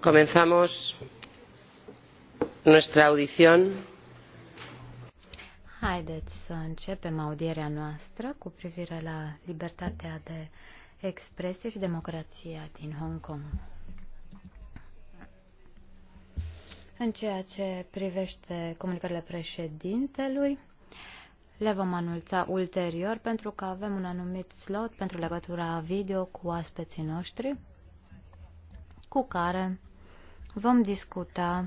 comenzamos nuestra audición. Haideți să începem audierea noastră cu privire la libertatea de expresie și democrația din Hong Kong. În ceea ce privește comunicările președintelui, le vom anunța ulterior pentru că avem un anumit slot pentru legătura video cu aspeții noștri cu care vom discuta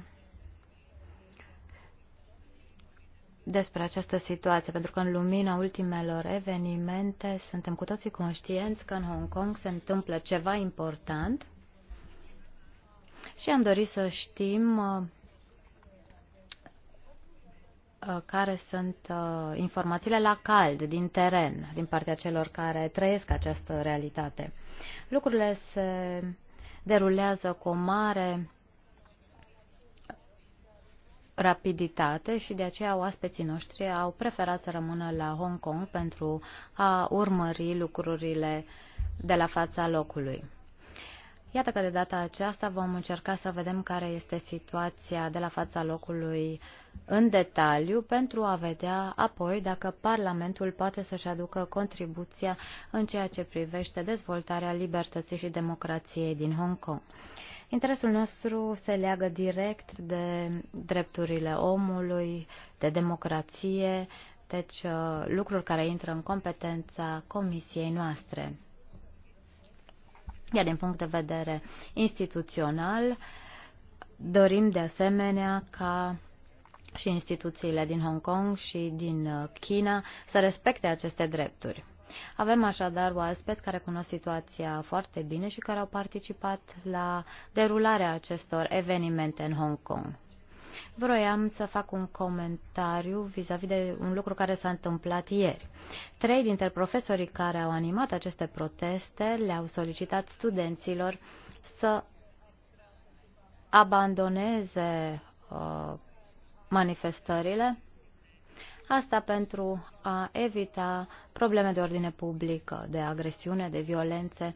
despre această situație, pentru că în lumina ultimelor evenimente suntem cu toții conștienți că în Hong Kong se întâmplă ceva important și am dorit să știm uh, uh, care sunt uh, informațiile la cald, din teren, din partea celor care trăiesc această realitate. Lucrurile se derulează cu o mare rapiditate și de aceea oaspeții noștri au preferat să rămână la Hong Kong pentru a urmări lucrurile de la fața locului. Iată că de data aceasta vom încerca să vedem care este situația de la fața locului în detaliu pentru a vedea apoi dacă Parlamentul poate să-și aducă contribuția în ceea ce privește dezvoltarea libertății și democrației din Hong Kong. Interesul nostru se leagă direct de drepturile omului, de democrație, deci uh, lucruri care intră în competența comisiei noastre. Iar din punct de vedere instituțional, dorim de asemenea ca și instituțiile din Hong Kong și din uh, China să respecte aceste drepturi. Avem așadar oaspeți care cunosc situația foarte bine și care au participat la derularea acestor evenimente în Hong Kong. Vroiam să fac un comentariu vis-a-vis -vis de un lucru care s-a întâmplat ieri. Trei dintre profesorii care au animat aceste proteste le-au solicitat studenților să abandoneze uh, manifestările Asta pentru a evita probleme de ordine publică, de agresiune, de violențe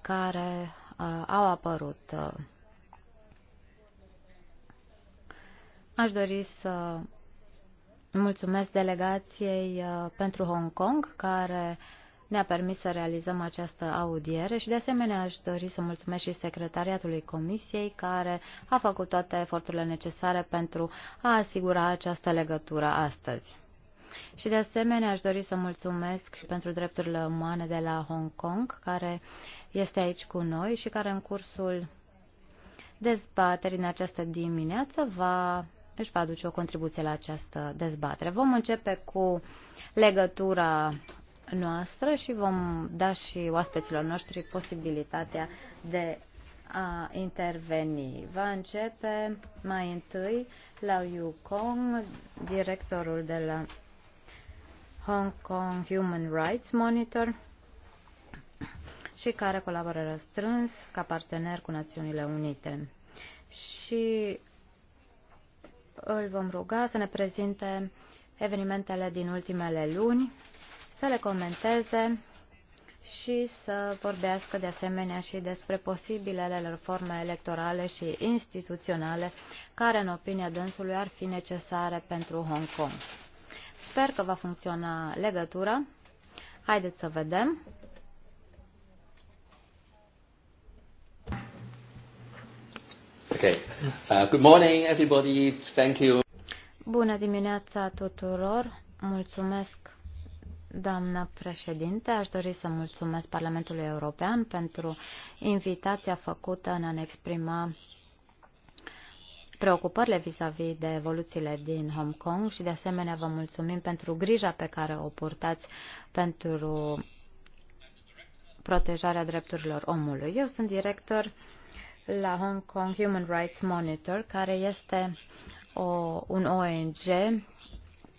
care uh, au apărut. Uh. Aș dori să mulțumesc delegației uh, pentru Hong Kong care ne-a permis să realizăm această audiere și de asemenea aș dori să mulțumesc și secretariatului comisiei care a făcut toate eforturile necesare pentru a asigura această legătură astăzi. Și de asemenea aș dori să mulțumesc și pentru drepturile umane de la Hong Kong, care este aici cu noi și care în cursul dezbaterii în această dimineață va, își va aduce o contribuție la această dezbatere. Vom începe cu legătura noastră și vom da și oaspeților noștri posibilitatea de a interveni. Va începe mai întâi la Yukong, directorul de la Hong Kong Human Rights Monitor și care colaboră strâns ca partener cu Națiunile Unite. Și îl vom ruga să ne prezinte evenimentele din ultimele luni, să le comenteze și să vorbească de asemenea și despre posibilele reforme electorale și instituționale care, în opinia dânsului, ar fi necesare pentru Hong Kong. Sper că va funcționa legătura. Haideți să vedem. Okay. Uh, good morning everybody. Thank you. Bună dimineața tuturor. Mulțumesc Doamnă președinte, aș dori să mulțumesc Parlamentului European pentru invitația făcută în a ne exprima preocupările vis-a-vis -vis de evoluțiile din Hong Kong și de asemenea vă mulțumim pentru grija pe care o purtați pentru protejarea drepturilor omului. Eu sunt director la Hong Kong Human Rights Monitor, care este o, un ONG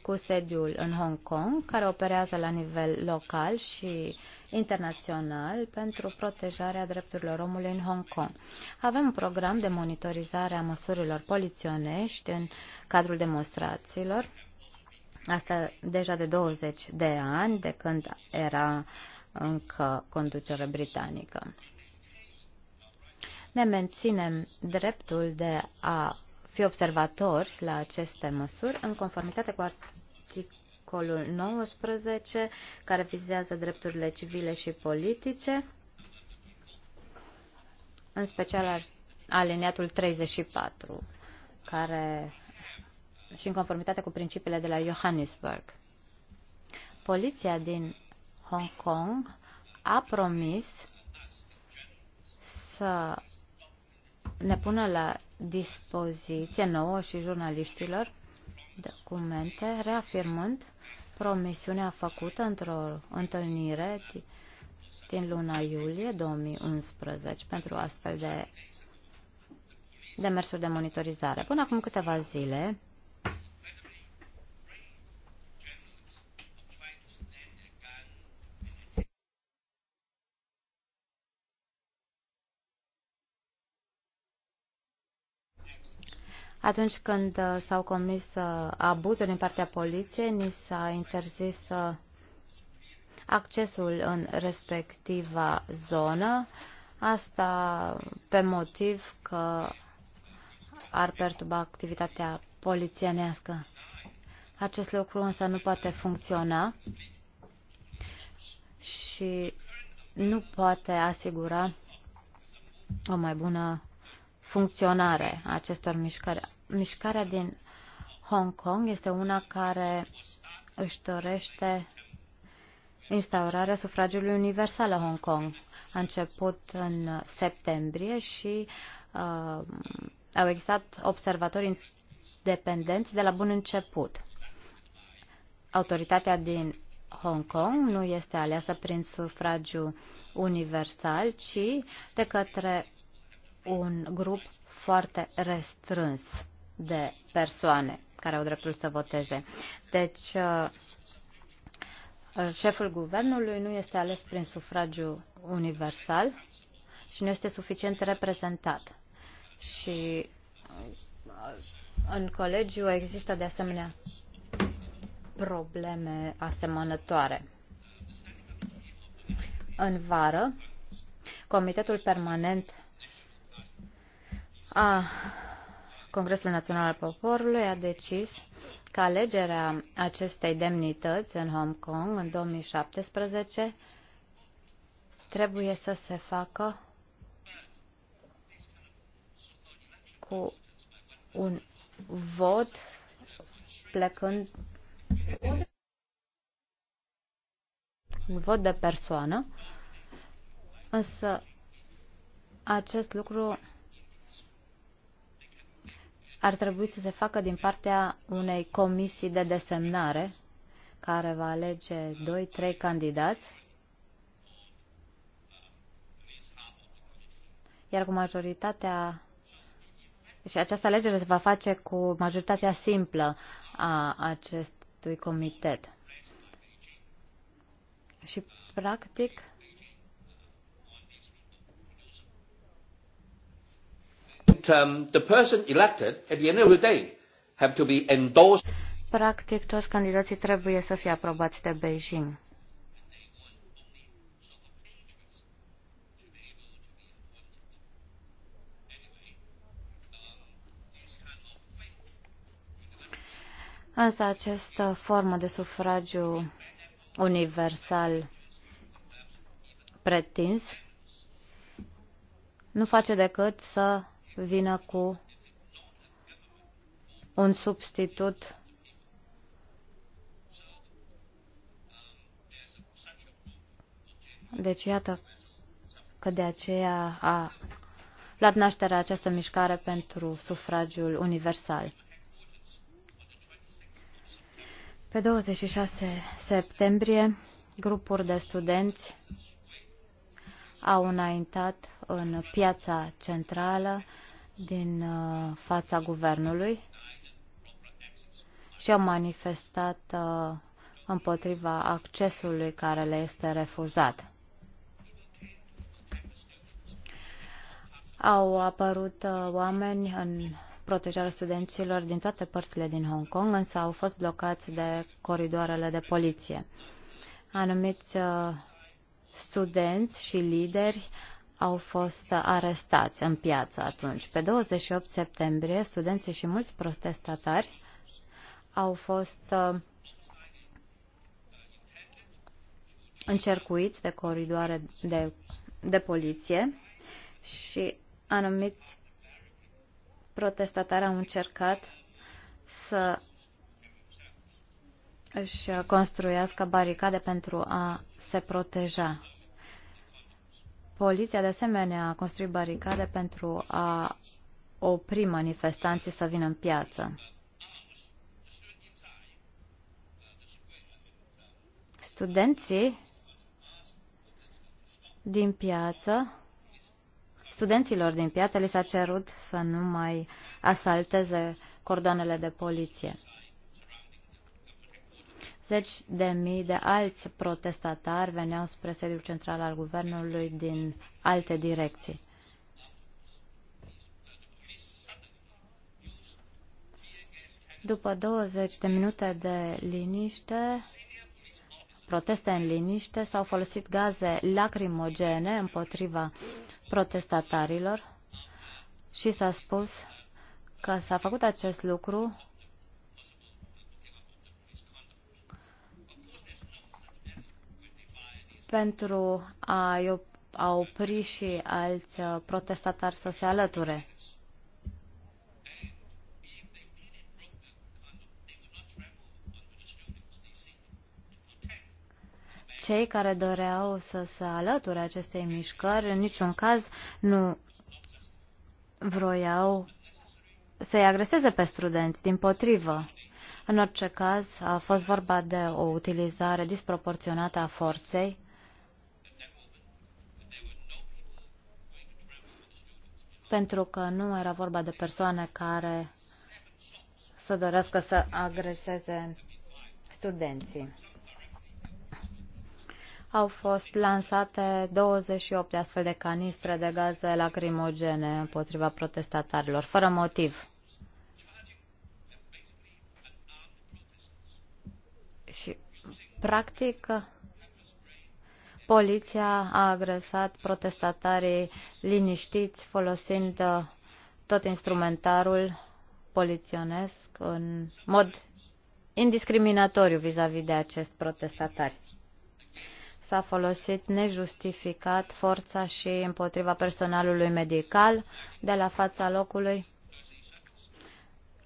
cu sediul în Hong Kong, care operează la nivel local și internațional pentru protejarea drepturilor omului în Hong Kong. Avem un program de monitorizare a măsurilor poliționești în cadrul demonstrațiilor, asta deja de 20 de ani, de când era încă conducere britanică. Ne menținem dreptul de a fi observatori la aceste măsuri în conformitate cu articolul 19 care vizează drepturile civile și politice, în special aliniatul 34 care și în conformitate cu principiile de la Johannesburg. Poliția din Hong Kong a promis să ne pună la dispoziție nouă și jurnaliștilor documente, reafirmând promisiunea făcută într-o întâlnire din luna iulie 2011 pentru astfel de demersuri de monitorizare. Până acum câteva zile, Atunci când uh, s-au comis uh, abuzuri din partea poliției, ni s-a interzis uh, accesul în respectiva zonă, asta pe motiv că ar perturba activitatea polițienească. Acest lucru însă nu poate funcționa și nu poate asigura o mai bună funcționare a acestor mișcări. Mișcarea din Hong Kong este una care își dorește instaurarea sufragiului universal la Hong Kong. A început în septembrie și uh, au existat observatori independenți de la bun început. Autoritatea din Hong Kong nu este aleasă prin sufragiu universal, ci de către un grup foarte restrâns de persoane care au dreptul să voteze. Deci, uh, șeful guvernului nu este ales prin sufragiu universal și nu este suficient reprezentat. Și uh, în colegiu există de asemenea probleme asemănătoare. În vară, Comitetul Permanent a Congresul Național al Poporului a decis că alegerea acestei demnități în Hong Kong în 2017 trebuie să se facă cu un vot plecând un vot de persoană, însă acest lucru ar trebui să se facă din partea unei comisii de desemnare care va alege 2-3 candidați iar cu majoritatea și această alegere se va face cu majoritatea simplă a acestui comitet. Și, practic, um, the person elected at the end of the day have to be endorsed. Practic, toți candidații trebuie să fie aprobați de Beijing. Însă această uh, formă de sufragiu universal pretins nu face decât să vină cu un substitut Deci iată că de aceea a luat nașterea această mișcare pentru sufragiul universal. Pe 26 septembrie, grupuri de studenți au înaintat în piața centrală din uh, fața guvernului și au manifestat uh, împotriva accesului care le este refuzat. Au apărut uh, oameni în protejarea studenților din toate părțile din Hong Kong, însă au fost blocați de coridoarele de poliție. Anumiți studenți și lideri au fost arestați în piață atunci. Pe 28 septembrie, studenții și mulți protestatari au fost uh, încercuiți de coridoare de, de poliție și anumiți protestatari au încercat să își construiască baricade pentru a se proteja. Poliția, de asemenea, a construit baricade pentru a opri manifestanții să vină în piață. Studenții din piață, studenților din piață li s-a cerut să nu mai asalteze cordoanele de poliție. Zeci de mii de alți protestatari veneau spre sediul central al guvernului din alte direcții. După 20 de minute de liniște, proteste în liniște, s-au folosit gaze lacrimogene împotriva protestatarilor și s-a spus că s-a făcut acest lucru pentru a, a opri și alți uh, protestatari să se alăture. Cei care doreau să se alăture acestei mișcări în niciun caz nu vroiau să-i agreseze pe studenți, din potrivă. În orice caz, a fost vorba de o utilizare disproporționată a forței pentru că nu era vorba de persoane care să dorească să agreseze studenții. Au fost lansate 28 de astfel de canistre de gaze lacrimogene împotriva protestatarilor, fără motiv. Și, practic, Poliția a agresat protestatarii liniștiți folosind uh, tot instrumentarul poliționesc în mod indiscriminatoriu vis-a-vis -vis de acest protestatari. S-a folosit nejustificat forța și împotriva personalului medical de la fața locului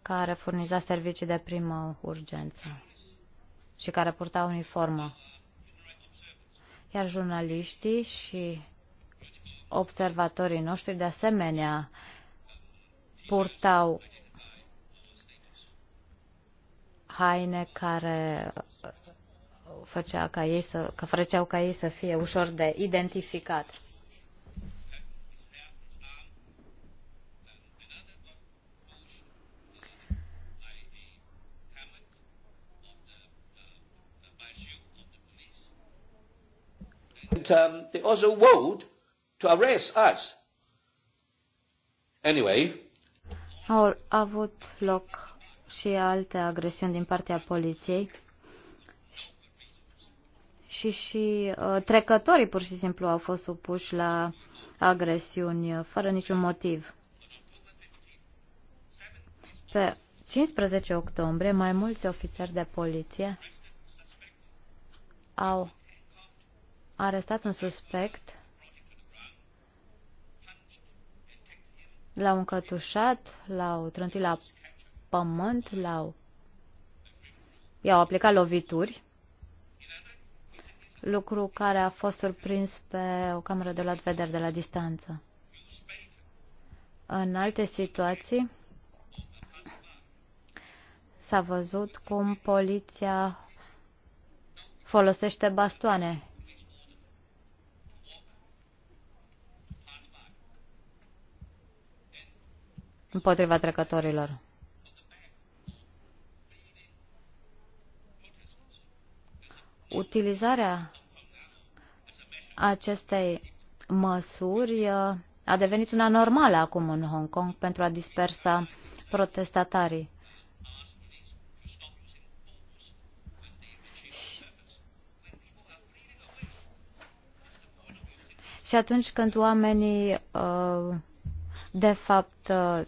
care furniza servicii de primă urgență și care purta uniformă iar jurnaliștii și observatorii noștri de asemenea purtau haine care făcea ca ei să, că făceau ca ei să fie ușor de identificat. And, um, they also vowed to arrest us. Anyway. Au avut loc și alte agresiuni din partea poliției și și uh, trecătorii pur și simplu au fost supuși la agresiuni uh, fără niciun motiv. Pe 15 octombrie, mai mulți ofițeri de poliție au arestat un suspect, l-au încătușat, l-au trântit la pământ, l-au... i-au aplicat lovituri, lucru care a fost surprins pe o cameră de luat vedere de la distanță. În alte situații s-a văzut cum poliția folosește bastoane împotriva trecătorilor. Utilizarea acestei măsuri uh, a devenit una normală acum în Hong Kong pentru a dispersa protestatarii. Și atunci când oamenii, uh, de fapt, uh,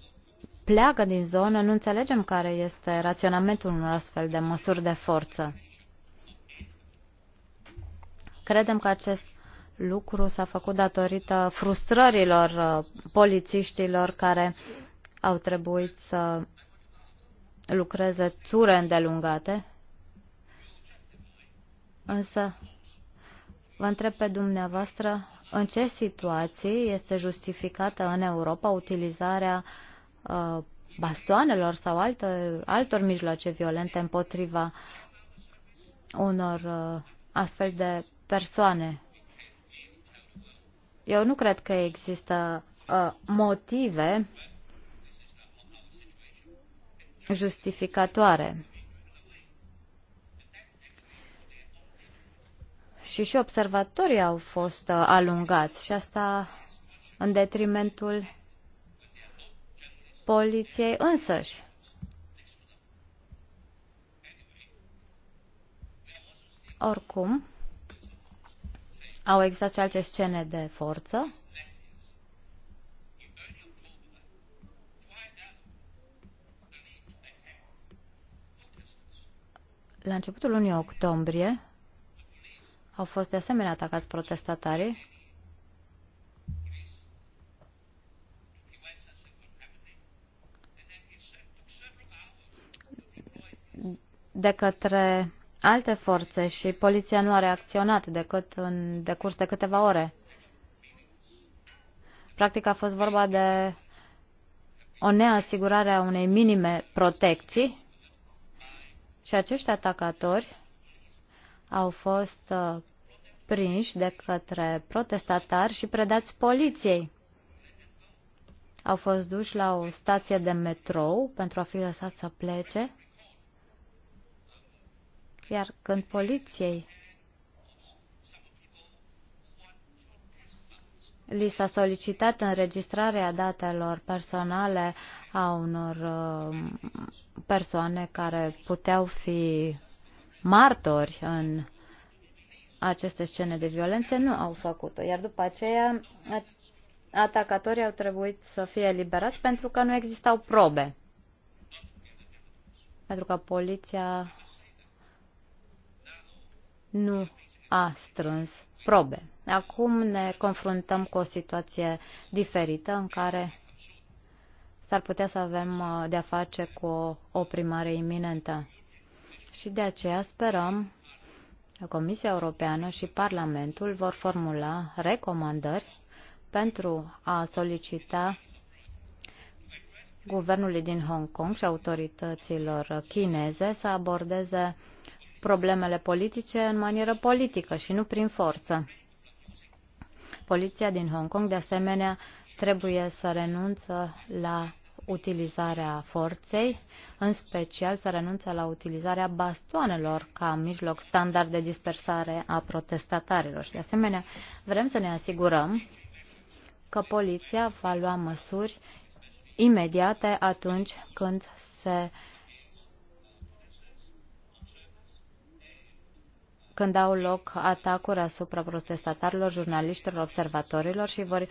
pleacă din zonă, nu înțelegem care este raționamentul unor astfel de măsuri de forță. Credem că acest lucru s-a făcut datorită frustrărilor uh, polițiștilor care au trebuit să lucreze ture îndelungate. Însă, vă întreb pe dumneavoastră în ce situații este justificată în Europa utilizarea uh, Uh, bastoanelor sau alte, altor mijloace violente împotriva unor uh, astfel de persoane. Eu nu cred că există uh, motive justificatoare. Și și observatorii au fost uh, alungați și asta în detrimentul poliției însăși. Oricum, au existat și alte scene de forță. La începutul lunii octombrie au fost de asemenea atacați protestatarii de către alte forțe și poliția nu a reacționat decât în decurs de câteva ore. Practic a fost vorba de o neasigurare a unei minime protecții și acești atacatori au fost uh, prinși de către protestatari și predați poliției. Au fost duși la o stație de metrou pentru a fi lăsați să plece iar când poliției li s-a solicitat înregistrarea datelor personale a unor um, persoane care puteau fi martori în aceste scene de violență, nu au făcut-o. Iar după aceea, atacatorii au trebuit să fie eliberați pentru că nu existau probe. Pentru că poliția nu a strâns probe. Acum ne confruntăm cu o situație diferită în care s-ar putea să avem uh, de-a face cu o primare iminentă. Și de aceea sperăm că Comisia Europeană și Parlamentul vor formula recomandări pentru a solicita guvernului din Hong Kong și autorităților chineze să abordeze problemele politice în manieră politică și nu prin forță. Poliția din Hong Kong, de asemenea, trebuie să renunță la utilizarea forței, în special să renunță la utilizarea bastoanelor ca mijloc standard de dispersare a protestatarilor. Și de asemenea, vrem să ne asigurăm că poliția va lua măsuri imediate atunci când se uh, când au loc atacuri asupra protestatarilor, jurnaliștilor, observatorilor și vor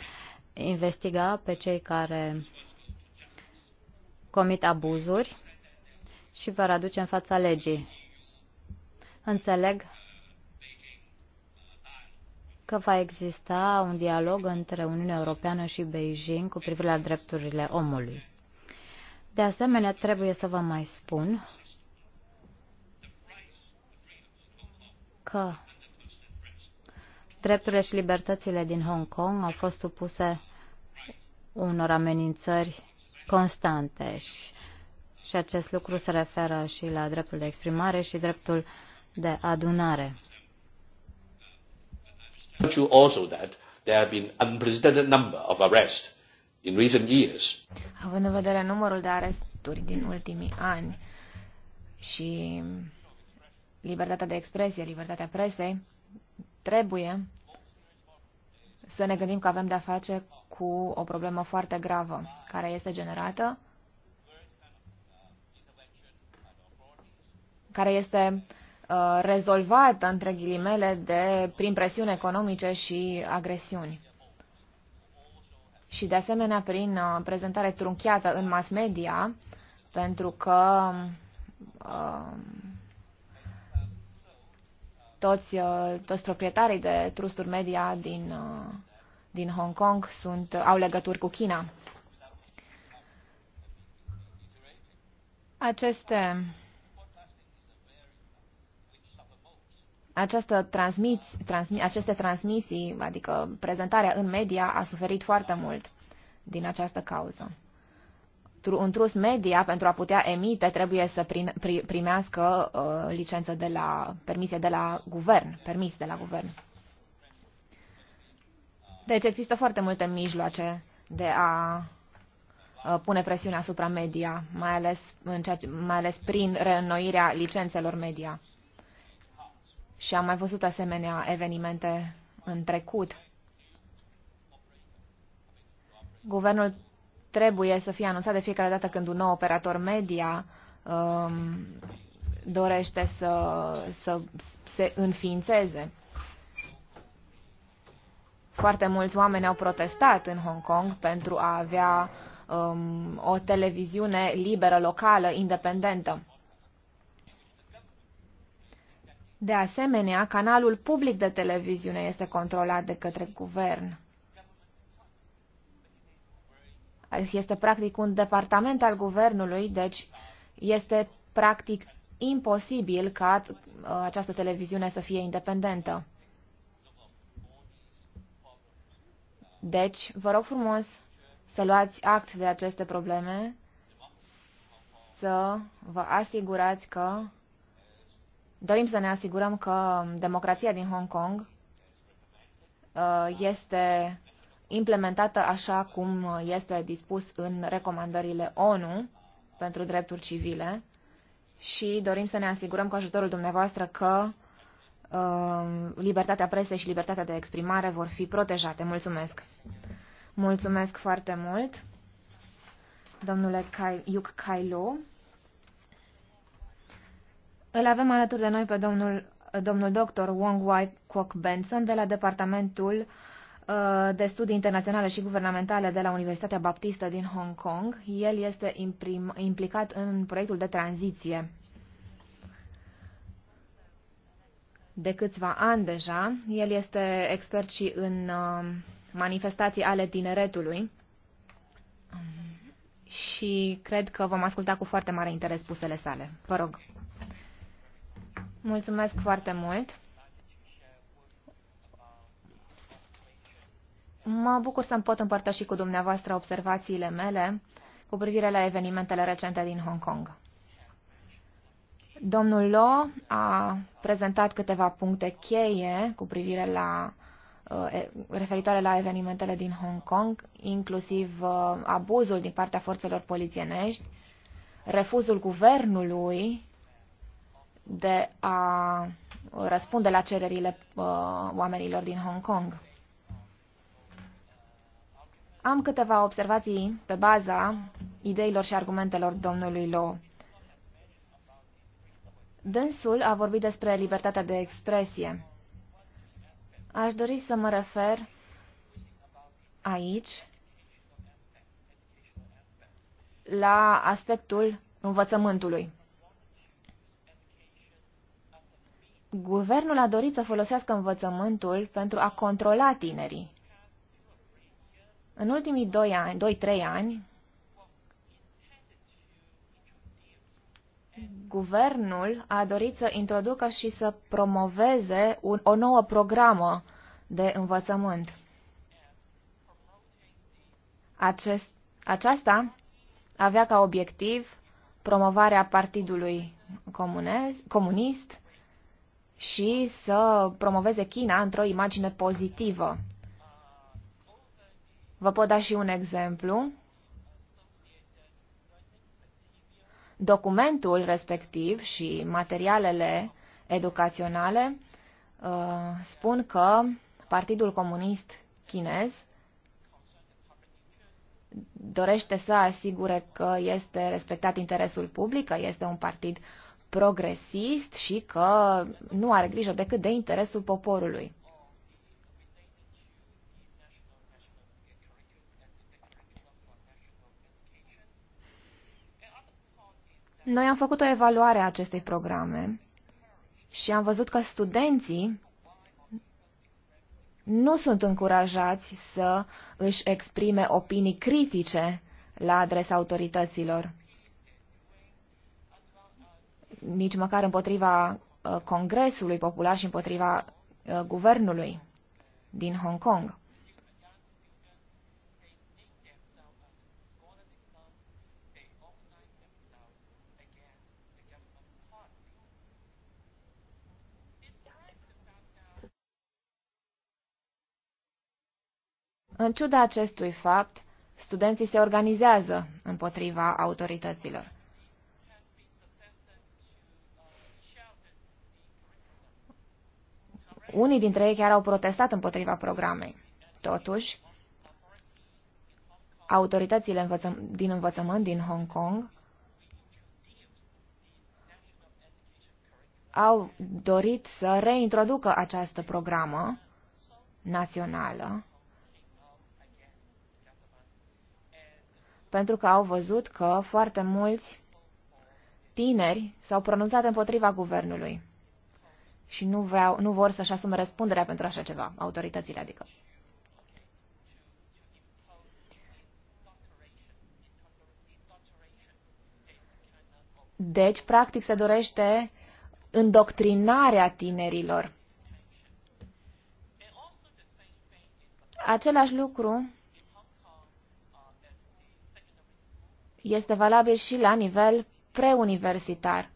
investiga pe cei care comit abuzuri și vor aduce în fața legii. Înțeleg că va exista un dialog între Uniunea Europeană și Beijing cu privire la drepturile omului. De asemenea, trebuie să vă mai spun că drepturile și libertățile din Hong Kong au fost supuse unor amenințări constante și, și acest lucru se referă și la dreptul de exprimare și dreptul de adunare. Având în vedere numărul de aresturi din ultimii ani și libertatea de expresie, libertatea presei, trebuie să ne gândim că avem de-a face cu o problemă foarte gravă care este generată, care este uh, rezolvată, între ghilimele, de, prin presiuni economice și agresiuni. Și, de asemenea, prin uh, prezentare trunchiată în mass media, pentru că uh, toți, uh, toți proprietarii de trusturi media din, uh, din Hong Kong sunt, au legături cu China. Aceste, această transmis, transmi, aceste transmisii, adică prezentarea în media, a suferit foarte mult din această cauză un trus media pentru a putea emite trebuie să primească uh, licență de la permisie de la guvern, permis de la guvern. Deci există foarte multe mijloace de a uh, pune presiune asupra media, mai ales, în ceea ce, mai ales prin reînnoirea licențelor media. Și am mai văzut asemenea evenimente în trecut. Guvernul trebuie să fie anunțat de fiecare dată când un nou operator media um, dorește să, să se înființeze. Foarte mulți oameni au protestat în Hong Kong pentru a avea um, o televiziune liberă, locală, independentă. De asemenea, canalul public de televiziune este controlat de către guvern. Este practic un departament al guvernului, deci este practic imposibil ca uh, această televiziune să fie independentă. Deci, vă rog frumos să luați act de aceste probleme, să vă asigurați că dorim să ne asigurăm că democrația din Hong Kong uh, este implementată așa cum este dispus în recomandările ONU pentru drepturi civile și dorim să ne asigurăm cu ajutorul dumneavoastră că uh, libertatea presei și libertatea de exprimare vor fi protejate. Mulțumesc! Mulțumesc foarte mult, domnule Iuc Kailu. Îl avem alături de noi pe domnul, domnul doctor Wong Wai Kwok Benson de la Departamentul uh, Uh, de studii internaționale și guvernamentale de la Universitatea Baptistă din Hong Kong. El este imprim, implicat în proiectul de tranziție de câțiva ani deja. El este expert și în uh, manifestații ale tineretului și cred că vom asculta cu foarte mare interes spusele sale. Vă rog. Mulțumesc foarte mult. Mă bucur să-mi pot împărtăși cu dumneavoastră observațiile mele cu privire la evenimentele recente din Hong Kong. Domnul Lo a prezentat câteva puncte cheie cu privire la uh, referitoare la evenimentele din Hong Kong, inclusiv uh, abuzul din partea forțelor polițienești, refuzul guvernului de a răspunde la cererile uh, oamenilor din Hong Kong. Am câteva observații pe baza ideilor și argumentelor domnului Law. Dânsul a vorbit despre libertatea de expresie. Aș dori să mă refer aici la aspectul învățământului. Guvernul a dorit să folosească învățământul pentru a controla tinerii. În ultimii 2 ani, doi 3 ani, guvernul a dorit să introducă și să promoveze un, o nouă programă de învățământ. Acest, aceasta avea ca obiectiv promovarea partidului comunez, comunist și să promoveze China într-o imagine pozitivă Vă pot da și un exemplu. Documentul respectiv și materialele educaționale uh, spun că Partidul Comunist Chinez dorește să asigure că este respectat interesul public, că este un partid progresist și că nu are grijă decât de interesul poporului. Noi am făcut o evaluare a acestei programe și am văzut că studenții nu sunt încurajați să își exprime opinii critice la adresa autorităților, nici măcar împotriva uh, Congresului Popular și împotriva uh, guvernului din Hong Kong. În ciuda acestui fapt, studenții se organizează împotriva autorităților. Unii dintre ei chiar au protestat împotriva programei. Totuși, autoritățile învățăm, din învățământ din Hong Kong au dorit să reintroducă această programă națională pentru că au văzut că foarte mulți tineri s-au pronunțat împotriva guvernului și nu, vreau, nu vor să-și asume răspunderea pentru așa ceva, autoritățile adică. Deci, practic, se dorește îndoctrinarea tinerilor. Același lucru este valabil și la nivel preuniversitar.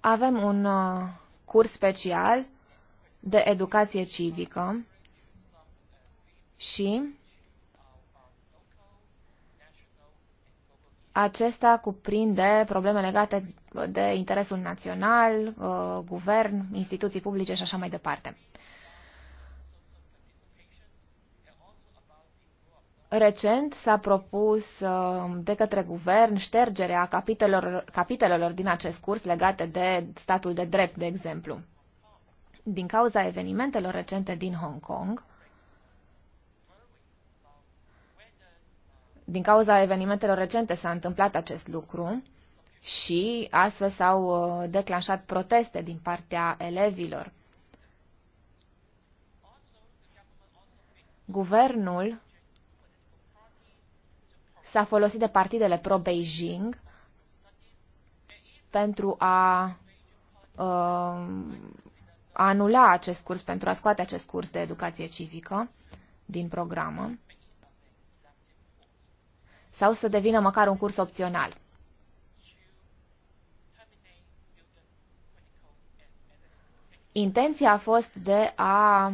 Avem un uh, curs special de educație civică și acesta cuprinde probleme legate de interesul național, uh, guvern, instituții publice și așa mai departe. Recent s-a propus uh, de către guvern ștergerea capitolelor, capitolelor din acest curs legate de statul de drept, de exemplu. Din cauza evenimentelor recente din Hong Kong, din cauza evenimentelor recente s-a întâmplat acest lucru, și astfel s-au uh, declanșat proteste din partea elevilor. Guvernul s-a folosit de partidele pro-Beijing pentru a a uh, anula acest curs, pentru a scoate acest curs de educație civică din programă sau să devină măcar un curs opțional. intenția a fost de a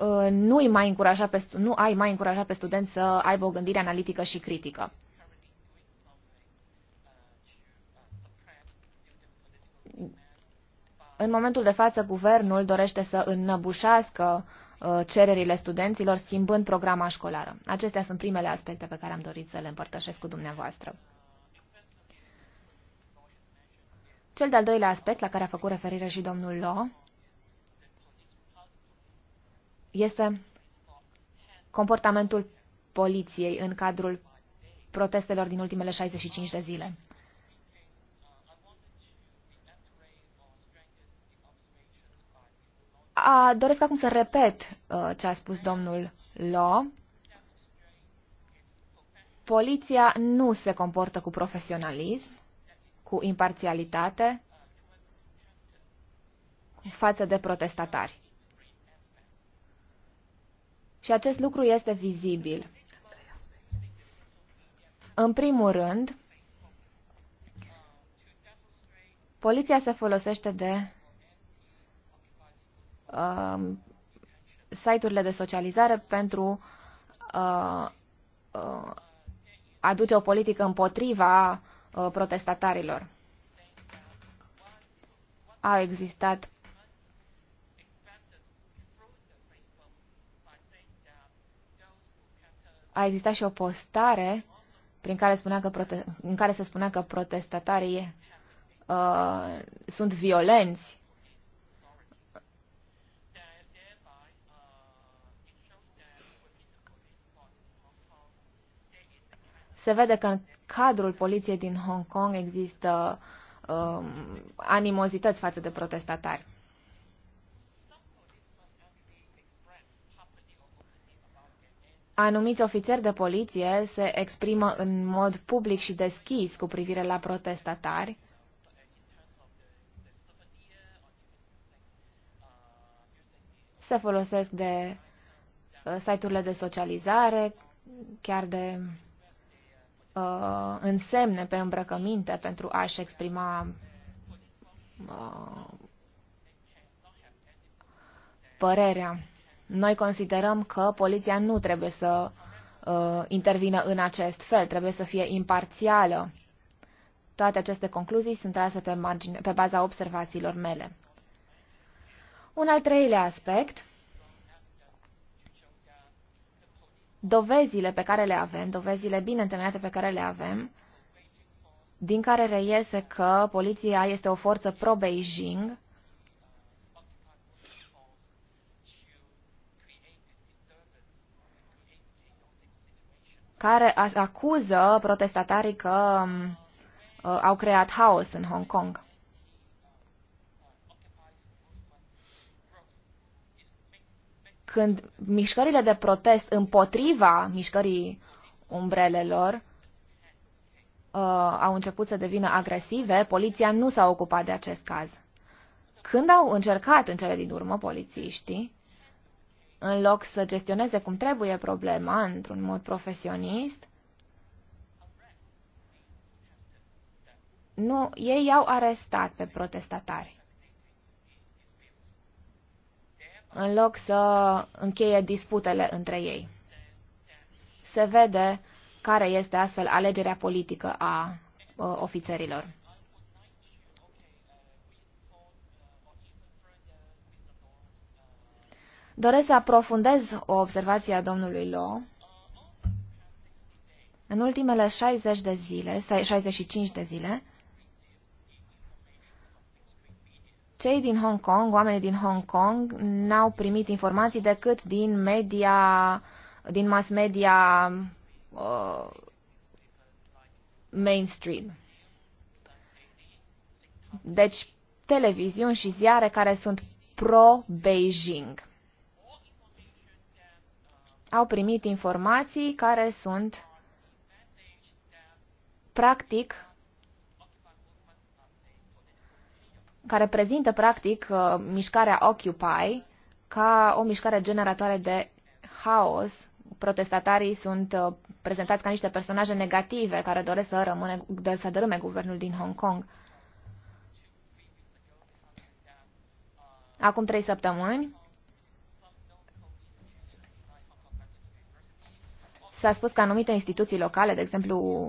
uh, nu, mai încuraja pe, nu ai mai încuraja pe studenți să aibă o gândire analitică și critică. În momentul de față, guvernul dorește să înnăbușească uh, cererile studenților schimbând programa școlară. Acestea sunt primele aspecte pe care am dorit să le împărtășesc cu dumneavoastră. Cel de-al doilea aspect la care a făcut referire și domnul Law este comportamentul poliției în cadrul protestelor din ultimele 65 de zile. A, doresc acum să repet uh, ce a spus domnul Law. Poliția nu se comportă cu profesionalism cu imparțialitate față de protestatari. Și acest lucru este vizibil. În primul rând, poliția se folosește de uh, site-urile de socializare pentru uh, uh, aduce o politică împotriva Uh, protestatarilor. Au existat a existat și o postare prin care spunea că prote- în care se spunea că protestatarii uh, sunt violenți. Se vede că în cadrul poliției din Hong Kong există um, animozități față de protestatari. Anumiți ofițeri de poliție se exprimă în mod public și deschis cu privire la protestatari. Se folosesc de uh, site-urile de socializare, chiar de uh, însemne pe îmbrăcăminte pentru a-și exprima uh, părerea. Noi considerăm că poliția nu trebuie să uh, intervină în acest fel, trebuie să fie imparțială. Toate aceste concluzii sunt trase pe, margine, pe baza observațiilor mele. Un al treilea aspect dovezile pe care le avem, dovezile bine întemeiate pe care le avem, din care reiese că poliția este o forță pro-Beijing, care acuză protestatarii că um, uh, au creat haos în Hong Kong. când mișcările de protest împotriva mișcării umbrelelor uh, au început să devină agresive, poliția nu s-a ocupat de acest caz. Când au încercat în cele din urmă polițiștii, în loc să gestioneze cum trebuie problema într-un mod profesionist, nu, ei i-au arestat pe protestatari. în loc să încheie disputele între ei. Se vede care este astfel alegerea politică a uh, ofițerilor. Doresc să aprofundez o observație a domnului Law. În ultimele 60 de zile, 65 de zile, cei din Hong Kong, oamenii din Hong Kong, n-au primit informații decât din media, din mass media uh, mainstream. Deci, televiziuni și ziare care sunt pro-Beijing. Au primit informații care sunt practic care prezintă practic uh, mișcarea Occupy ca o mișcare generatoare de haos. Protestatarii sunt uh, prezentați ca niște personaje negative care doresc să, rămâne, să dărâme guvernul din Hong Kong. Acum trei săptămâni s-a spus că anumite instituții locale, de exemplu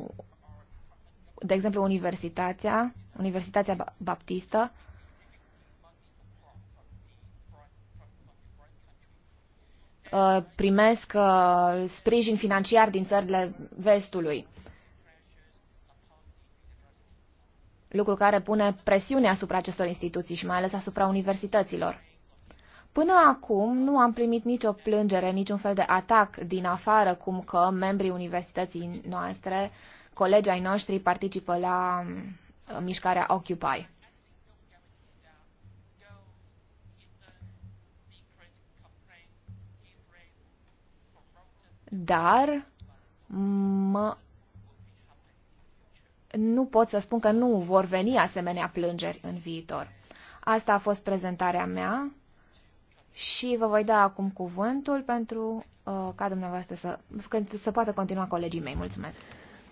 de exemplu, Universitatea, Universitatea Baptistă, Uh, primesc uh, sprijin financiar din țările vestului. Lucru care pune presiune asupra acestor instituții și mai ales asupra universităților. Până acum nu am primit nicio plângere, niciun fel de atac din afară, cum că membrii universității noastre, colegii ai noștri, participă la uh, mișcarea Occupy. dar mă nu pot să spun că nu vor veni asemenea plângeri în viitor. Asta a fost prezentarea mea și vă voi da acum cuvântul pentru uh, ca dumneavoastră să, să poată continua colegii mei. Mulțumesc!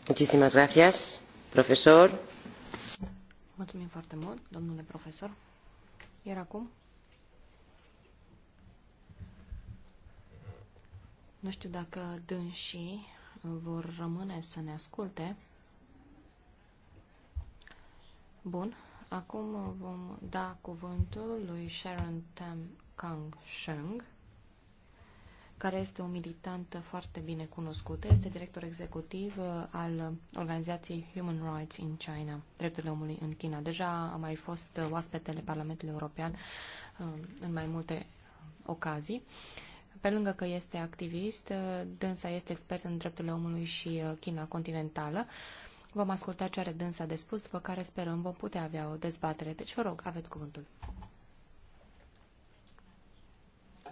Muchísimas gracias, profesor. Mulțumim foarte mult, domnule profesor. Iar acum Nu știu dacă dânsii vor rămâne să ne asculte. Bun, acum vom da cuvântul lui Sharon Tam Kang Sheng, care este o militantă foarte bine cunoscută. Este director executiv uh, al organizației Human Rights in China, drepturile omului în China. Deja a mai fost uh, oaspetele Parlamentului European uh, în mai multe ocazii. Pe lângă că este activist, dânsa este expert în drepturile omului și uh, China continentală. Vom asculta ce are dânsa de spus, după care sperăm vom putea avea o dezbatere. Deci, vă rog, aveți cuvântul.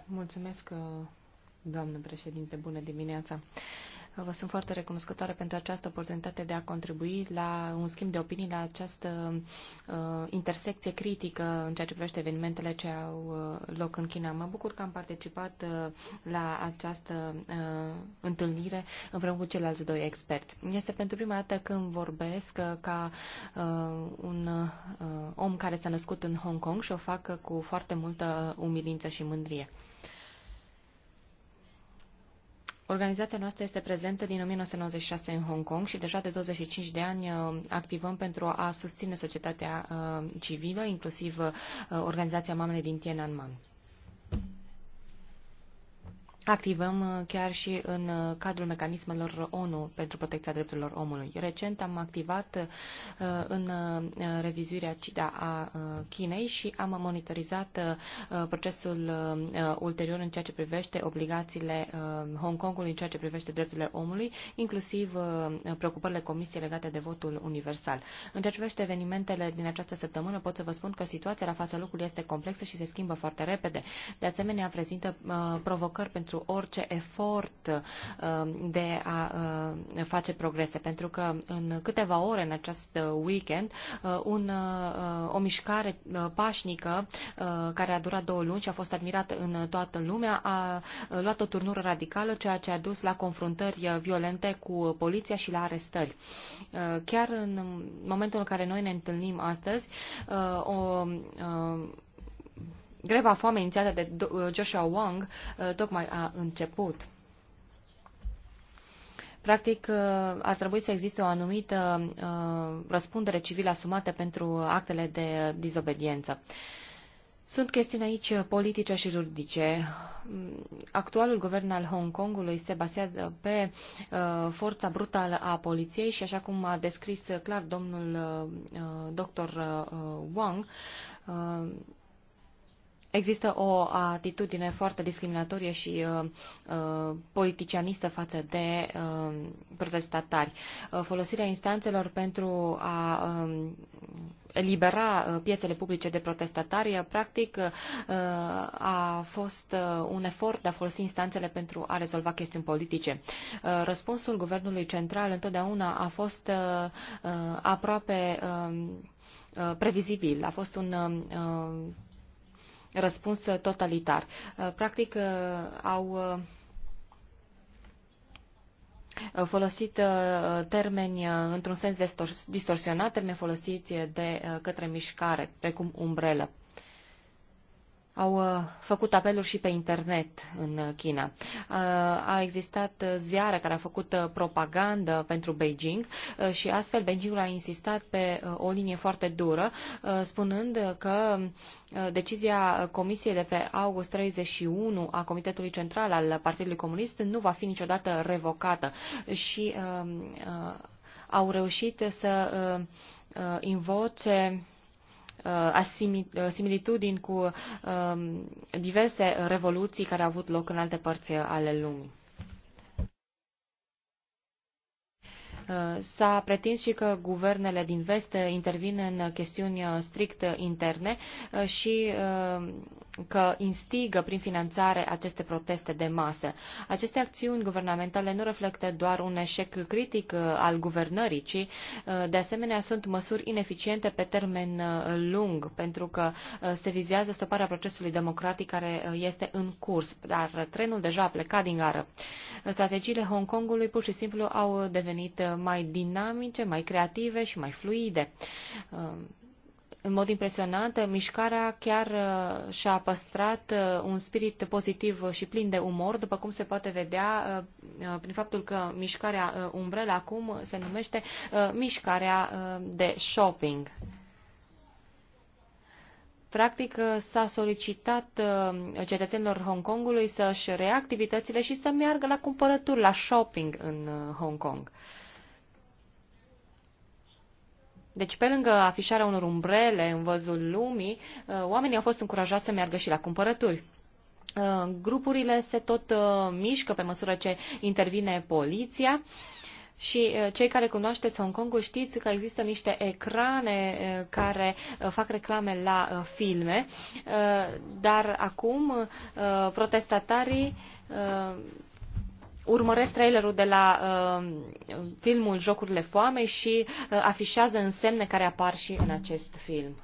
Mulțumesc, uh, doamnă președinte, bună dimineața. Uh, Vă sunt foarte recunoscătoare pentru această oportunitate de a contribui la un schimb de opinii, la această uh, intersecție critică în ceea ce privește evenimentele ce au uh, loc în China. Mă bucur că am participat uh, la această uh, întâlnire împreună cu ceilalți doi experți. Este pentru prima dată când vorbesc uh, ca uh, un uh, om care s-a născut în Hong Kong și o fac cu foarte multă umilință și mândrie. Organizația noastră este prezentă din 1996 în Hong Kong și deja de 25 de ani uh, activăm pentru a susține societatea uh, civilă, inclusiv uh, organizația Mamele din Tiananmen. Activăm uh, chiar și în uh, cadrul mecanismelor ONU pentru protecția drepturilor omului. Recent am activat uh, în revizuirea CIDA a Chinei și am monitorizat procesul ulterior în ceea ce privește obligațiile Hong Kongului în ceea ce privește drepturile omului, inclusiv preocupările comisiei legate de votul universal. În ceea ce privește evenimentele din această săptămână, pot să vă spun că situația la fața locului este complexă și se schimbă foarte repede. De asemenea, prezintă provocări pentru pentru orice efort uh, de a uh, face progrese, pentru că în câteva ore în acest weekend uh, un, o mișcare pașnică care a durat două luni și a fost admirată în toată lumea a luat o turnură radicală, ceea ce a dus la confruntări violente cu poliția și la arestări. Chiar în momentul în care noi ne întâlnim astăzi, o greva foame inițiată de uh, Joshua Wong uh, tocmai a început. Practic, uh, ar trebui să existe o anumită răspundere civilă asumată pentru actele de dizobediență. Sunt chestiuni aici politice și juridice. Actualul guvern al Hong Kongului se bazează pe uh, forța brutală a poliției și așa cum a descris clar domnul uh, doctor Uh, Wang, uh, Există o atitudine foarte discriminatorie și uh, uh, politicianistă față de uh, protestatari. Uh, folosirea instanțelor pentru a um, uh, elibera piețele publice de protestatari, uh, practic uh, a fost un efort de a folosi instanțele pentru a rezolva chestiuni politice. Răspunsul guvernului central întotdeauna a fost aproape um, previzibil. A fost un um, răspuns uh, totalitar. Uh, practic uh, au folosit termeni într-un sens distorsionat, termeni folosiți de către mișcare, precum umbrelă au uh, făcut apeluri și pe internet în uh, China. Uh, a existat ziare care a făcut propagandă pentru Beijing și astfel Beijingul a insistat pe o linie foarte dură, spunând că decizia Comisiei de pe august 31 a Comitetului Central al Partidului Comunist nu va fi niciodată revocată și um, au reușit să invoce Uh, uh, similitudini cu um, diverse revoluții care au avut loc în alte părți ale lumii. Uh, s-a pretins și că guvernele din vest intervin în chestiuni strict interne și că instigă prin finanțare aceste proteste de masă. Aceste acțiuni guvernamentale nu reflectă doar un eșec critic uh, al guvernării, ci uh, de asemenea sunt măsuri ineficiente pe termen uh, lung, pentru că se vizează stoparea procesului democratic care este în curs, dar trenul deja a plecat din gară. Strategiile Hong Kongului pur și simplu au devenit mai dinamice, mai creative și mai fluide în mod impresionant, mișcarea chiar uh, și-a păstrat uh, un spirit pozitiv și plin de umor, după cum se poate vedea uh, prin faptul că mișcarea umbrelă acum se numește mișcarea de shopping. Practic, s-a solicitat cetățenilor Hong Kongului să-și reactivitățile și să meargă la cumpărături, la shopping în Hong Kong. Deci, pe lângă afișarea unor umbrele în văzul lumii, uh, oamenii au fost încurajați să meargă și la cumpărături. Uh, grupurile se tot uh, mișcă pe măsură ce intervine poliția. Și cei care cunoașteți Hong Kong știți că există niște ecrane care fac reclame la filme, dar acum protestatarii urmăresc trailerul de la uh, filmul Jocurile Foamei și uh, afișează însemne care apar și în acest film.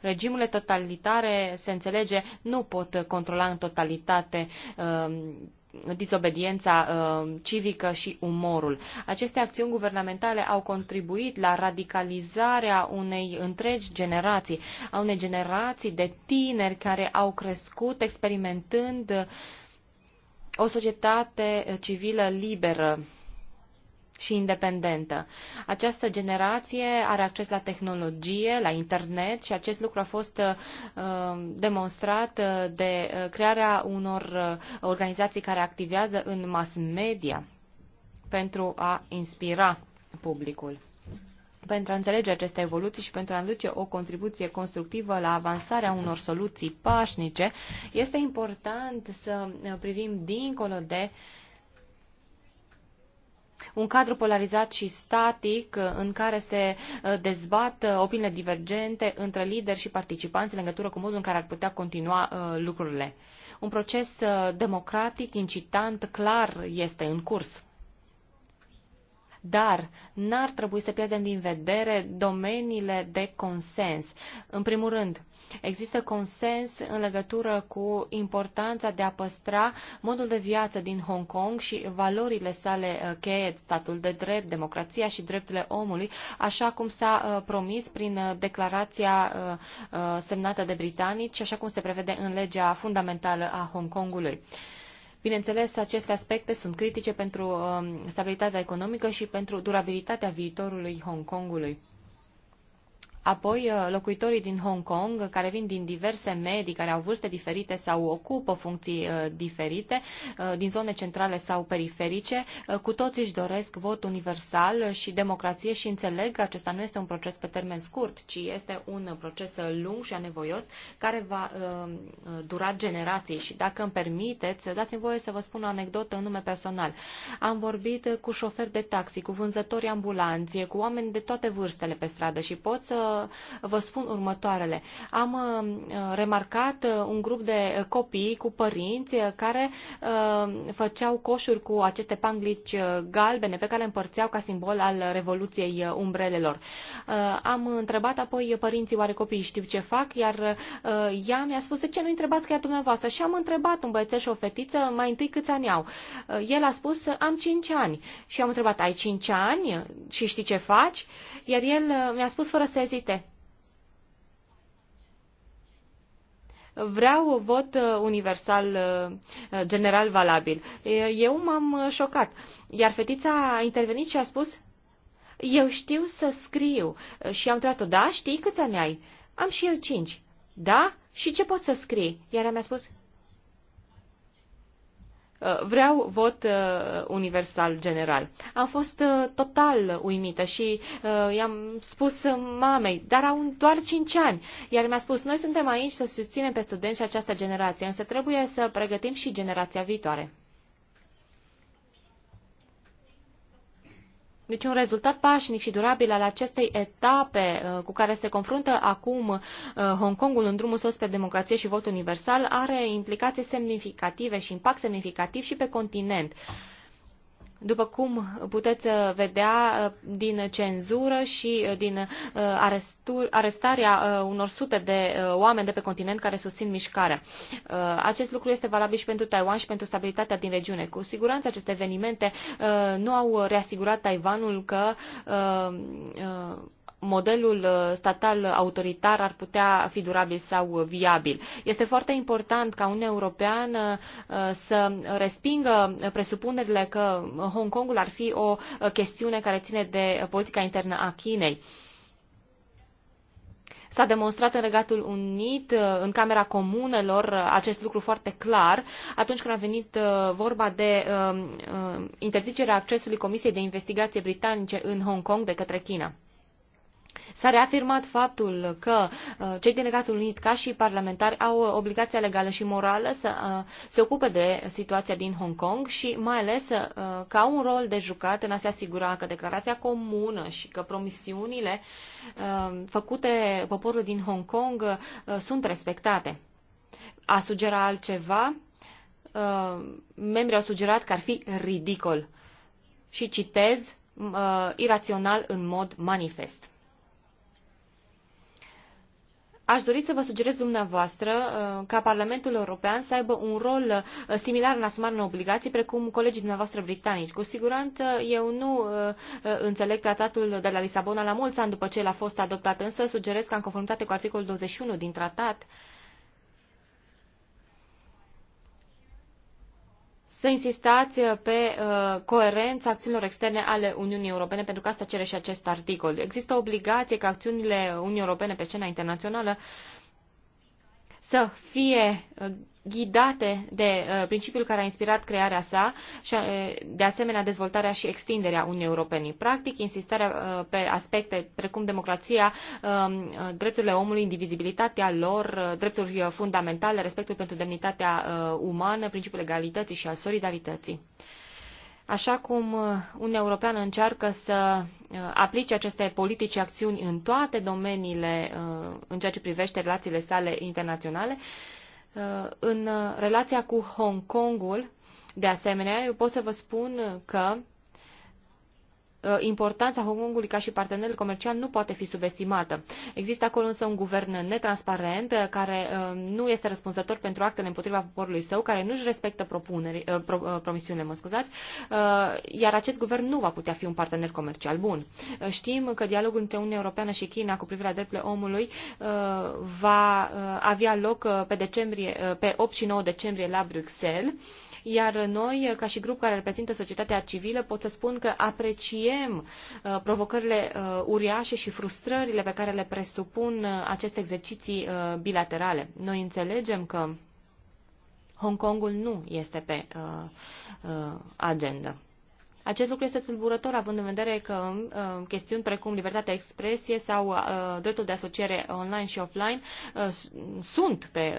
Regimurile totalitare, se înțelege, nu pot controla în totalitate uh, disobediența uh, civică și umorul. Aceste acțiuni guvernamentale au contribuit la radicalizarea unei întregi generații, a unei generații de tineri care au crescut experimentând uh, o societate eh, civilă liberă și independentă. Această generație are acces la tehnologie, la internet și acest lucru a fost uh, demonstrat eh, de crearea unor organizații care activează în mass media pentru a inspira publicul pentru a înțelege aceste evoluții și pentru a aduce o contribuție constructivă la avansarea unor soluții pașnice, este important să privim dincolo de un cadru polarizat și static în care se uh, dezbat uh, opiniile divergente între lideri și participanți în legătură cu modul în care ar putea continua uh, lucrurile. Un proces democratic, incitant, clar este în curs dar n-ar trebui să pierdem din vedere domeniile de consens. În primul rând, Există consens în legătură cu importanța de a păstra modul de viață din Hong Kong și valorile sale uh, cheie, statul de drept, democrația și drepturile omului, așa cum s-a uh, promis prin uh, declarația semnată de britanici, așa cum se prevede în legea fundamentală a Hong Kongului. Bineînțeles, aceste aspecte sunt critice pentru um, stabilitatea economică și pentru durabilitatea viitorului Hong Kongului. Apoi, uh, locuitorii din Hong Kong, uh, care vin din diverse medii, care au vârste diferite sau ocupă funcții uh, diferite, din zone centrale sau periferice, cu toți își doresc vot universal și democrație și înțeleg că acesta nu este un proces pe termen scurt, ci este un proces lung și anevoios care va dura generații. Și dacă îmi permiteți, dați-mi voie să vă spun o anecdotă în nume personal. Am vorbit cu șoferi de taxi, cu vânzători ambulanți, cu oameni de toate vârstele pe stradă și pot să vă spun următoarele. Am uh, remarcat uh, un grup de copii cu părinți uh, care făceau coșuri cu aceste panglici galbene pe care împărțeau ca simbol al Revoluției Umbrelelor. Am întrebat apoi părinții oare copiii știu ce fac, iar ea mi-a spus de ce nu întrebați chiar dumneavoastră și am întrebat un băiețel și o fetiță mai întâi câți ani au. El a spus am 5 ani și am întrebat ai 5 ani și știi ce faci? Iar el mi-a spus fără să ezite diferite. Vreau vot uh, universal uh, general valabil. Eu m-am uh, șocat. Iar fetița a intervenit și a spus, eu știu să scriu. Și am întrebat-o, da, știi câți ani ai? Am și eu cinci. Da? Și ce pot să scrii? Iar ea mi-a spus, Uh, vreau vot uh, universal general. Am fost uh, total uimită și i-am spus mamei, dar au doar 5 ani. Iar mi-a spus, noi suntem aici să susținem pe studenți și această generație, însă trebuie să pregătim și generația viitoare. Deci un rezultat pașnic și durabil al acestei etape uh, cu care se confruntă acum uh, Hong Kongul în drumul său spre democrație și vot universal are implicații semnificative și impact semnificativ și pe continent. După cum puteți uh, vedea uh, din cenzură și uh, din arestarea unor sute de oameni de pe continent care susțin mișcarea. Acest lucru este valabil și pentru Taiwan și pentru stabilitatea din regiune. Cu siguranță aceste evenimente nu au reasigurat Taiwanul că modelul uh, statal autoritar ar putea fi durabil sau viabil. Este foarte important ca Uniunea Europeană uh, să respingă presupunerile că Hong Kongul ar fi o uh, chestiune care ține de politica internă a Chinei. S-a demonstrat în Regatul Unit, în Camera Comunelor, acest lucru foarte clar atunci când a venit vorba de interzicerea accesului Comisiei de Investigație Britanice în Hong Kong de către China. S-a reafirmat faptul că uh, cei din Regatul Unit, ca și parlamentari, au uh, obligația legală și morală să uh, se ocupe de situația din Hong Kong și mai ales că au un rol de jucat în a se asigura că declarația comună și că promisiunile făcute poporul din Hong Kong sunt respectate. A sugera altceva, membrii au sugerat că ar fi ridicol și citez, irațional în mod manifest. Aș dori să vă sugerez dumneavoastră uh, ca Parlamentul European să aibă un rol uh, similar în asumarea unor obligații precum colegii dumneavoastră britanici. Cu siguranță eu nu uh, înțeleg tratatul de la Lisabona la mulți ani după ce el a fost adoptat, însă sugerez ca în conformitate cu articolul 21 din tratat să insistați uh, pe uh, coerența acțiunilor externe ale Uniunii Europene, pentru că asta cere și acest articol. Există obligație ca acțiunile Uniunii Europene pe scena internațională să fie uh, ghidate de uh, principiul care a inspirat crearea sa și uh, de asemenea dezvoltarea și extinderea Uniunii Europene. Practic, insistarea uh, pe aspecte precum democrația, um, drepturile omului, indivizibilitatea lor, drepturi fundamentale, respectul pentru demnitatea umană, principiul egalității și al solidarității. Așa cum Uniunea Europeană încearcă să aplice aceste politici acțiuni în toate domeniile în ceea ce privește relațiile sale internaționale, în relația cu Hong Kongul, de asemenea, eu pot să vă spun că Uh, importanța Hong Kongului ca și partener comercial nu poate fi subestimată. Există acolo însă un guvern netransparent uh, care uh, nu este răspunzător pentru actele împotriva poporului său, care nu-și respectă propuneri, pro, promisiunile, mă scuzați, iar acest guvern nu va putea fi un partener comercial bun. Știm că dialogul între Uniunea Europeană și China cu privire la drepturile omului va avea loc pe, decembrie, pe 8 și 9 decembrie la Bruxelles iar noi, ca și grup care reprezintă societatea civilă, pot să spun că apreciem uh, provocările uh, uriașe și frustrările pe care le presupun uh, aceste exerciții bilaterale. Noi înțelegem că Hong Kongul nu este pe uh, uh, agenda. Acest lucru este tulburător având în vedere că uh, chestiuni precum libertatea expresie sau uh, dreptul de asociere online și offline uh, sunt pe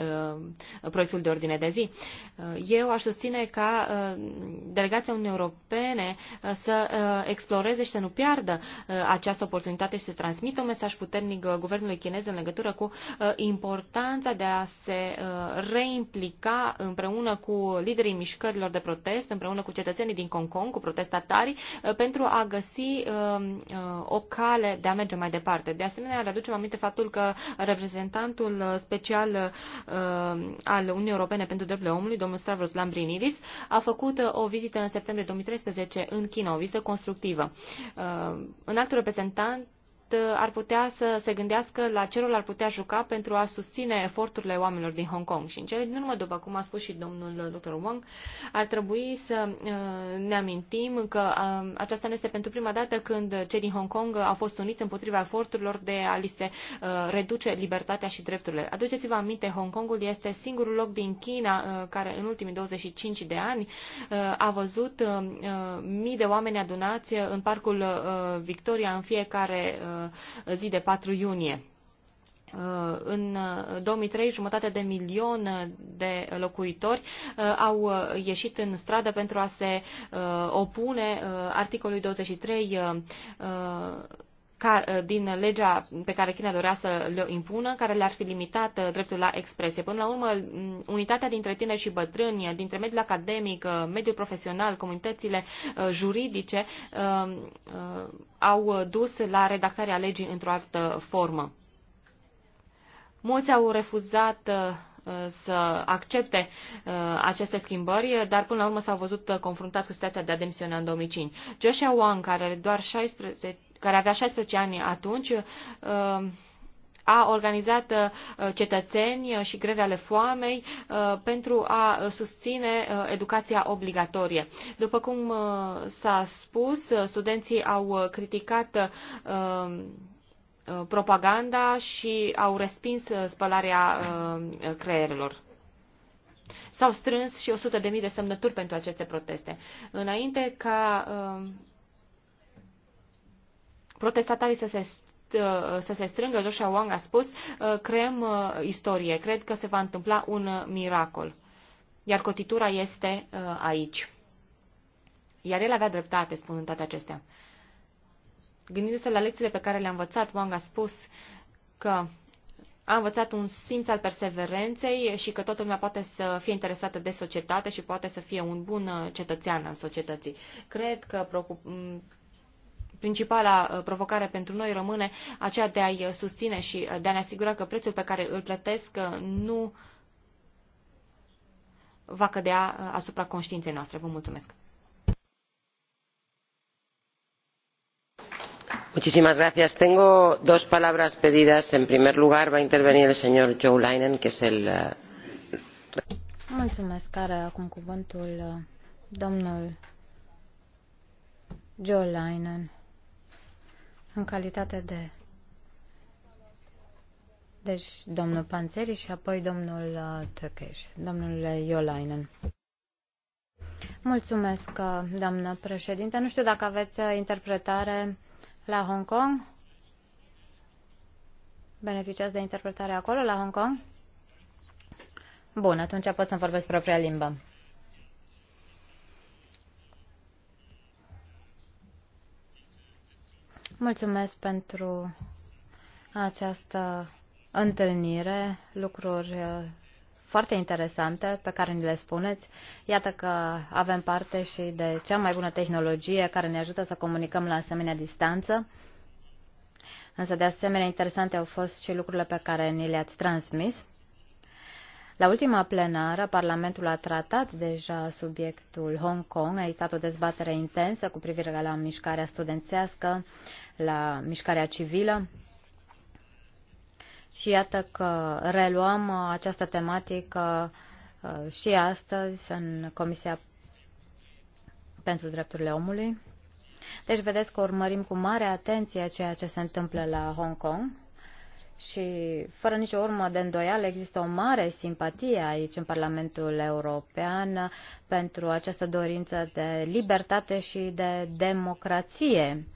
uh, proiectul de ordine de zi. Uh, eu aș susține ca uh, delegația Uniunii Europene uh, să uh, exploreze și să nu piardă uh, această oportunitate și să transmită un mesaj puternic uh, guvernului chinez în legătură cu uh, importanța de a se uh, reimplica împreună cu liderii mișcărilor de protest, împreună cu cetățenii din Hong Kong, cu protest contestatarii uh, pentru a găsi uh, uh, o cale de a merge mai departe. De asemenea, le aducem aminte faptul că reprezentantul special al Uniunii Europene pentru Drepturile Omului, domnul Stavros Lambrinidis, a făcut o vizită în septembrie 2013 în China, o vizită constructivă. În actul reprezentant Uh, ar putea să se gândească la ce rol ar putea juca pentru a susține eforturile oamenilor din Hong Kong. Și în cele din urmă, după cum a spus și domnul dr. Wang, ar trebui să uh, ne amintim că um, aceasta nu este pentru prima dată când cei din Hong Kong au fost uniți împotriva eforturilor de a li se uh, reduce libertatea și drepturile. Aduceți-vă aminte, Hong Kongul este singurul loc din China care în ultimii 25 de ani a văzut mii de oameni adunați în parcul Victoria în fiecare Uh, zi de 4 iunie. Uh, în 2003, uh, jumătate de milion de locuitori au ieșit în stradă pentru a se opune articolului 23 Uh, din legea pe care China dorea să le impună, care le-ar fi limitat uh, dreptul la expresie. Până la urmă, mm, unitatea dintre tineri și bătrâni, dintre mediul academic, uh, mediul profesional, comunitățile juridice, um, au dus la redactarea legii într-o altă formă. Mulți au refuzat să accepte aceste schimbări, dar până la urmă s-au văzut confruntați cu situația de a demisiona în 2005. Joshua Wang, care are doar 16, care avea 16 ani atunci, uh, a organizat uh, cetățeni și greve ale foamei uh, pentru a susține educația obligatorie. După cum s-a spus, studenții au criticat propaganda și au respins spălarea creierelor. S-au strâns și 100.000 de semnături pentru aceste proteste. Înainte ca protestatarii să se să se strângă, Joshua Wang a spus, uh, creăm uh, istorie. Cred că se va întâmpla un uh, miracol. Iar cotitura este aici. Iar el avea dreptate, spunând toate acestea. Gândindu-se la lecțiile pe care le-a învățat, Wang a spus că a învățat un simț al perseverenței și că toată lumea poate să fie interesată de societate și poate să fie un bun cetățean al societății. Cred că principala uh, provocare pentru noi rămâne aceea de a-i uh, susține și uh, de a ne asigura că prețul pe care îl plătesc nu va cădea asupra conștiinței noastre. Vă mulțumesc! Muchísimas gracias. Tengo dos palabras pedidas. En primer lugar, va a intervenir el señor Joe Leinen, que es el. Mulțumesc. Are acum cuvântul domnul Joe Leinen în calitate de... Deci, domnul Panzeri și apoi domnul uh, Tăcăș, domnul Iolainen. Mulțumesc, uh, doamnă președinte. Nu știu dacă aveți uh, interpretare la Hong Kong. Beneficiați de interpretare acolo, la Hong Kong? Bun, atunci pot să-mi vorbesc propria limbă. Mulțumesc pentru această întâlnire, lucruri uh, foarte interesante pe care ni le spuneți. Iată că avem parte și de cea mai bună tehnologie care ne ajută să comunicăm la asemenea distanță. Însă, de asemenea, interesante au fost și lucrurile pe care ni le-ați transmis. La ultima plenară, Parlamentul a tratat deja subiectul Hong Kong. A existat o dezbatere intensă cu privire la mișcarea studențească, la mișcarea civilă. Și iată că reluăm această tematică uh, și astăzi în Comisia pentru Drepturile Omului. Deci vedeți că urmărim cu mare atenție ceea ce se întâmplă la Hong Kong și fără nicio urmă de îndoială există o mare simpatie aici în Parlamentul European pentru această dorință de libertate și de democrație.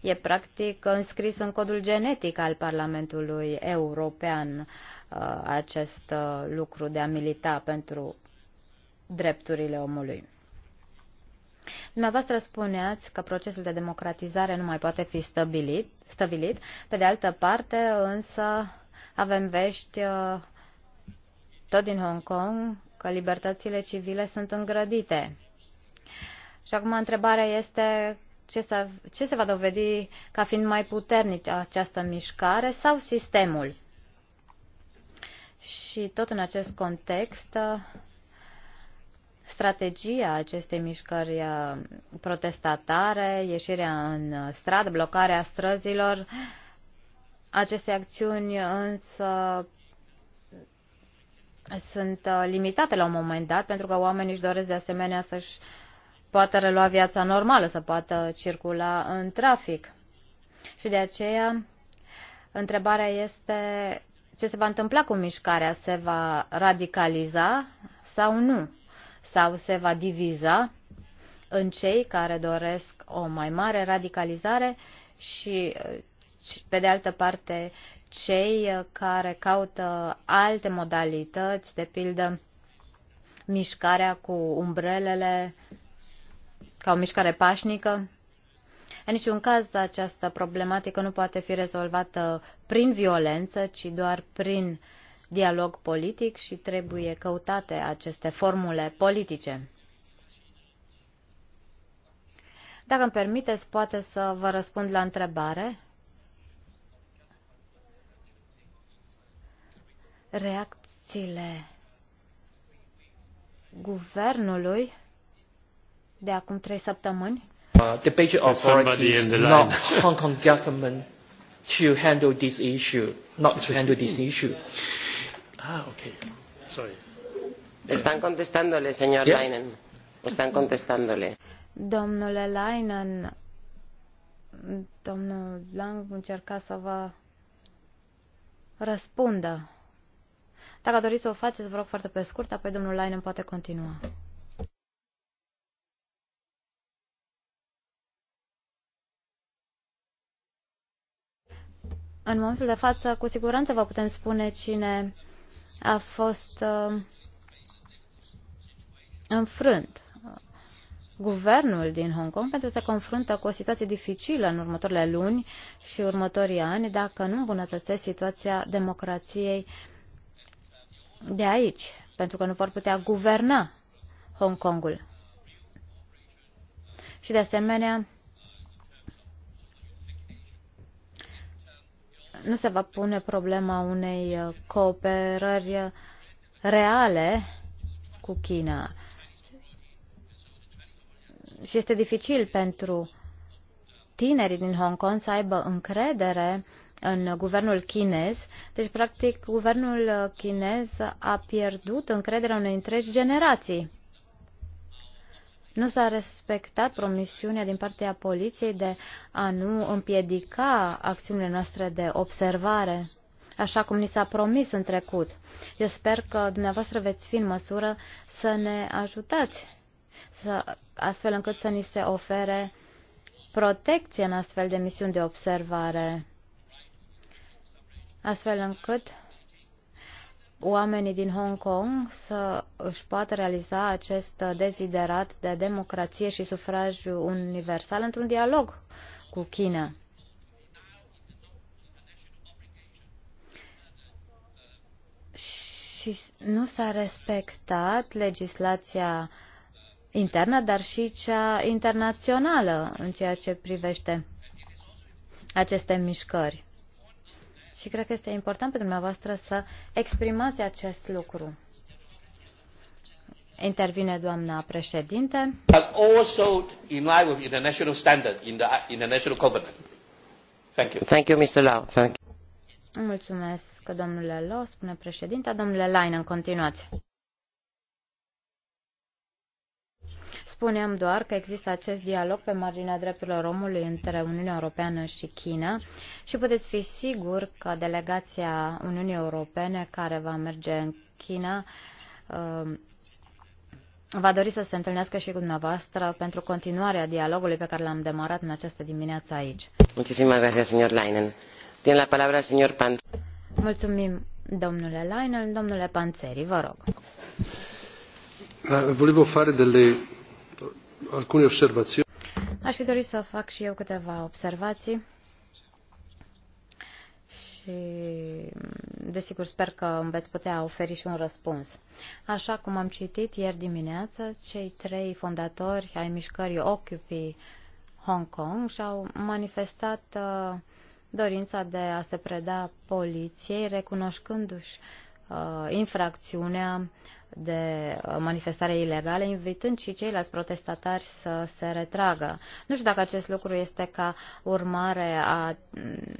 E practic înscris în codul genetic al Parlamentului European uh, acest uh, lucru de a milita pentru drepturile omului. Dumneavoastră spuneați că procesul de democratizare nu mai poate fi stabilit, stabilit. pe de altă parte însă avem vești uh, tot din Hong Kong că libertățile civile sunt îngrădite. Și acum întrebarea este ce, s-a, ce se va dovedi ca fiind mai puternic această mișcare sau sistemul? Și tot în acest context uh, strategia acestei mișcări uh, protestatare, ieșirea în stradă, blocarea străzilor. Aceste acțiuni însă sunt uh, limitate la un moment dat pentru că oamenii își doresc de asemenea să-și poată relua viața normală, să poată circula în trafic. Și de aceea întrebarea este ce se va întâmpla cu mișcarea, se va radicaliza sau nu? sau se va diviza în cei care doresc o mai mare radicalizare și, pe de altă parte, cei care caută alte modalități, de pildă mișcarea cu umbrelele ca o mișcare pașnică. În niciun caz această problematică nu poate fi rezolvată prin violență, ci doar prin uh, dialog politic și trebuie căutate aceste formule politice. Dacă îmi permiteți, poate să vă răspund la întrebare. Reacțiile guvernului de acum trei săptămâni. Uh, the Beijing authorities, not Hong Kong government, to handle this issue, not to handle this issue. Ah, okay. Sorry. Están contestándole, señor yes? Leinen. Están contestándole. Domnule Leinen, domnul Lang încerca să vă răspundă. Dacă doriți să o faceți, vă rog foarte pe scurt, apoi domnul Leinen poate continua. În momentul de față, cu siguranță vă putem spune cine a fost uh, înfrânt. Guvernul din Hong Kong pentru că se confruntă cu o situație dificilă în următoarele luni și următorii ani dacă nu îmbunătățesc situația democrației de aici, pentru că nu vor putea guverna Hong Kongul. Și de asemenea, nu se va pune problema unei uh, cooperări uh, reale cu China. Și este dificil pentru tinerii din Hong Kong să aibă încredere în guvernul chinez. Deci, practic, guvernul uh, chinez a pierdut încrederea unei întregi generații. Nu s-a respectat promisiunea din partea poliției de a nu împiedica acțiunile noastre de observare, așa cum ni s-a promis în trecut. Eu sper că dumneavoastră veți fi în măsură să ne ajutați, să, astfel încât să ni se ofere protecție în astfel de misiuni de observare, astfel încât oamenii din Hong Kong să își poată realiza acest deziderat de democrație și sufragiu universal într-un dialog cu China. Și nu s-a respectat legislația internă, dar și cea internațională în ceea ce privește aceste mișcări. Și cred că este important pentru dumneavoastră să exprimați acest lucru. Intervine doamna președinte. But also in line with international standard in the international covenant. Thank you. Thank you, Mr. Lau. Thank you. Mulțumesc, domnule Lau, spune președinta. Domnule Lain, în continuați. Spuneam doar că există acest dialog pe marginea drepturilor omului între Uniunea Europeană și China și puteți fi sigur că delegația Uniunii Europene care va merge în China uh, va dori să se întâlnească și cu dumneavoastră pentru continuarea dialogului pe care l-am demarat în această dimineață aici. Muchísimas gracias, Leinen. Tiene la palabra, señor Pan. Mulțumim, domnule Leinen. Domnule Panțeri, vă rog. Da, volevo fare delle alcune observații. Aș fi dorit să fac și eu câteva observații și desigur sper că îmi veți putea oferi și un răspuns. Așa cum am citit ieri dimineață, cei trei fondatori ai mișcării Occupy Hong Kong și-au manifestat uh, dorința de a se preda poliției, recunoscându-și uh, infracțiunea de uh, manifestare ilegală, invitând și ceilalți protestatari să se retragă. Nu știu dacă acest lucru este ca urmare a mm,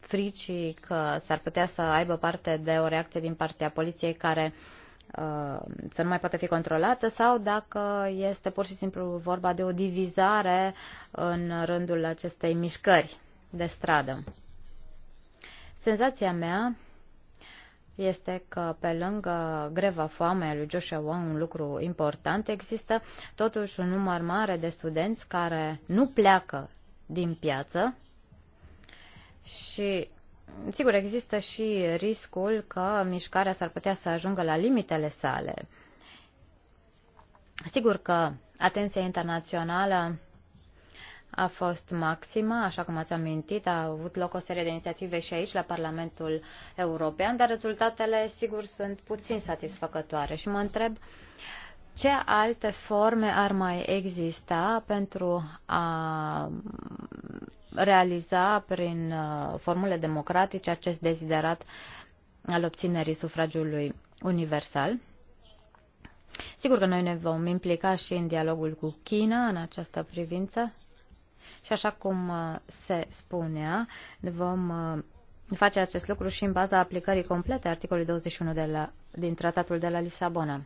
fricii că s-ar putea să aibă parte de o reacție din partea poliției care uh, să nu mai poate fi controlată sau dacă este pur și simplu vorba de o divizare în rândul acestei mișcări de stradă. Senzația mea este că pe lângă greva foamei lui Joshua Wong, un lucru important, există totuși un număr mare de studenți care nu pleacă din piață și sigur există și riscul că mișcarea s-ar putea să ajungă la limitele sale. Sigur că atenția internațională a fost maximă, așa cum ați amintit, a avut loc o serie de inițiative și aici, la Parlamentul European, dar rezultatele, sigur, sunt puțin satisfăcătoare. Și mă întreb ce alte forme ar mai exista pentru a realiza prin uh, formule democratice acest deziderat al obținerii sufragiului universal. Sigur că noi ne vom implica și în dialogul cu China în această privință și așa cum uh, se spunea, vom uh, face acest lucru și în baza aplicării complete articolului 21 de la, din Tratatul de la Lisabona.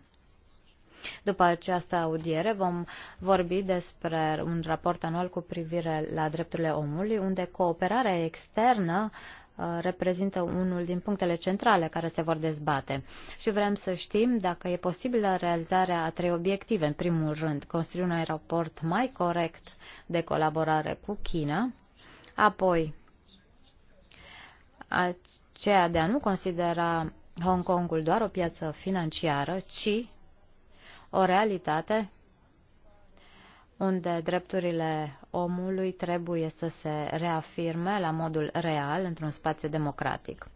După această audiere vom vorbi despre un raport anual cu privire la drepturile omului, unde cooperarea externă Uh, reprezintă unul din punctele centrale care se vor dezbate și vrem să știm dacă e posibilă realizarea a trei obiective. În primul rând, construi un aeroport mai corect de colaborare cu China, apoi aceea de a nu considera Hong Kongul doar o piață financiară, ci o realitate unde drepturile omului trebuie să se reafirme la modul real într-un spațiu democratic.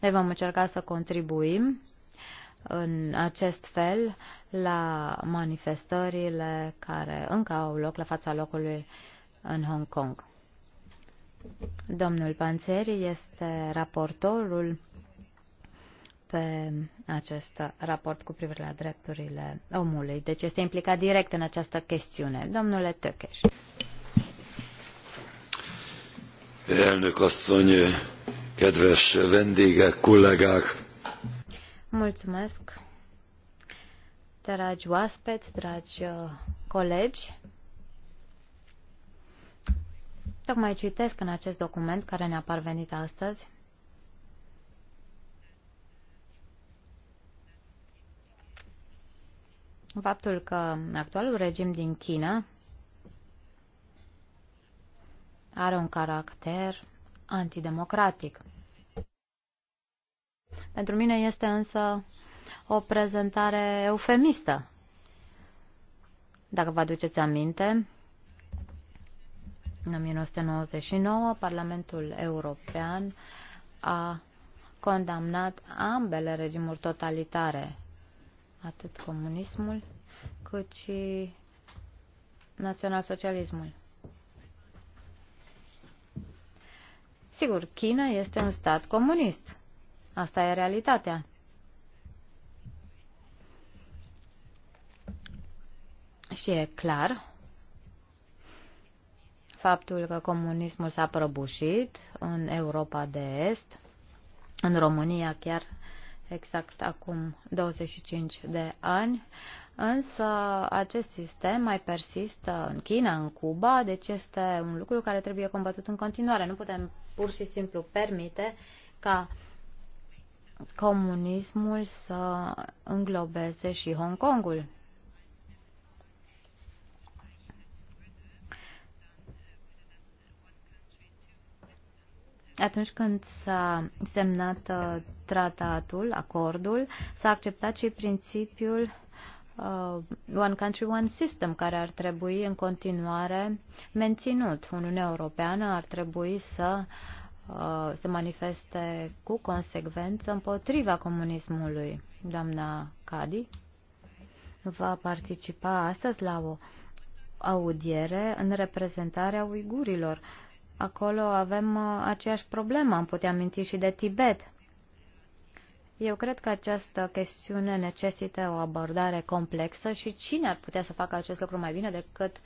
Noi vom încerca să contribuim în acest fel la manifestările care încă au loc la fața locului în Hong Kong. Domnul Panțeri este raportorul pe acest raport cu privire la drepturile omului. Deci este implicat direct în această chestiune. Domnule Tökes. Elnök asszony, kedves vendégek, kollégák! Mulțumesc, dragi oaspeți, dragi uh, colegi! Tocmai citesc în acest document care ne-a parvenit astăzi faptul că actualul regim din China are un caracter antidemocratic. Pentru mine este însă o prezentare eufemistă. Dacă vă aduceți aminte, în 1999, Parlamentul European a condamnat ambele regimuri totalitare atât comunismul, cât și național-socialismul. Sigur, China este un stat comunist. Asta e realitatea. Și e clar faptul că comunismul s-a prăbușit în Europa de Est, în România chiar exact acum 25 de ani, însă acest sistem mai persistă în China, în Cuba, deci este un lucru care trebuie combătut în continuare. Nu putem pur și simplu permite ca comunismul să înglobeze și Hong Kongul. atunci când s-a semnat uh, tratatul, acordul, s-a acceptat și principiul uh, One Country, One System, care ar trebui în continuare menținut. Uniunea Europeană ar trebui să uh, se manifeste cu consecvență împotriva comunismului. Doamna Cadi va participa astăzi la o audiere în reprezentarea uigurilor acolo avem uh, aceeași problemă. Am putea aminti și de Tibet. Eu cred că această chestiune necesită o abordare complexă și cine ar putea să facă acest lucru mai bine decât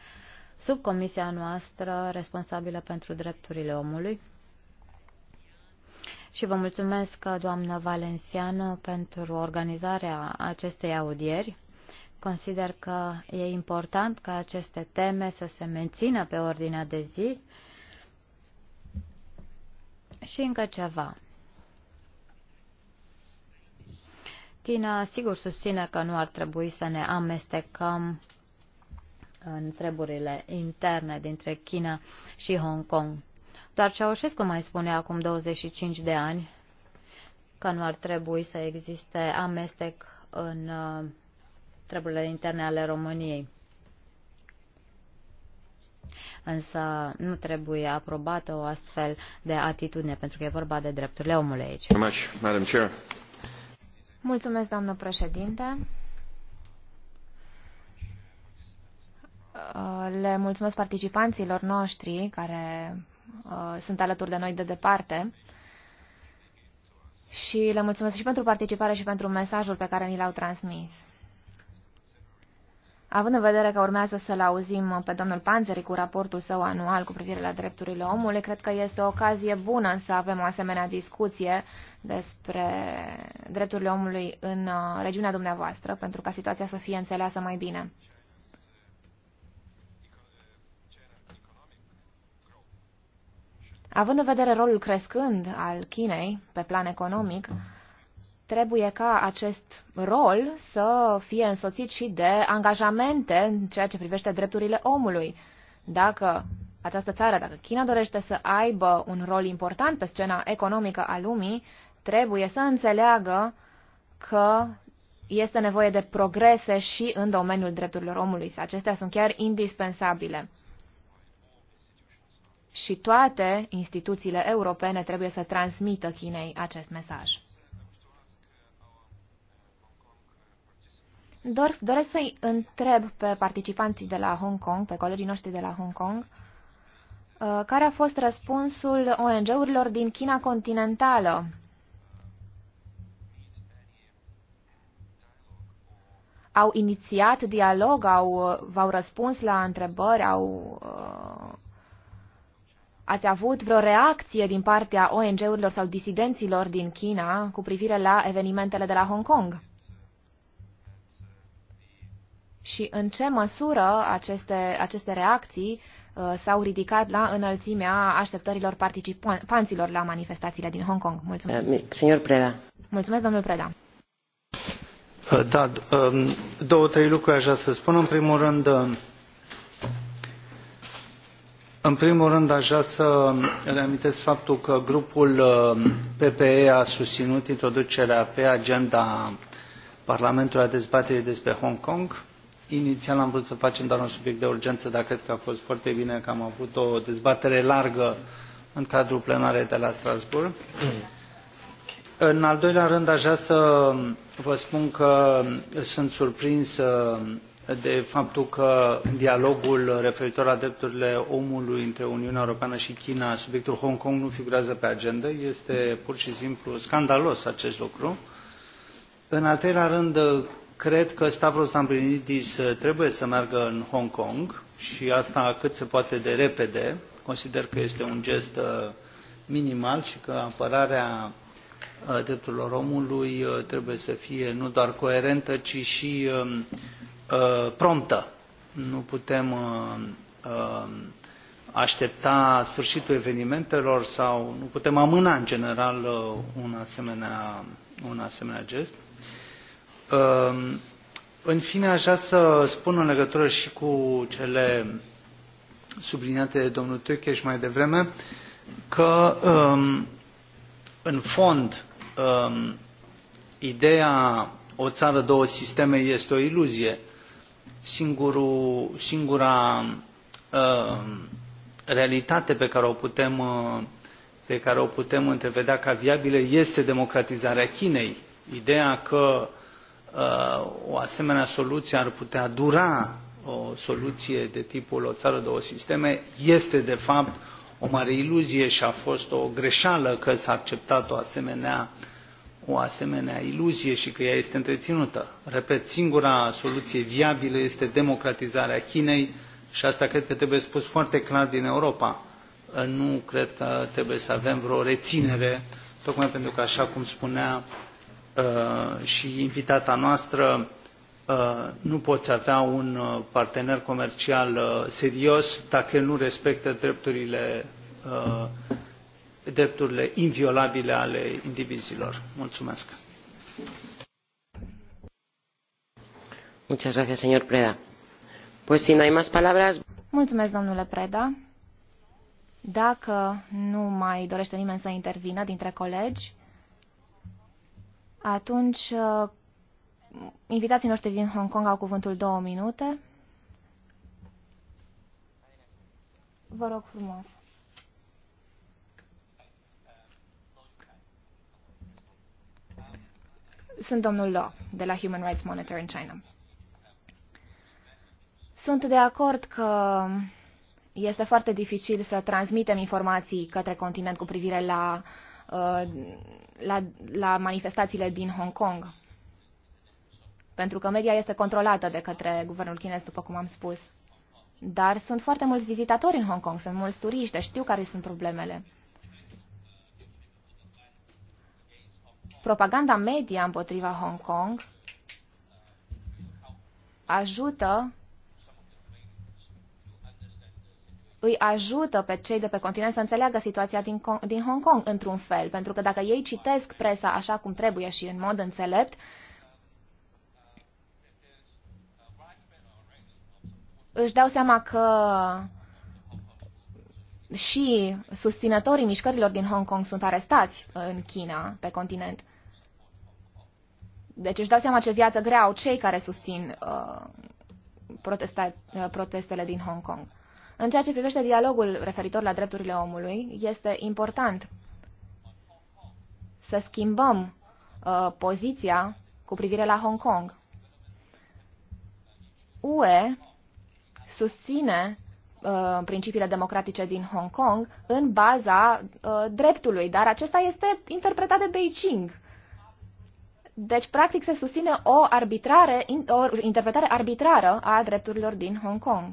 subcomisia noastră responsabilă pentru drepturile omului. Și vă mulțumesc, doamnă Valenciano, pentru organizarea acestei audieri. Consider că e important ca aceste teme să se mențină pe ordinea de zi și încă ceva. China, sigur, susține că nu ar trebui să ne amestecăm în treburile interne dintre China și Hong Kong. Dar Ceaușescu mai spune acum 25 de ani că nu ar trebui să existe amestec în uh, treburile interne ale României însă nu trebuie aprobată o astfel de atitudine, pentru că e vorba de drepturile omului aici. Mulțumesc, doamnă președinte. Uh, le mulțumesc participanților noștri care uh, sunt alături de noi de departe și le mulțumesc și pentru participare și pentru mesajul pe care ni l-au transmis. Având în vedere că urmează să-l auzim pe domnul Panzeri cu raportul său anual cu privire la drepturile omului, cred că este o ocazie bună să avem o asemenea discuție despre drepturile omului în uh, regiunea dumneavoastră, pentru ca situația să fie înțeleasă mai bine. Având în vedere rolul crescând al Chinei pe plan economic, trebuie ca acest rol să fie însoțit și de angajamente în ceea ce privește drepturile omului. Dacă această țară, dacă China dorește să aibă un rol important pe scena economică a lumii, trebuie să înțeleagă că este nevoie de progrese și în domeniul drepturilor omului. Acestea sunt chiar indispensabile. Și toate instituțiile europene trebuie să transmită Chinei acest mesaj. Dor, doresc să-i întreb pe participanții de la Hong Kong, pe colegii noștri de la Hong Kong, uh, care a fost răspunsul ONG-urilor din China continentală au inițiat dialog, au, uh, v-au răspuns la întrebări, au, uh, ați avut vreo reacție din partea ONG-urilor sau disidenților din China cu privire la evenimentele de la Hong Kong? și în ce măsură aceste, aceste reacții uh, s-au ridicat la înălțimea așteptărilor participanților la manifestațiile din Hong Kong. Mulțumesc. Uh, eh, senior Preda. Mulțumesc, domnul Preda. Eh, da, um, două, trei lucruri aș vrea să spun. În primul rând, um, în primul rând, aș vrea să reamintesc faptul că grupul um, PPE a susținut introducerea pe agenda Parlamentului a dezbaterii despre Hong Kong Inițial am vrut să facem doar un subiect de urgență, dar cred că a fost foarte bine că am avut o dezbatere largă în cadrul plenarei de la Strasbourg. În al doilea rând, aș vrea să vă spun că sunt surprins uh, de faptul că în dialogul referitor la drepturile omului între Uniunea Europeană și China, subiectul Hong Kong nu figurează pe agenda. Este pur și simplu scandalos acest lucru. În al treilea rând, Cred că Stavros Lambrinidis uh, trebuie să meargă în Hong Kong și asta cât se poate de repede. Consider că este un gest uh, minimal și că apărarea uh, drepturilor omului trebuie să fie nu doar coerentă, ci și um, promptă. Nu putem um, aștepta sfârșitul evenimentelor sau nu putem amâna în general un asemenea, un asemenea gest. Ehm, în fine, aș vrea să spun în legătură și cu cele subliniate de domnul Tökeș mai devreme, că ehm, în fond ehm, ideea o țară, două sisteme este o iluzie. Singurul, singura realitate pe care o putem pe care o putem întrevedea ca viabilă este democratizarea Chinei. Ideea că Uh, o asemenea soluție ar putea dura o soluție de tipul o țară, două sisteme, este de fapt o mare iluzie și a fost o greșeală că s-a acceptat o asemenea, o asemenea iluzie și că ea este întreținută. Repet, singura soluție viabilă este democratizarea Chinei și asta cred că trebuie spus foarte clar din Europa. Nu cred că trebuie să avem vreo reținere, tocmai pentru că, așa cum spunea Uh, și invitata noastră uh, nu poți avea un uh, partener comercial serios dacă nu respectă drepturile, drepturile inviolabile ale indivizilor. Mulțumesc. Muchas gracias, señor Preda. Pues si no hay más palabras. Mulțumesc, domnule Preda. Dacă nu mai dorește nimeni să intervină dintre colegi, atunci, uh, invitații noștri din Hong Kong au cuvântul două minute. Vă rog frumos. Sunt domnul Lo, de la Human Rights Monitor în China. Sunt de acord că este foarte dificil să transmitem informații către continent cu privire la uh, Uh, la, la manifestațiile din Hong Kong. Pentru că media este controlată de către guvernul chinez, după cum am spus. Dar sunt foarte mulți vizitatori în Hong Kong, sunt mulți turiști, deci știu care sunt problemele. Propaganda media împotriva Hong Kong ajută îi ajută pe cei de pe continent să înțeleagă situația din, din Hong Kong într-un fel, pentru că dacă ei citesc presa așa cum trebuie și în mod înțelept, își dau seama că și susținătorii mișcărilor din Hong Kong sunt arestați în China, pe continent. Deci își dau seama ce viață grea au cei care susțin uh, uh protestele din Hong Kong. În ceea ce privește dialogul referitor la drepturile omului, este important să schimbăm uh, poziția cu privire la Hong Kong. UE susține uh, principiile democratice din Hong Kong în baza uh, dreptului, dar acesta este interpretat de Beijing. Deci, practic, se susține o, arbitrare, o interpretare arbitrară a drepturilor din Hong Kong.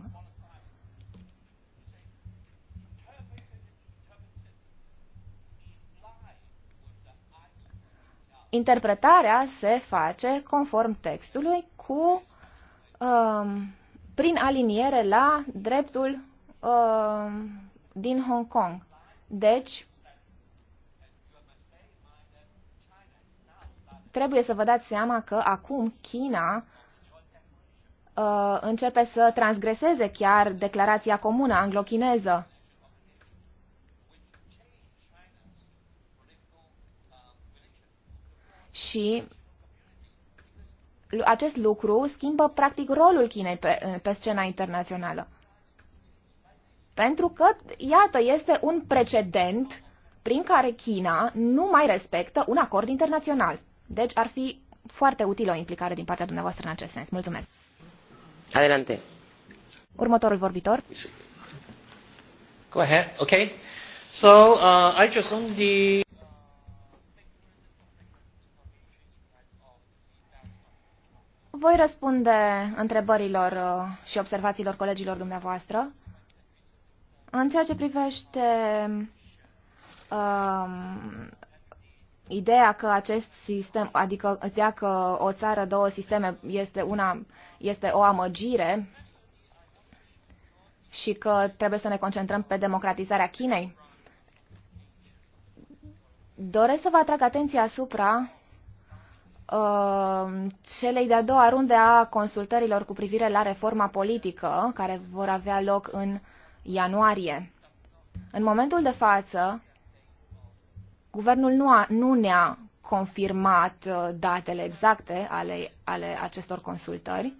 interpretarea se face conform textului cu um, prin aliniere la dreptul um, din Hong Kong. Deci trebuie să vă dați seama că acum China uh, începe să transgreseze chiar declarația comună anglo-chineză Și acest lucru schimbă practic rolul Chinei pe, pe scena internațională. Pentru că, iată, este un precedent prin care China nu mai respectă un acord internațional. Deci ar fi foarte utilă o implicare din partea dumneavoastră în acest sens. Mulțumesc. Adelante. Următorul vorbitor. Go ahead. Okay. So, uh, I just on the... Voi răspunde întrebărilor uh, și observațiilor colegilor dumneavoastră. În ceea ce privește um, ideea că acest sistem, adică ideea că o țară, două sisteme este, una, este o amăgire și că trebuie să ne concentrăm pe democratizarea Chinei, doresc să vă atrag atenția asupra Uh, celei de-a doua runde a consultărilor cu privire la reforma politică, care vor avea loc în ianuarie. În momentul de față, guvernul nu, a, nu ne-a confirmat uh, datele exacte ale, ale acestor consultări,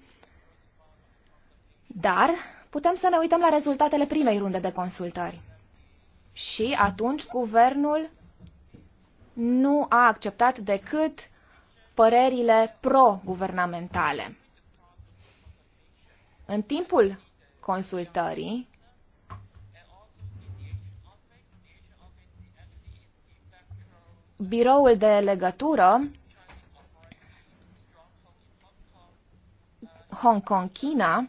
dar putem să ne uităm la rezultatele primei runde de consultări. Și atunci guvernul nu a acceptat decât părerile pro-guvernamentale. În timpul consultării, biroul de legătură Hong Kong, China,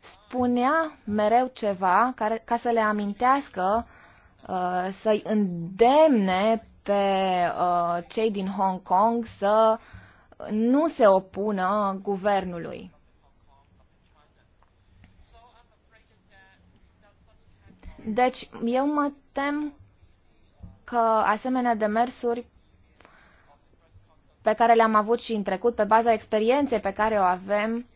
spunea mereu ceva care, ca să le amintească Uh, să-i îndemne pe uh, cei din Hong Kong să nu se opună guvernului. Deci, eu mă tem că asemenea demersuri pe care le-am avut și în trecut, pe baza experienței pe care o avem,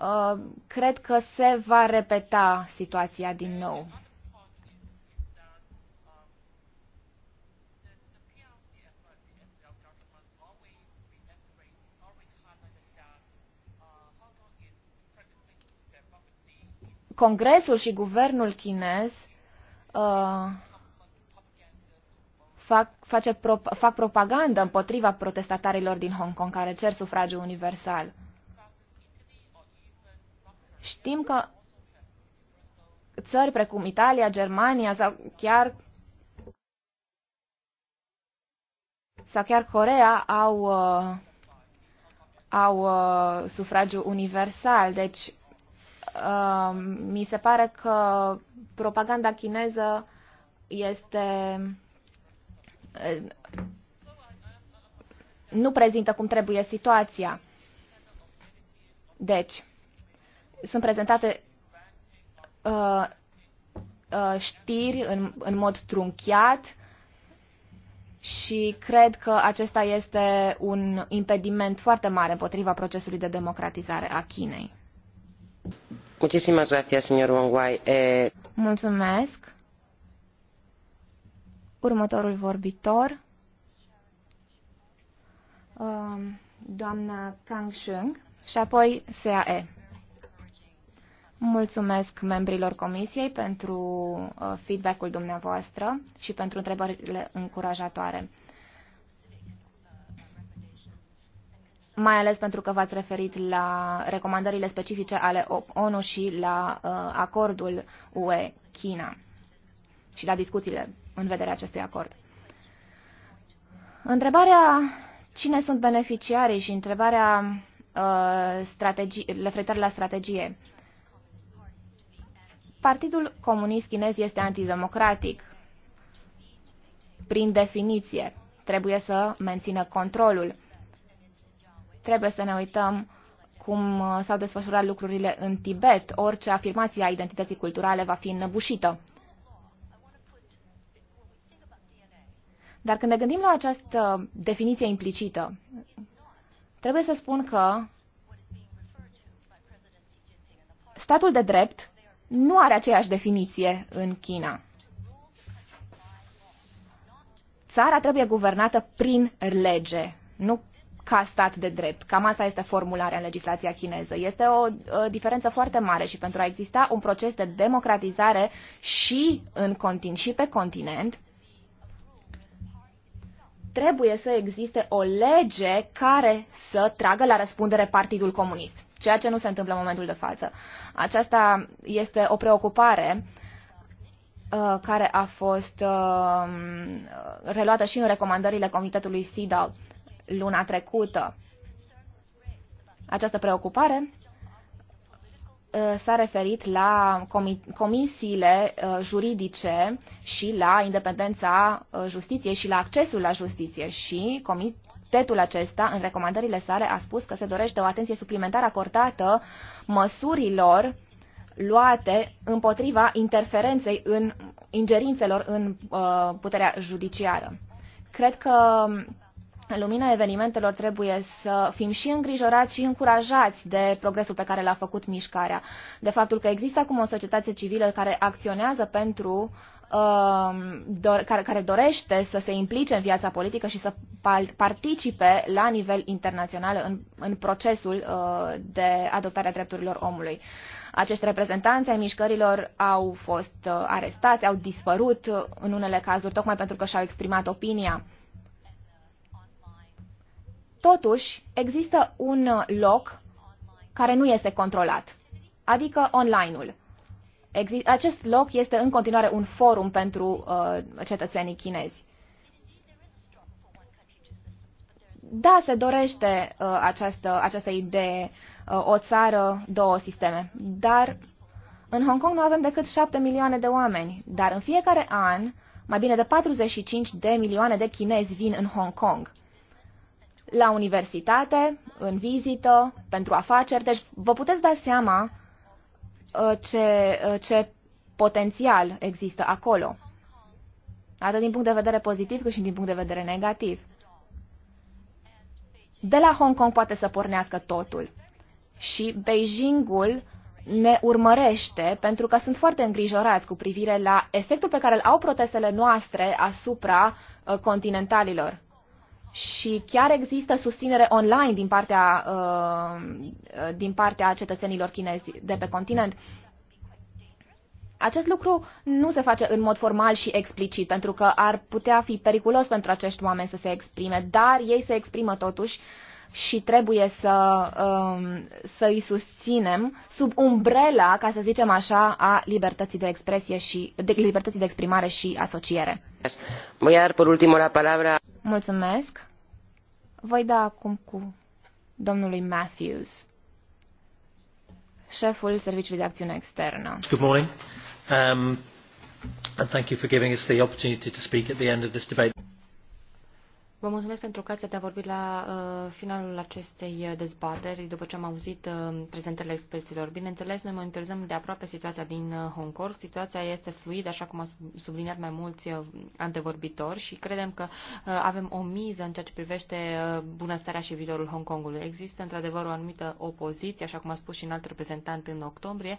uh, cred că se va repeta situația din nou. Congresul și guvernul chinez uh, fac, face pro, fac propagandă împotriva protestatarilor din Hong Kong care cer sufragiu universal. Știm că țări precum Italia, Germania sau chiar sau chiar Corea au, uh, au uh, sufragiu universal. Deci uh, mi se pare că propaganda chineză este uh, nu prezintă cum trebuie situația. Deci, sunt prezentate uh, uh, știri în, în mod trunchiat și cred că acesta este un impediment foarte mare împotriva procesului de democratizare a Chinei. Eh, Mulțumesc. Următorul vorbitor, um, doamna Kang Sheng, și apoi SAE. Mulțumesc membrilor comisiei pentru uh, feedback-ul dumneavoastră și pentru întrebările încurajatoare. mai ales pentru că v-ați referit la recomandările specifice ale ONU și la uh, acordul UE-China și la discuțiile în vederea acestui acord. Întrebarea cine sunt beneficiarii și întrebarea uh, referitoare la strategie. Partidul Comunist Chinez este antidemocratic. Prin definiție, trebuie să mențină controlul Trebuie să ne uităm cum uh, s-au desfășurat lucrurile în Tibet. Orice afirmație a identității culturale va fi înnăbușită. Dar când ne gândim la această definiție implicită, trebuie să spun că statul de drept nu are aceeași definiție în China. Țara trebuie guvernată prin lege, nu ca stat de drept. Cam asta este formularea în legislația chineză. Este o diferență foarte mare și pentru a exista un proces de democratizare și, în contin, și pe continent, trebuie să existe o lege care să tragă la răspundere Partidul Comunist, ceea ce nu se întâmplă în momentul de față. Aceasta este o preocupare uh, care a fost uh, reluată și în recomandările Comitetului SIDAL luna trecută. Această preocupare uh, s-a referit la comisiile uh, juridice și la independența uh, justiției și la accesul la justiție și comitetul acesta, în recomandările sale, a spus că se dorește o atenție suplimentară acordată măsurilor luate împotriva interferenței în ingerințelor în puterea judiciară. Cred că în lumina evenimentelor trebuie să fim și îngrijorați și încurajați de progresul pe care l-a făcut mișcarea, de faptul că există acum o societate civilă care acționează pentru um, care, care dorește să se implice în viața politică și să participe la nivel internațional în, în procesul uh, de adoptare a drepturilor omului. Acești reprezentanți ai mișcărilor au fost uh, arestați, au dispărut uh, în unele cazuri, tocmai pentru că și-au exprimat opinia. Totuși, există un uh, loc care nu este controlat, adică online-ul. Acest loc este în continuare un forum pentru uh, cetățenii chinezi. Da, se dorește uh, această, această idee, uh, o țară, două sisteme, dar în Hong Kong nu avem decât 7 milioane de oameni, dar în fiecare an mai bine de 45 de milioane de chinezi vin în Hong Kong la universitate, în vizită, pentru afaceri. Deci vă puteți da seama uh, ce, uh, ce potențial există acolo, atât din punct de vedere pozitiv cât și din punct de vedere negativ. De la Hong Kong poate să pornească totul și Beijingul ne urmărește pentru că sunt foarte îngrijorați cu privire la efectul pe care îl au protestele noastre asupra uh, continentalilor și chiar există susținere online din partea, uh, din partea cetățenilor chinezi de pe continent. Acest lucru nu se face în mod formal și explicit, pentru că ar putea fi periculos pentru acești oameni să se exprime, dar ei se exprimă totuși uh, și trebuie să, um, să îi susținem sub umbrela, ca să zicem așa, a libertății de expresie și de libertății de exprimare și asociere. Voi dar pe ultimul la palabra. Mulțumesc. Voi da acum cu domnului Matthews, șeful Serviciului de Acțiune Externă. Good morning. Um, and thank you for giving us the opportunity to speak at the end of this debate. Vă mulțumesc pentru ocazia de a vorbi la uh, finalul acestei uh, dezbateri, după ce am auzit uh, prezentele experților. Bineînțeles, noi monitorizăm de aproape situația din uh, Hong Kong. Situația este fluidă, așa cum a subliniat mai mulți uh, antevorbitori și credem că uh, avem o miză în ceea ce privește uh, bunăstarea și viitorul Hong Kongului. Există, într-adevăr, o anumită opoziție, așa cum a spus și un alt reprezentant în octombrie. Uh,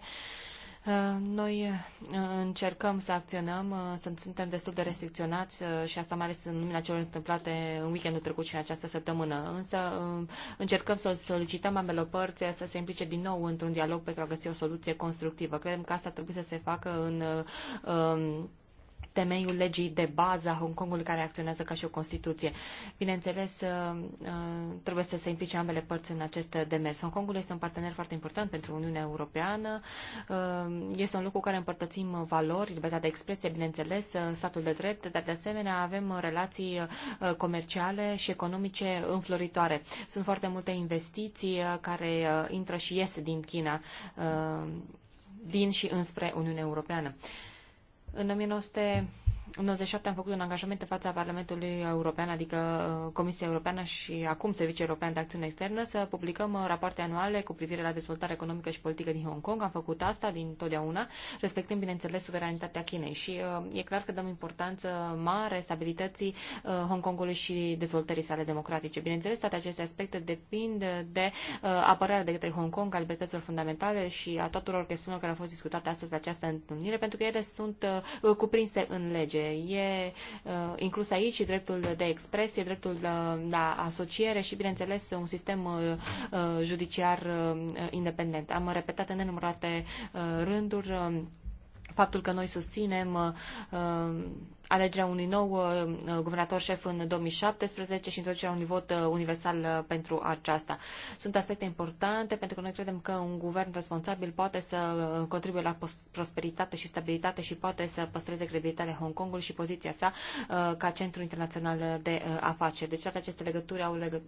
Uh, noi uh, încercăm să acționăm, uh, suntem destul de restricționați și asta mai ales în lumina celor întâmplate în weekendul trecut și în această săptămână. Însă um, încercăm să solicităm ambele părți să se implice din nou într-un dialog pentru a găsi o soluție constructivă. Credem că asta trebuie să se facă în um, temeiul legii de bază a Hong Kongului care acționează ca și o Constituție. Bineînțeles, uh, uh, trebuie să se implice ambele părți în acest demers. Hong Kongul este un partener foarte important pentru Uniunea Europeană. Uh, este un lucru cu care împărtățim valori, libertatea de expresie, bineînțeles, statul de drept, dar de asemenea avem relații comerciale și economice înfloritoare. Sunt foarte multe investiții care intră și ies din China, din și înspre Uniunea Europeană. În 1900 în 97 am făcut un angajament în fața Parlamentului European, adică uh, Comisia Europeană și acum Serviciul European de Acțiune Externă, să publicăm uh, rapoarte anuale cu privire la dezvoltarea economică și politică din Hong Kong. Am făcut asta din totdeauna, respectând, bineînțeles, suveranitatea Chinei. Și uh, e clar că dăm importanță mare stabilității Hong Kongului și dezvoltării sale democratice. Bineînțeles, toate aceste aspecte depind de apărarea de către Hong Kong a libertăților fundamentale și a tuturor chestiunilor care au fost discutate astăzi la această întâlnire, pentru că ele sunt cuprinse în lege. E uh, inclus aici și dreptul de expresie, dreptul la asociere și, bineînțeles, un sistem uh, uh, judiciar independent. Am repetat în nenumărate rânduri faptul că noi susținem alegerea unui nou uh, uh, guvernator șef în 2017 și introducerea unui vot uh, universal pentru aceasta. Sunt aspecte importante pentru că noi credem că un guvern responsabil poate să contribuie la prosperitate și stabilitate și poate să păstreze credibilitatea Hong Kongului și poziția sa ca centru internațional de afaceri. Deci toate aceste legături au legă,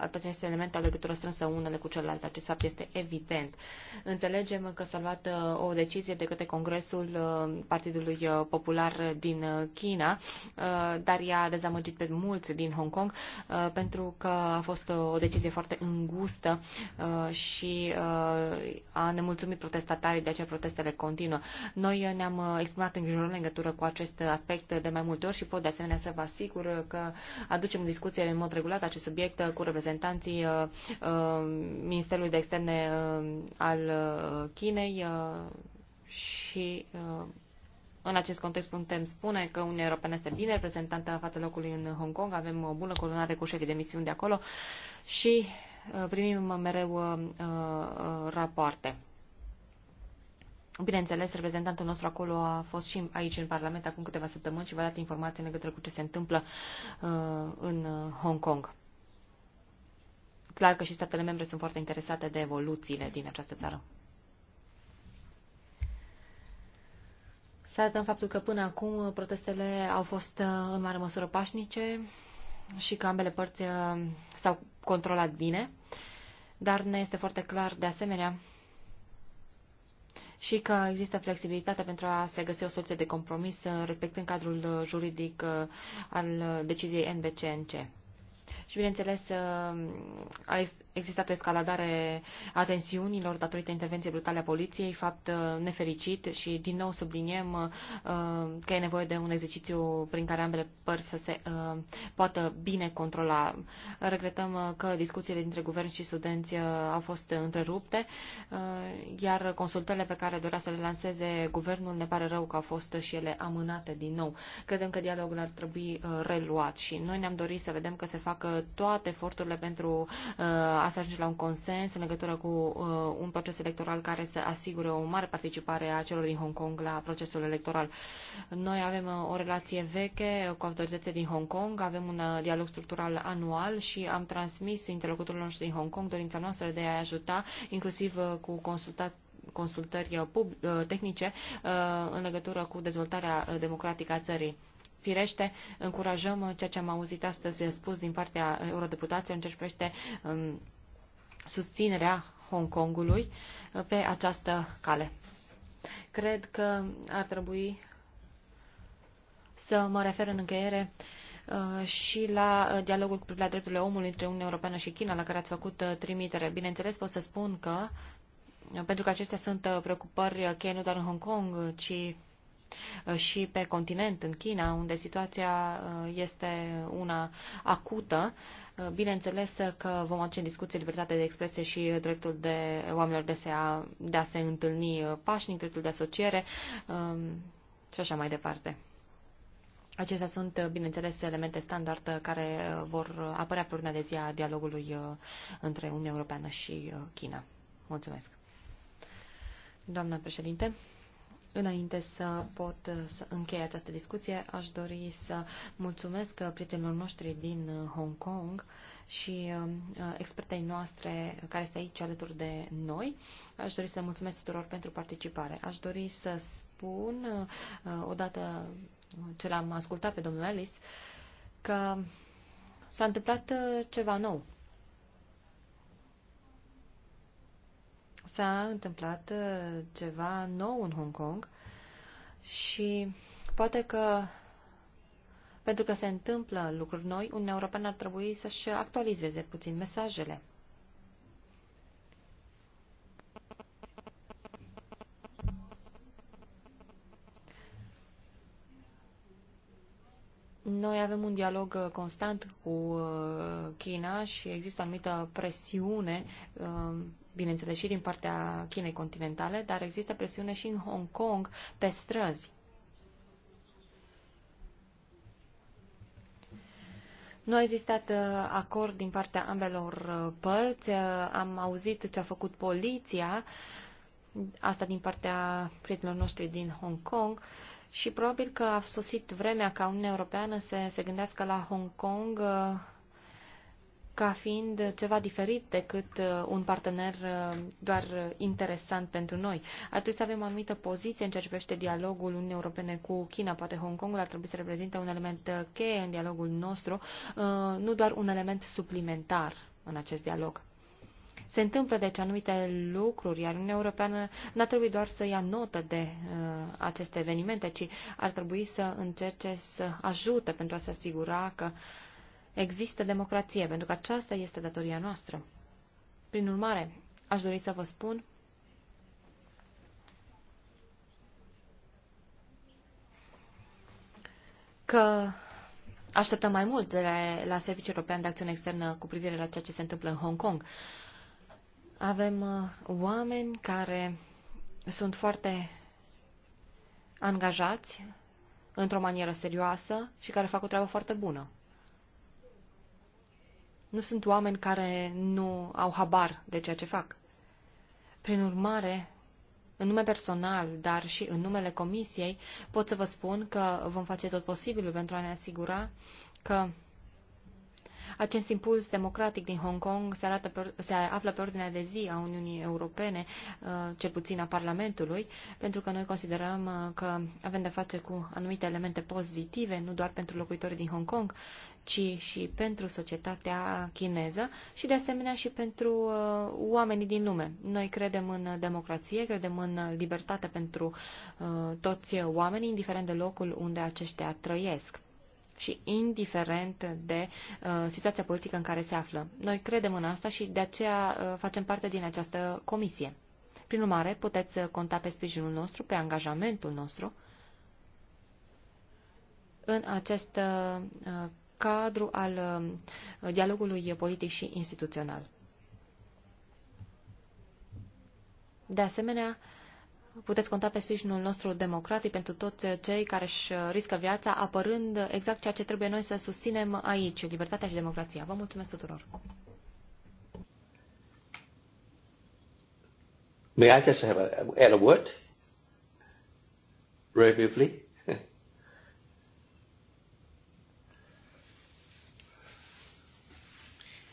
aceste elemente au legătură strânsă unele cu celelalte. Acest fapt este evident. Înțelegem că s-a luat o decizie de către Congresul Partidului Popular din China, uh, dar i-a dezamăgit pe mulți din Hong Kong uh, pentru că a fost o decizie foarte îngustă uh, și a nemulțumit protestatarii, de aceea protestele continuă. Noi ne-am exprimat în în legătură cu acest aspect de mai multe ori și pot de asemenea să vă asigur că aducem discuție în mod regulat acest subiect cu reprezentanții Ministerului de Externe al Chinei și în acest context putem spune că Uniunea Europeană este bine reprezentată la fața locului în Hong Kong, avem o bună coordonare cu șefii de misiuni de acolo și uh, primim mereu uh, uh, rapoarte. Bineînțeles, reprezentantul nostru acolo a fost și aici în Parlament acum câteva săptămâni și v-a dat informații în legătură cu ce se întâmplă în Hong Kong. Clar că și statele membre sunt foarte interesate de evoluțiile din această țară. să arătăm faptul că până acum protestele au fost uh, în mare măsură pașnice și că ambele părți uh, s-au controlat bine, dar ne este foarte clar de asemenea și că există flexibilitate pentru a se găsi o soluție de compromis uh, respectând cadrul juridic al deciziei NBCNC și, bineînțeles, uh, a existat o escaladare a tensiunilor datorită intervenției brutale a poliției, fapt uh, nefericit și, din nou, subliniem uh, că e nevoie de un exercițiu prin care ambele părți să se poată bine controla. Regretăm că discuțiile dintre guvern și studenți au fost întrerupte, iar consultările pe care dorea să le lanseze guvernul ne pare rău că au fost și ele amânate din nou. Credem că dialogul ar trebui reluat și noi ne-am dorit să vedem că se facă toate eforturile pentru uh, a se ajunge la un consens în legătură cu uh, un proces electoral care să asigure o mare participare a celor din Hong Kong la procesul electoral. Noi avem uh, o relație veche cu autoritățile din Hong Kong, avem un dialog structural anual și am transmis interlocutorilor noștri din Hong Kong dorința noastră de a ajuta, inclusiv cu consultat consultări tehnice în legătură cu dezvoltarea democratică a țării. Firește, încurajăm ceea ce am auzit astăzi spus din partea eurodeputației în ceea ce privește um, susținerea Hong Kongului uh, pe această cale. Cred că ar trebui să mă refer în încheiere uh, și la uh, dialogul cu privire la drepturile omului între Uniunea Europeană și China, la care ați făcut trimitere. Bineînțeles, pot să spun că, pentru că acestea sunt preocupări cheie nu doar în Hong Kong, ci Uh, și pe continent, în China, unde situația uh, este una acută, uh, bineînțeles că vom aduce în discuție libertatea de expresie și dreptul de oamenilor de, a, de a se întâlni pașnic, dreptul de asociere um, și așa mai departe. Acestea sunt, bineînțeles, elemente standard care vor apărea pe urmea de zi a dialogului între Uniunea Europeană și China. Mulțumesc. Doamna președinte. Înainte să pot uh, să încheie această discuție, aș dori să mulțumesc uh, prietenilor noștri din uh, Hong Kong și expertei noastre care este aici alături de noi. Aș dori să mulțumesc tuturor pentru participare. Aș dori să spun, odată ce l-am ascultat pe domnul Ellis, că s-a întâmplat ceva nou s-a întâmplat uh, ceva nou în Hong Kong și poate că pentru că se întâmplă lucruri noi, un european ar trebui să-și actualizeze puțin mesajele. Noi avem un dialog uh, constant cu uh, China și există o anumită presiune bineînțeles și din partea Chinei continentale, dar există presiune și în Hong Kong pe străzi. Nu a existat uh, acord din partea ambelor uh, părți, uh, am auzit ce a făcut poliția, asta din partea prietenilor noștri din Hong Kong, și probabil că a sosit vremea ca Uniunea Europeană să se gândească la Hong Kong ca fiind ceva diferit decât uh, un partener uh, doar interesant pentru noi. Ar trebui să avem o anumită poziție în ceea ce privește dialogul Uniunii Europene cu China. Poate Hong Kongul ar trebui să reprezinte un element uh, cheie în dialogul nostru, nu doar un element suplimentar în acest dialog. Se întâmplă deci anumite lucruri, iar Uniunea Europeană n-ar trebui doar să ia notă de uh, aceste evenimente, ci ar trebui să încerce să ajute pentru a se asigura că uh, există democrație, pentru că aceasta este datoria noastră. Prin urmare, aș dori să vă spun că așteptăm mai mult de la, la Serviciul European de Acțiune Externă cu privire la ceea ce se întâmplă în Hong Kong. Avem uh, oameni care sunt foarte angajați într-o manieră serioasă și care fac o treabă foarte bună. Nu sunt oameni care nu au habar de ceea ce fac. Prin urmare, în nume personal, dar și în numele Comisiei, pot să vă spun că vom face tot posibilul pentru a ne asigura că acest impuls democratic din Hong Kong se, arată pe, se află pe ordinea de zi a Uniunii Europene, uh, cel puțin a Parlamentului, pentru că noi considerăm uh, că avem de face cu anumite elemente pozitive, nu doar pentru locuitorii din Hong Kong, ci și pentru societatea chineză și de asemenea și pentru uh, oamenii din lume. Noi credem în democrație, credem în libertate pentru uh, toți oamenii, indiferent de locul unde aceștia trăiesc și indiferent de uh, situația politică în care se află. Noi credem în asta și de aceea uh, facem parte din această comisie. Prin urmare, puteți uh, conta pe sprijinul nostru, pe angajamentul nostru în acest uh, uh cadru al uh, dialogului politic și instituțional. De asemenea, uh, puteți conta pe sprijinul nostru democratic pentru toți cei care își riscă viața, apărând exact ceea ce trebuie noi să susținem aici, libertatea și democrația. Vă mulțumesc tuturor! May I just have a, add a word? Very briefly.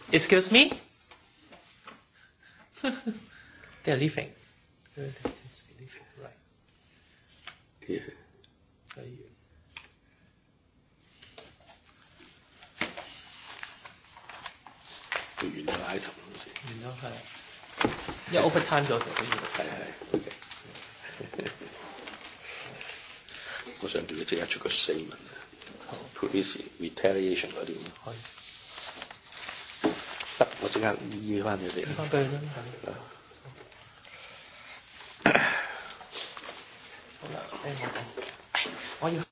Excuse me? They're leaving. Yeah. 對原來係同事，原來係，因為 overtime 咗就可以。係係，OK。我想叫你即刻出個 statement 啊，police retaliation 嗰啲咁。可以。得，我即刻醫翻你哋。醫翻俾佢啦，係。Hola,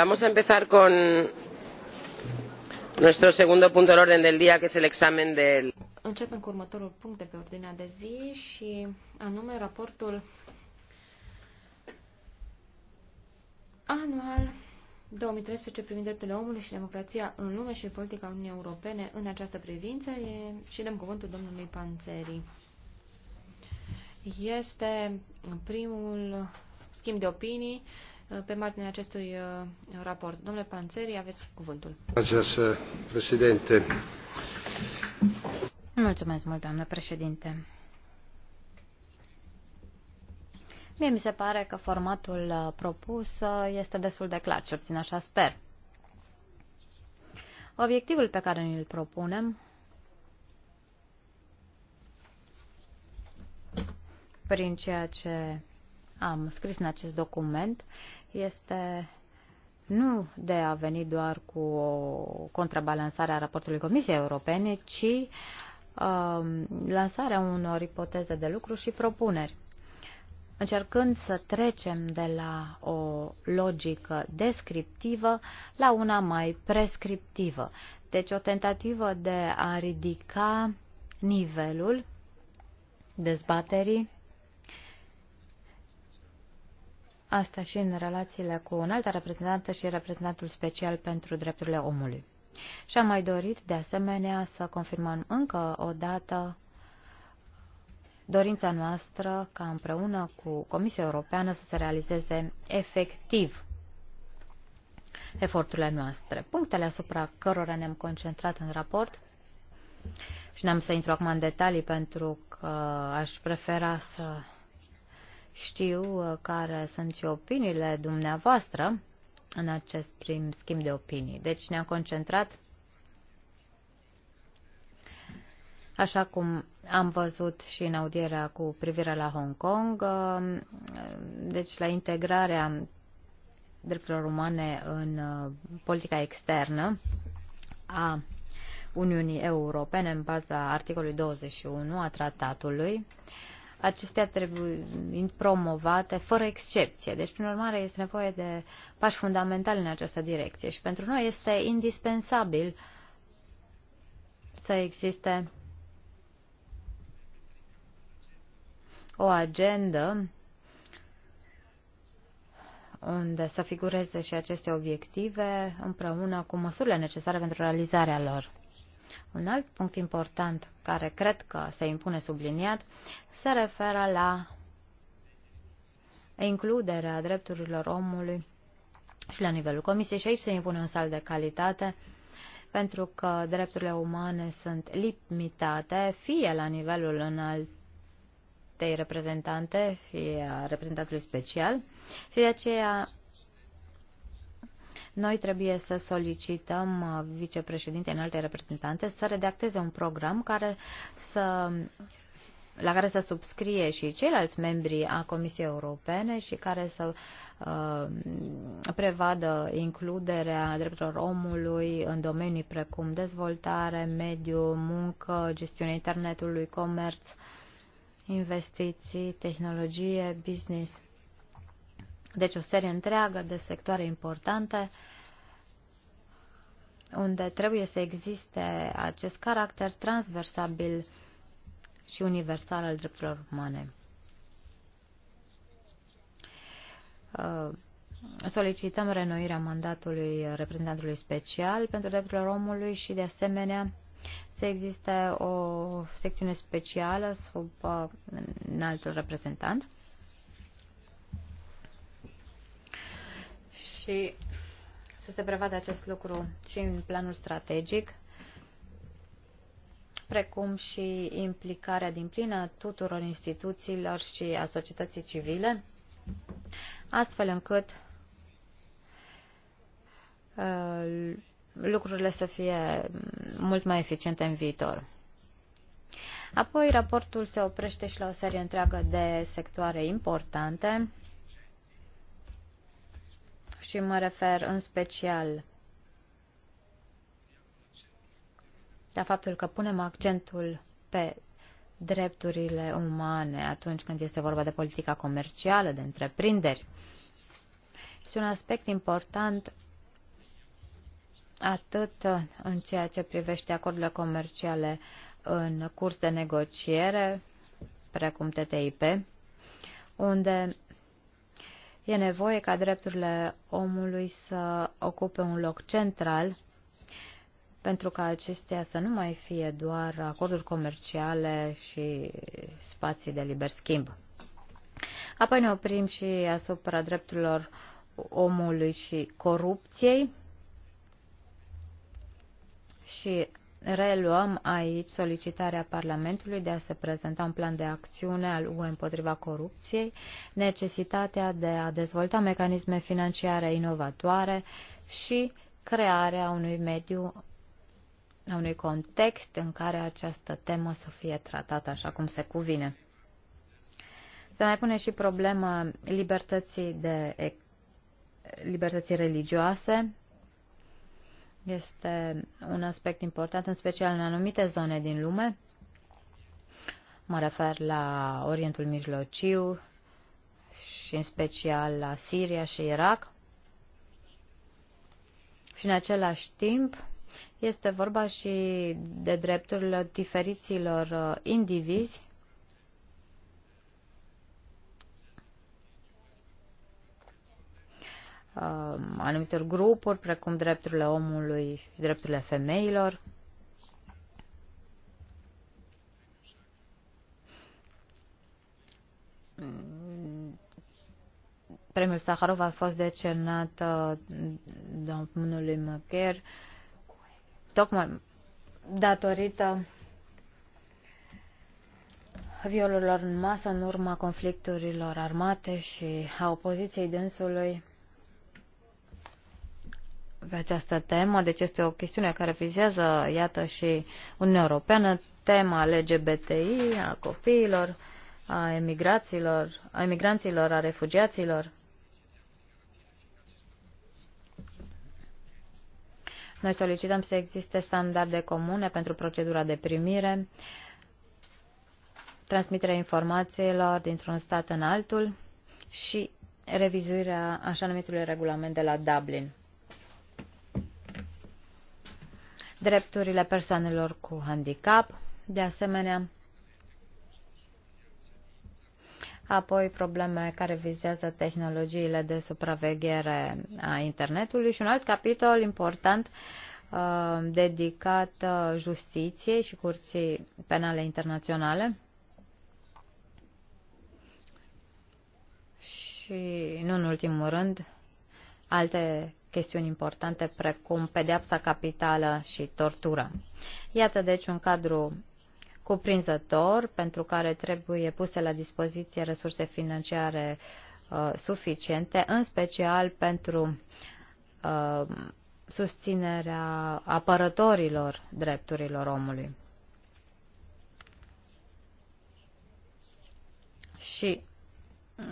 vamos a empezar con nuestro segundo punto del orden del día, que es el examen del. Începem cu următorul punct de pe ordinea de zi și anume raportul anual 2013 privind drepturile omului și democrația în lume și politica Uniunii Europene în această privință e, și dăm cuvântul domnului Panțeri. Este primul schimb de opinii Uh, pe marginea acestui uh, raport. Domnule Panțeri, aveți cuvântul. Uh, președinte. Mulțumesc mult, doamnă președinte. Mie mi se pare că formatul propus este destul de clar, cel puțin așa sper. Obiectivul pe care îl propunem prin ceea ce am scris în acest document este nu de a veni doar cu o contrabalansare a raportului Comisiei Europene, ci uh, lansarea unor ipoteze de lucru și propuneri. Încercând să trecem de la o logică descriptivă la una mai prescriptivă. Deci o tentativă de a ridica nivelul dezbaterii Asta și în relațiile cu înalta reprezentantă și reprezentantul special pentru drepturile omului. Și am mai dorit, de asemenea, să confirmăm încă o dată dorința noastră ca împreună cu Comisia Europeană să se realizeze efectiv eforturile noastre. Punctele asupra cărora ne-am concentrat în raport și n-am să intru acum în detalii pentru că aș prefera să știu uh, care sunt și opiniile dumneavoastră în acest prim schimb de opinii. Deci ne-am concentrat, așa cum am văzut și în audierea cu privire la Hong Kong, uh, deci la integrarea drepturilor umane în uh, politica externă a Uniunii Europene în baza articolului 21 a tratatului. Uh, acestea trebuie promovate fără excepție. Deci, prin urmare, este nevoie de pași fundamentali în această direcție și pentru noi este indispensabil să existe o agendă unde să figureze și aceste obiective împreună cu măsurile necesare pentru realizarea lor. Un alt punct important care cred că se impune subliniat se referă la includerea drepturilor omului și la nivelul comisiei și aici se impune un salt de calitate pentru că drepturile umane sunt limitate fie la nivelul înaltei reprezentante, fie a reprezentantului special și de aceea noi trebuie să solicităm uh, vicepreședintei în alte reprezentante să redacteze un program care să la care să subscrie și ceilalți membri a Comisiei Europene și care să uh, prevadă includerea drepturilor omului în domenii precum dezvoltare, mediu, muncă, gestiunea internetului, comerț, investiții, tehnologie, business. Deci o serie întreagă de sectoare importante unde trebuie să existe acest caracter transversabil și universal al drepturilor umane. Uh, solicităm renoirea mandatului reprezentantului special pentru drepturile omului și, de asemenea, să existe o secțiune specială sub uh, înaltul reprezentant. și să se prevadă acest lucru și în planul strategic, precum și implicarea din plină tuturor instituțiilor și a societății civile, astfel încât uh, lucrurile să fie mult mai eficiente în viitor. Apoi, raportul se oprește și la o serie întreagă de sectoare importante, și mă refer în special la faptul că punem accentul pe drepturile umane atunci când este vorba de politica comercială, de întreprinderi. Este un aspect important atât în ceea ce privește acordurile comerciale în curs de negociere, precum TTIP, unde E nevoie ca drepturile omului să ocupe un loc central pentru ca acestea să nu mai fie doar acorduri comerciale și spații de liber schimb. Apoi ne oprim și asupra drepturilor omului și corupției și reluăm aici solicitarea Parlamentului de a se prezenta un plan de acțiune al UE împotriva corupției, necesitatea de a dezvolta mecanisme financiare inovatoare și crearea unui mediu, a unui context în care această temă să fie tratată așa cum se cuvine. Se mai pune și problema libertății de libertății religioase, este un aspect important, în special în anumite zone din lume. Mă refer la Orientul Mijlociu și în special la Siria și Irak. Și în același timp este vorba și de drepturile diferiților uh, indivizi Um, anumitor grupuri, precum drepturile omului și drepturile femeilor. Premiul Saharov a fost decernat uh, domnului Măcher tocmai datorită violurilor în masă în urma conflicturilor armate și a opoziției dânsului pe această temă, deci este o chestiune care vizează, iată, și Uniunea Europeană, tema LGBTI, a copiilor, a emigraților, a emigranților, a refugiaților. Noi solicităm să existe standarde comune pentru procedura de primire, transmiterea informațiilor dintr-un stat în altul și revizuirea așa numitului regulament de la Dublin. drepturile persoanelor cu handicap, de asemenea, apoi probleme care vizează tehnologiile de supraveghere a internetului și un alt capitol important uh, dedicat uh, justiției și curții penale internaționale. Și, nu în ultimul rând, alte chestiuni importante precum pedeapsa capitală și tortura. Iată deci un cadru cuprinzător pentru care trebuie puse la dispoziție resurse financiare uh, suficiente, în special pentru uh, susținerea apărătorilor drepturilor omului. Și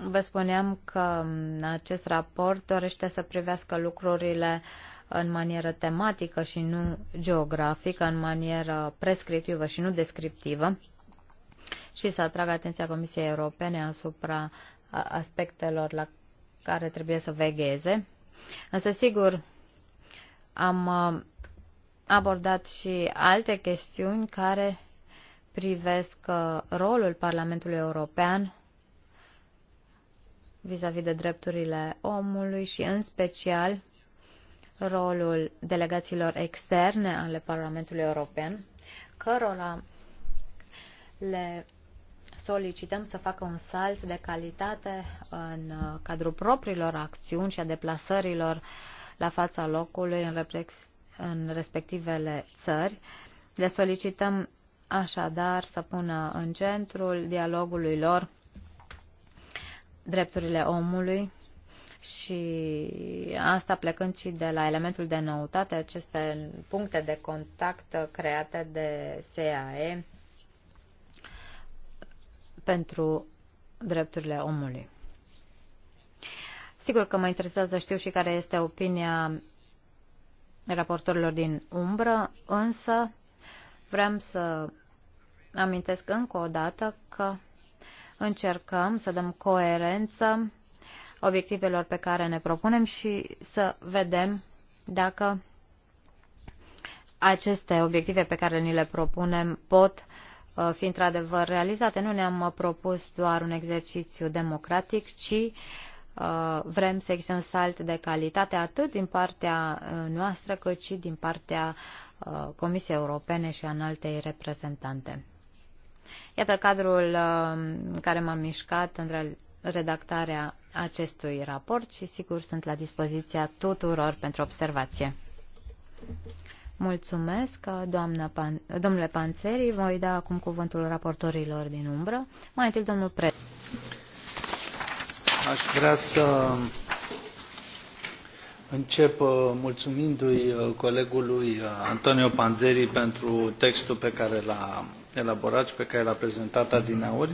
Vă spuneam că acest raport dorește să privească lucrurile în manieră tematică și nu geografică, în manieră prescriptivă și nu descriptivă și să atragă atenția Comisiei Europene asupra aspectelor la care trebuie să vegheze. Însă, sigur, am abordat și alte chestiuni care privesc uh, rolul Parlamentului European vis-a-vis -vis de drepturile omului și în special rolul delegațiilor externe ale Parlamentului European, cărora le solicităm să facă un salt de calitate în cadrul propriilor acțiuni și a deplasărilor la fața locului în respectivele țări. Le solicităm așadar să pună în centrul dialogului lor drepturile omului și asta plecând și de la elementul de noutate, aceste puncte de contact create de CAE pentru drepturile omului. Sigur că mă interesează să știu și care este opinia raportorilor din umbră, însă vrem să amintesc încă o dată că încercăm să dăm coerență obiectivelor pe care ne propunem și să vedem dacă aceste obiective pe care ni le propunem pot uh, fi într-adevăr realizate. Nu ne-am propus doar un exercițiu democratic, ci uh, vrem să existe un salt de calitate atât din partea uh, noastră cât și din partea Comisiei Europene și a altei reprezentante. Iată cadrul în uh, care m-am mișcat în redactarea acestui raport și sigur sunt la dispoziția tuturor pentru observație. Mulțumesc, uh, doamnă Pan uh, domnule Panțeri. Voi da acum cuvântul raportorilor din umbră. Mai întâi, domnul Pre. Aș vrea să încep mulțumindu-i colegului Antonio Panzeri pentru textul pe care l-a elaborat și pe care l-a prezentat adineauri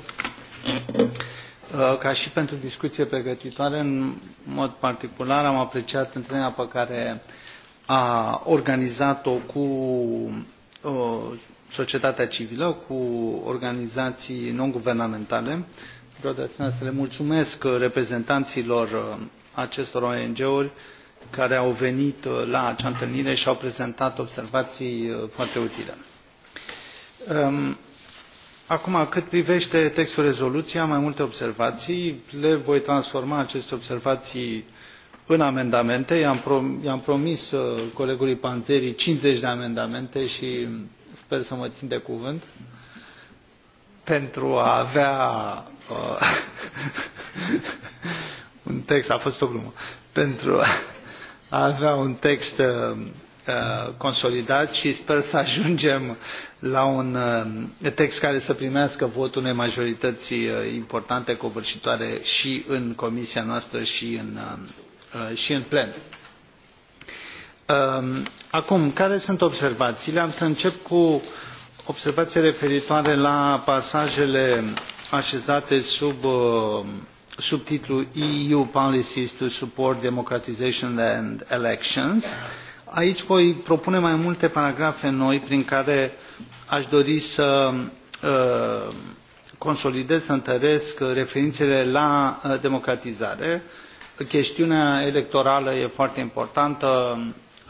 uh, ca și pentru discuție pregătitoare. În mod particular am apreciat întâlnirea pe care a organizat-o cu uh, societatea civilă, cu organizații non-guvernamentale. Vreau de asemenea să le mulțumesc reprezentanților uh, acestor ONG-uri care au venit la acea întâlnire și au prezentat observații foarte utile. Ehm, acum, cât privește textul rezoluției, am mai multe observații. Le voi transforma aceste observații în amendamente. I-am, promis uh, colegului Panzeri 50 de amendamente și sper să mă țin de cuvânt pentru a avea uh, un text, a fost o glumă, pentru a avea un text uh, Uh, consolidat și sper să ajungem la un uh, text care să primească votul unei majorități uh, importante, covârșitoare și în comisia noastră și în, și în plen. Um, acum, care sunt observațiile? Am să încep cu observații referitoare la pasajele așezate sub subtitlul EU Policies to Support Democratization and Elections. Uh, Aici voi propune mai multe paragrafe noi prin care aș dori să uh, consolidez, să întăresc referințele la uh, democratizare. Chestiunea electorală e foarte importantă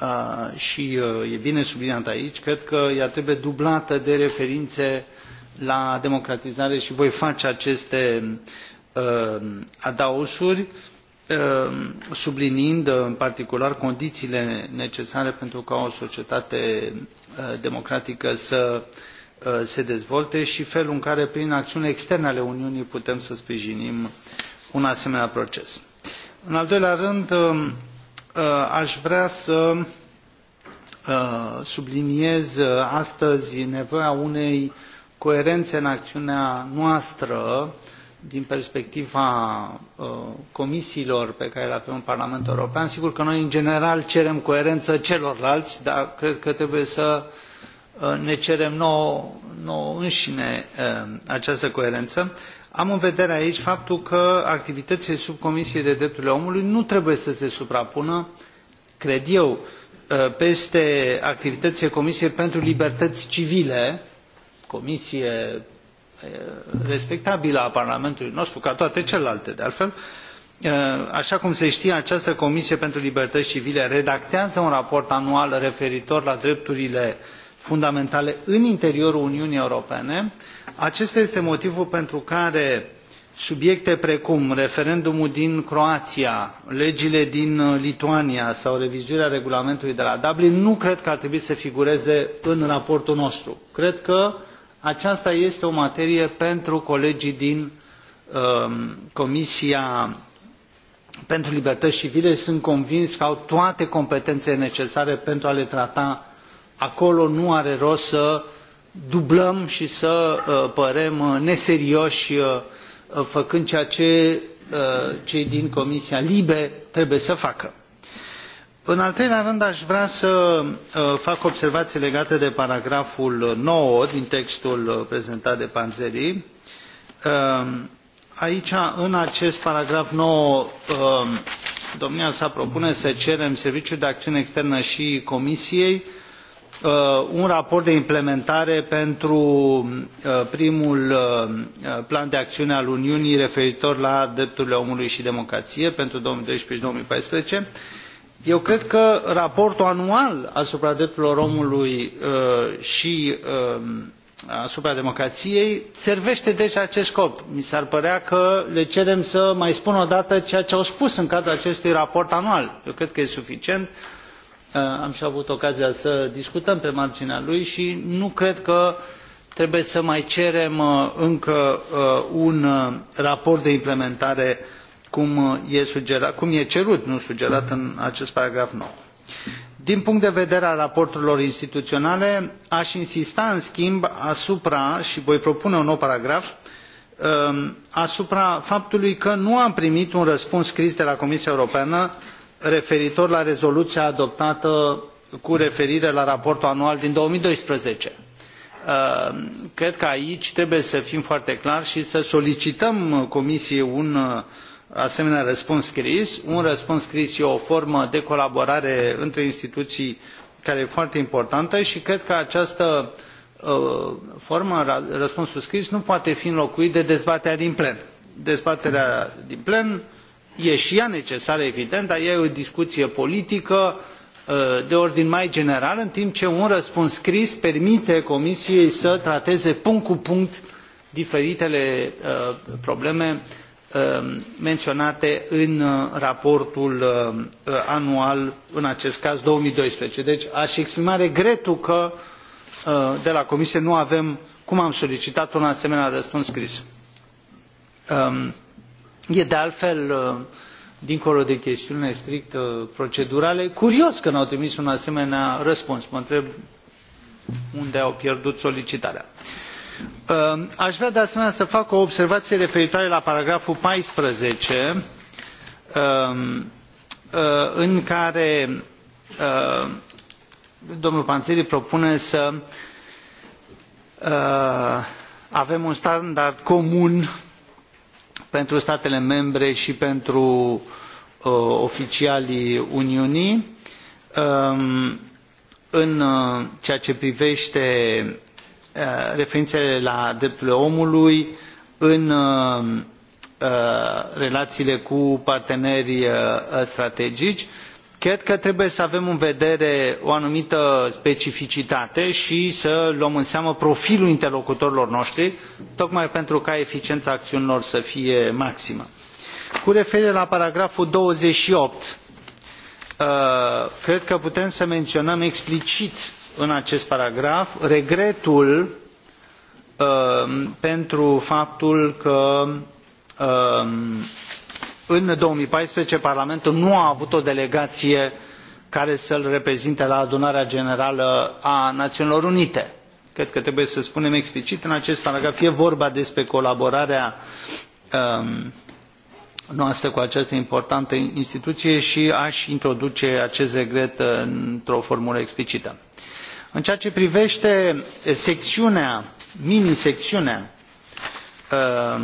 uh, și e bine subliniată aici. Cred că ea trebuie dublată de referințe la democratizare și voi face aceste adaosuri. Ehm, subliniind în particular condițiile necesare pentru ca o societate eh, democratică să eh, se dezvolte și felul în care prin acțiuni externe ale uniunii putem să sprijinim un asemenea proces. în al doilea rând ehm, eh, aș vrea să subliniez astăzi nevoia unei coerențe în acțiunea noastră din perspectiva uh, comisiilor pe care le avem în Parlamentul European, sigur că noi în general cerem coerență celorlalți, dar cred că trebuie să uh, ne cerem nouă, nouă înșine uh, această coerență. Am în vedere aici faptul că activitățile subcomisiei de drepturile omului nu trebuie să se suprapună, cred eu, peste activitățile Comisiei pentru Libertăți Civile, Comisie respectabilă a Parlamentului nostru, ca toate celelalte de altfel, așa cum se știe, această Comisie pentru Libertăți Civile redactează un raport anual referitor la drepturile fundamentale în interiorul Uniunii Europene. Acesta este motivul pentru care subiecte precum referendumul din croația legile din lituania sau revizuirea regulamentului de la dublin nu cred că ar trebui să figureze în raportul nostru. cred că aceasta este o materie pentru colegii din um, Comisia pentru Libertăți Civile. Sunt convins că au toate competențele necesare pentru a le trata acolo. Nu are rost să dublăm și să uh, părem uh, neserioși uh, făcând ceea ce uh, cei din Comisia Libe trebuie să facă în al treilea rând aș vrea să uh, fac observații legate de paragraful 9 din textul uh, prezentat de Panzeri. Uh, aici, în acest paragraf 9, domnia sa propune să cerem serviciului de Acțiune Externă și Comisiei un raport de implementare pentru primul plan de acțiune al Uniunii referitor la drepturile omului și democrație pentru mii 2014 eu cred că raportul anual asupra drepturilor omului uh, și uh, asupra democrației servește deja acest scop. mi s ar părea că le cerem să mai spună o dată ceea ce au spus în cadrul acestui raport anual. eu cred că e suficient uh, am și avut ocazia să discutăm pe marginea lui și nu cred că trebuie să mai cerem încă un raport de implementare cum e, sugerat, cum e cerut, nu sugerat, în acest paragraf nou. Din punct de vedere al raporturilor instituționale, aș insista, în schimb, asupra, și voi propune un nou paragraf, um, asupra faptului că nu am primit un răspuns scris de la Comisia Europeană referitor la rezoluția adoptată cu referire la raportul anual din 2012. Um, cred că aici trebuie să fim foarte clari și să solicităm Comisiei un asemenea răspuns scris un răspuns scris e o formă de colaborare între instituții care e foarte importantă și cred că această uh, formă răspunsul scris nu poate fi înlocuit de dezbaterea din plen. dezbaterea din plen e și ea necesară evident dar ea e o discuție politică uh, de ordin mai general în timp ce un răspuns scris permite comisiei să trateze punct cu punct diferitele uh, probleme Um, menționate în uh, raportul uh, uh, anual în acest caz două mii doisprezece deci aș exprima regretul că de la comisie nu avem cum am solicitat un asemenea răspuns scris. Um, e de altfel dincolo de chestiunile strict procedurale curios că nu au trimis un asemenea răspuns mă întreb unde au pierdut solicitarea. Uh, aș vrea de asemenea să fac o observație referitoare la paragraful paisprezece um, uh, în care uh, domnul panzeri propune să avem un standard comun pentru statele membre și pentru oficialii uniunii um, în ceea ce privește Uh, referințele la drepturile omului în uh, uh, relațiile cu partenerii strategici cred că trebuie să avem în vedere o anumită specificitate și să luăm în seamă profilul interlocutorilor noștri tocmai pentru ca eficiența acțiunilor să fie maximă. cu referire la paragraful douăzeci și opt cred că putem să menționăm explicit în acest paragraf regretul uh, pentru faptul că uh, în două mii paisprezece parlamentul nu a avut o delegație care să l reprezinte la adunarea generală a națiunilor unite. cred că trebuie să spunem explicit în acest paragraf e vorba despre colaborarea um, noastră cu această importantă instituție și aș introduce acest regret uh, într o formulă explicită în ceea ce privește eh, secțiunea mini secțiunea eh,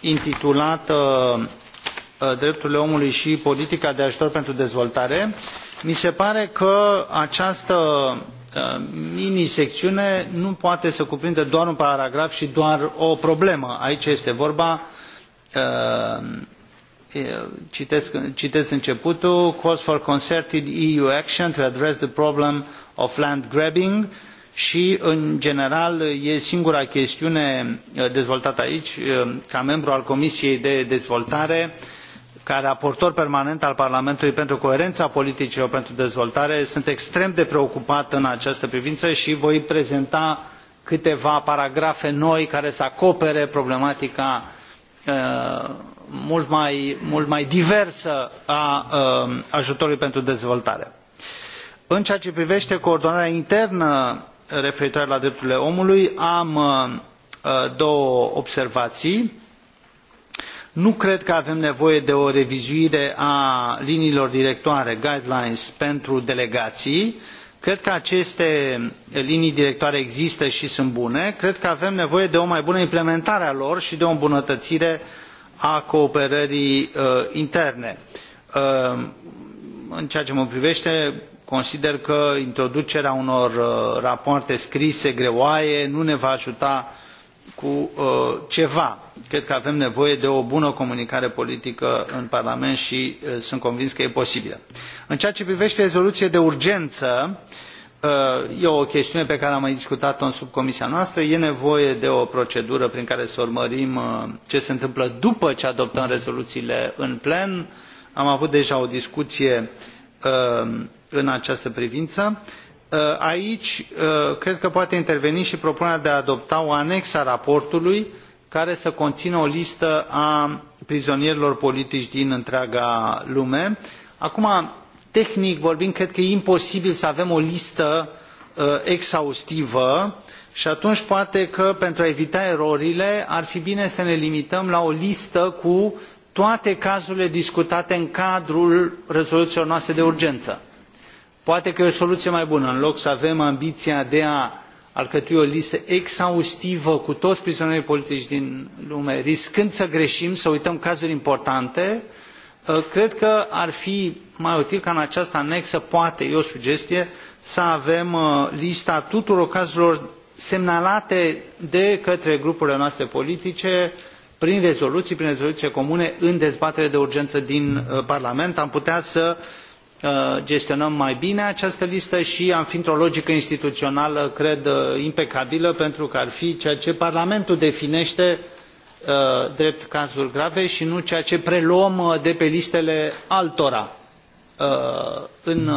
intitulată eh, drepturile omului și politica de ajutor pentru dezvoltare mi se pare că această mini secțiune nu poate să cuprindă doar un paragraf și doar o problemă aici este vorba citesc, citesc începutul calls for concerted eu action to address the problem of land grabbing și în general e singura chestiune uh, dezvoltată aici uh, ca membru al comisiei de dezvoltare ca raportor permanent al parlamentului pentru coerența politicilor pentru dezvoltare sunt extrem de preocupat în această privință și voi prezenta câteva paragrafe noi care să acopere problematica uh, mult, mai, diversă a ajutorului pentru dezvoltare în ceea ce privește coordonarea internă uh, referitoare la drepturile omului am uh, uh, două observații nu cred că avem nevoie de o revizuire a liniilor directoare guidelines pentru delegații cred că aceste linii directoare există și sunt bune cred că avem nevoie de o mai bună implementare a lor și de o îmbunătățire a cooperării interne. în ceea ce mă privește consider că introducerea unor uh, rapoarte scrise greoaie nu ne va ajuta cu uh, ceva. cred că avem nevoie de o bună comunicare politică în parlament și uh, sunt convins că e posibilă. în ceea ce privește rezoluția de urgență e o chestiune pe care am mai discutat o în subcomisia noastră e nevoie de o procedură prin care să urmărim ce se întâmplă după ce adoptăm rezoluțiile în plen. am avut deja o discuție în această privință. Uh, aici uh, cred că poate interveni și propunerea de a adopta o anexă a raportului care să conțină o listă a prizonierilor politici din întreaga lume. Acum, tehnic vorbind, cred că e imposibil să avem o listă uh, exhaustivă și atunci poate că pentru a evita erorile ar fi bine să ne limităm la o listă cu toate cazurile discutate în cadrul rezoluțiilor noastre de urgență poate că e o soluție mai bună în loc să avem ambiția de a alcătui o listă exhaustivă cu toți prizonierii politici din lume riscând să greșim să uităm cazuri importante ă, cred că ar fi mai util ca în această anexă poate e o sugestie să avem ă, lista tuturor cazurilor semnalate de către grupurile noastre politice prin rezoluții prin rezoluții comune în dezbaterile de urgență din ă, parlament. am putea să Uh, gestionăm mai bine această listă și am fi într o logică instituțională cred uh, impecabilă pentru că ar fi ceea ce parlamentul definește uh, drept cazuri grave și nu ceea ce preluăm de pe listele altora în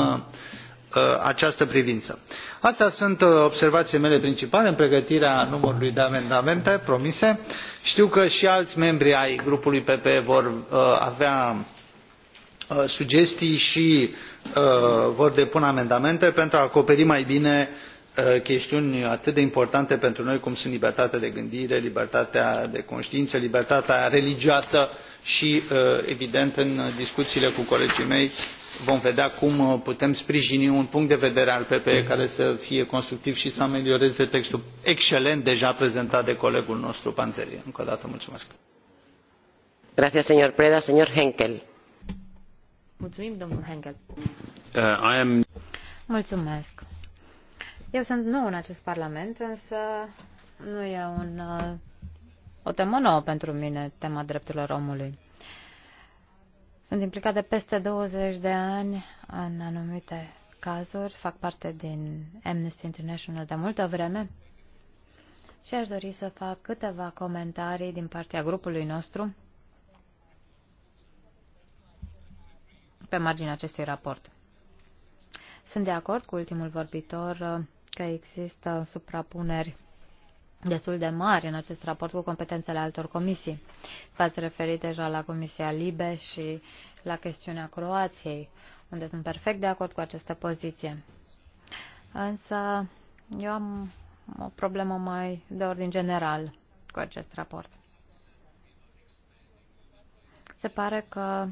această privință. Astea sunt observațiile mele principale în pregătirea numărului de amendamente promise. Știu că și alți membri ai grupului PPE vor avea Uh, sugestii și uh, vor depune amendamente pentru a acoperi mai bine uh, chestiuni atât de importante pentru noi cum sunt libertatea de gândire libertatea de conștiință libertatea religioasă și evident în discuțiile cu colegii mei vom vedea cum putem sprijini un punct de vedere al ppe mhm. care să fie constructiv și să amelioreze textul excelent deja prezentat de colegul nostru panzeri. încă o dată mulțumesc. Mulțumim, domnul Hengel. Uh, I am... Mulțumesc. Eu sunt nou în acest parlament, însă nu e un, uh, o temă nouă pentru mine, tema drepturilor omului. Sunt implicat de peste 20 de ani în anumite cazuri, fac parte din Amnesty International de multă vreme și aș dori să fac câteva comentarii din partea grupului nostru pe marginea acestui raport. Sunt de acord cu ultimul vorbitor uh, că există suprapuneri destul de mari în acest raport cu competențele altor comisii. V-ați referit deja la Comisia Libe și la chestiunea Croației, unde sunt perfect de acord cu această poziție. Însă eu am o problemă mai de ordin general cu acest raport. Se pare că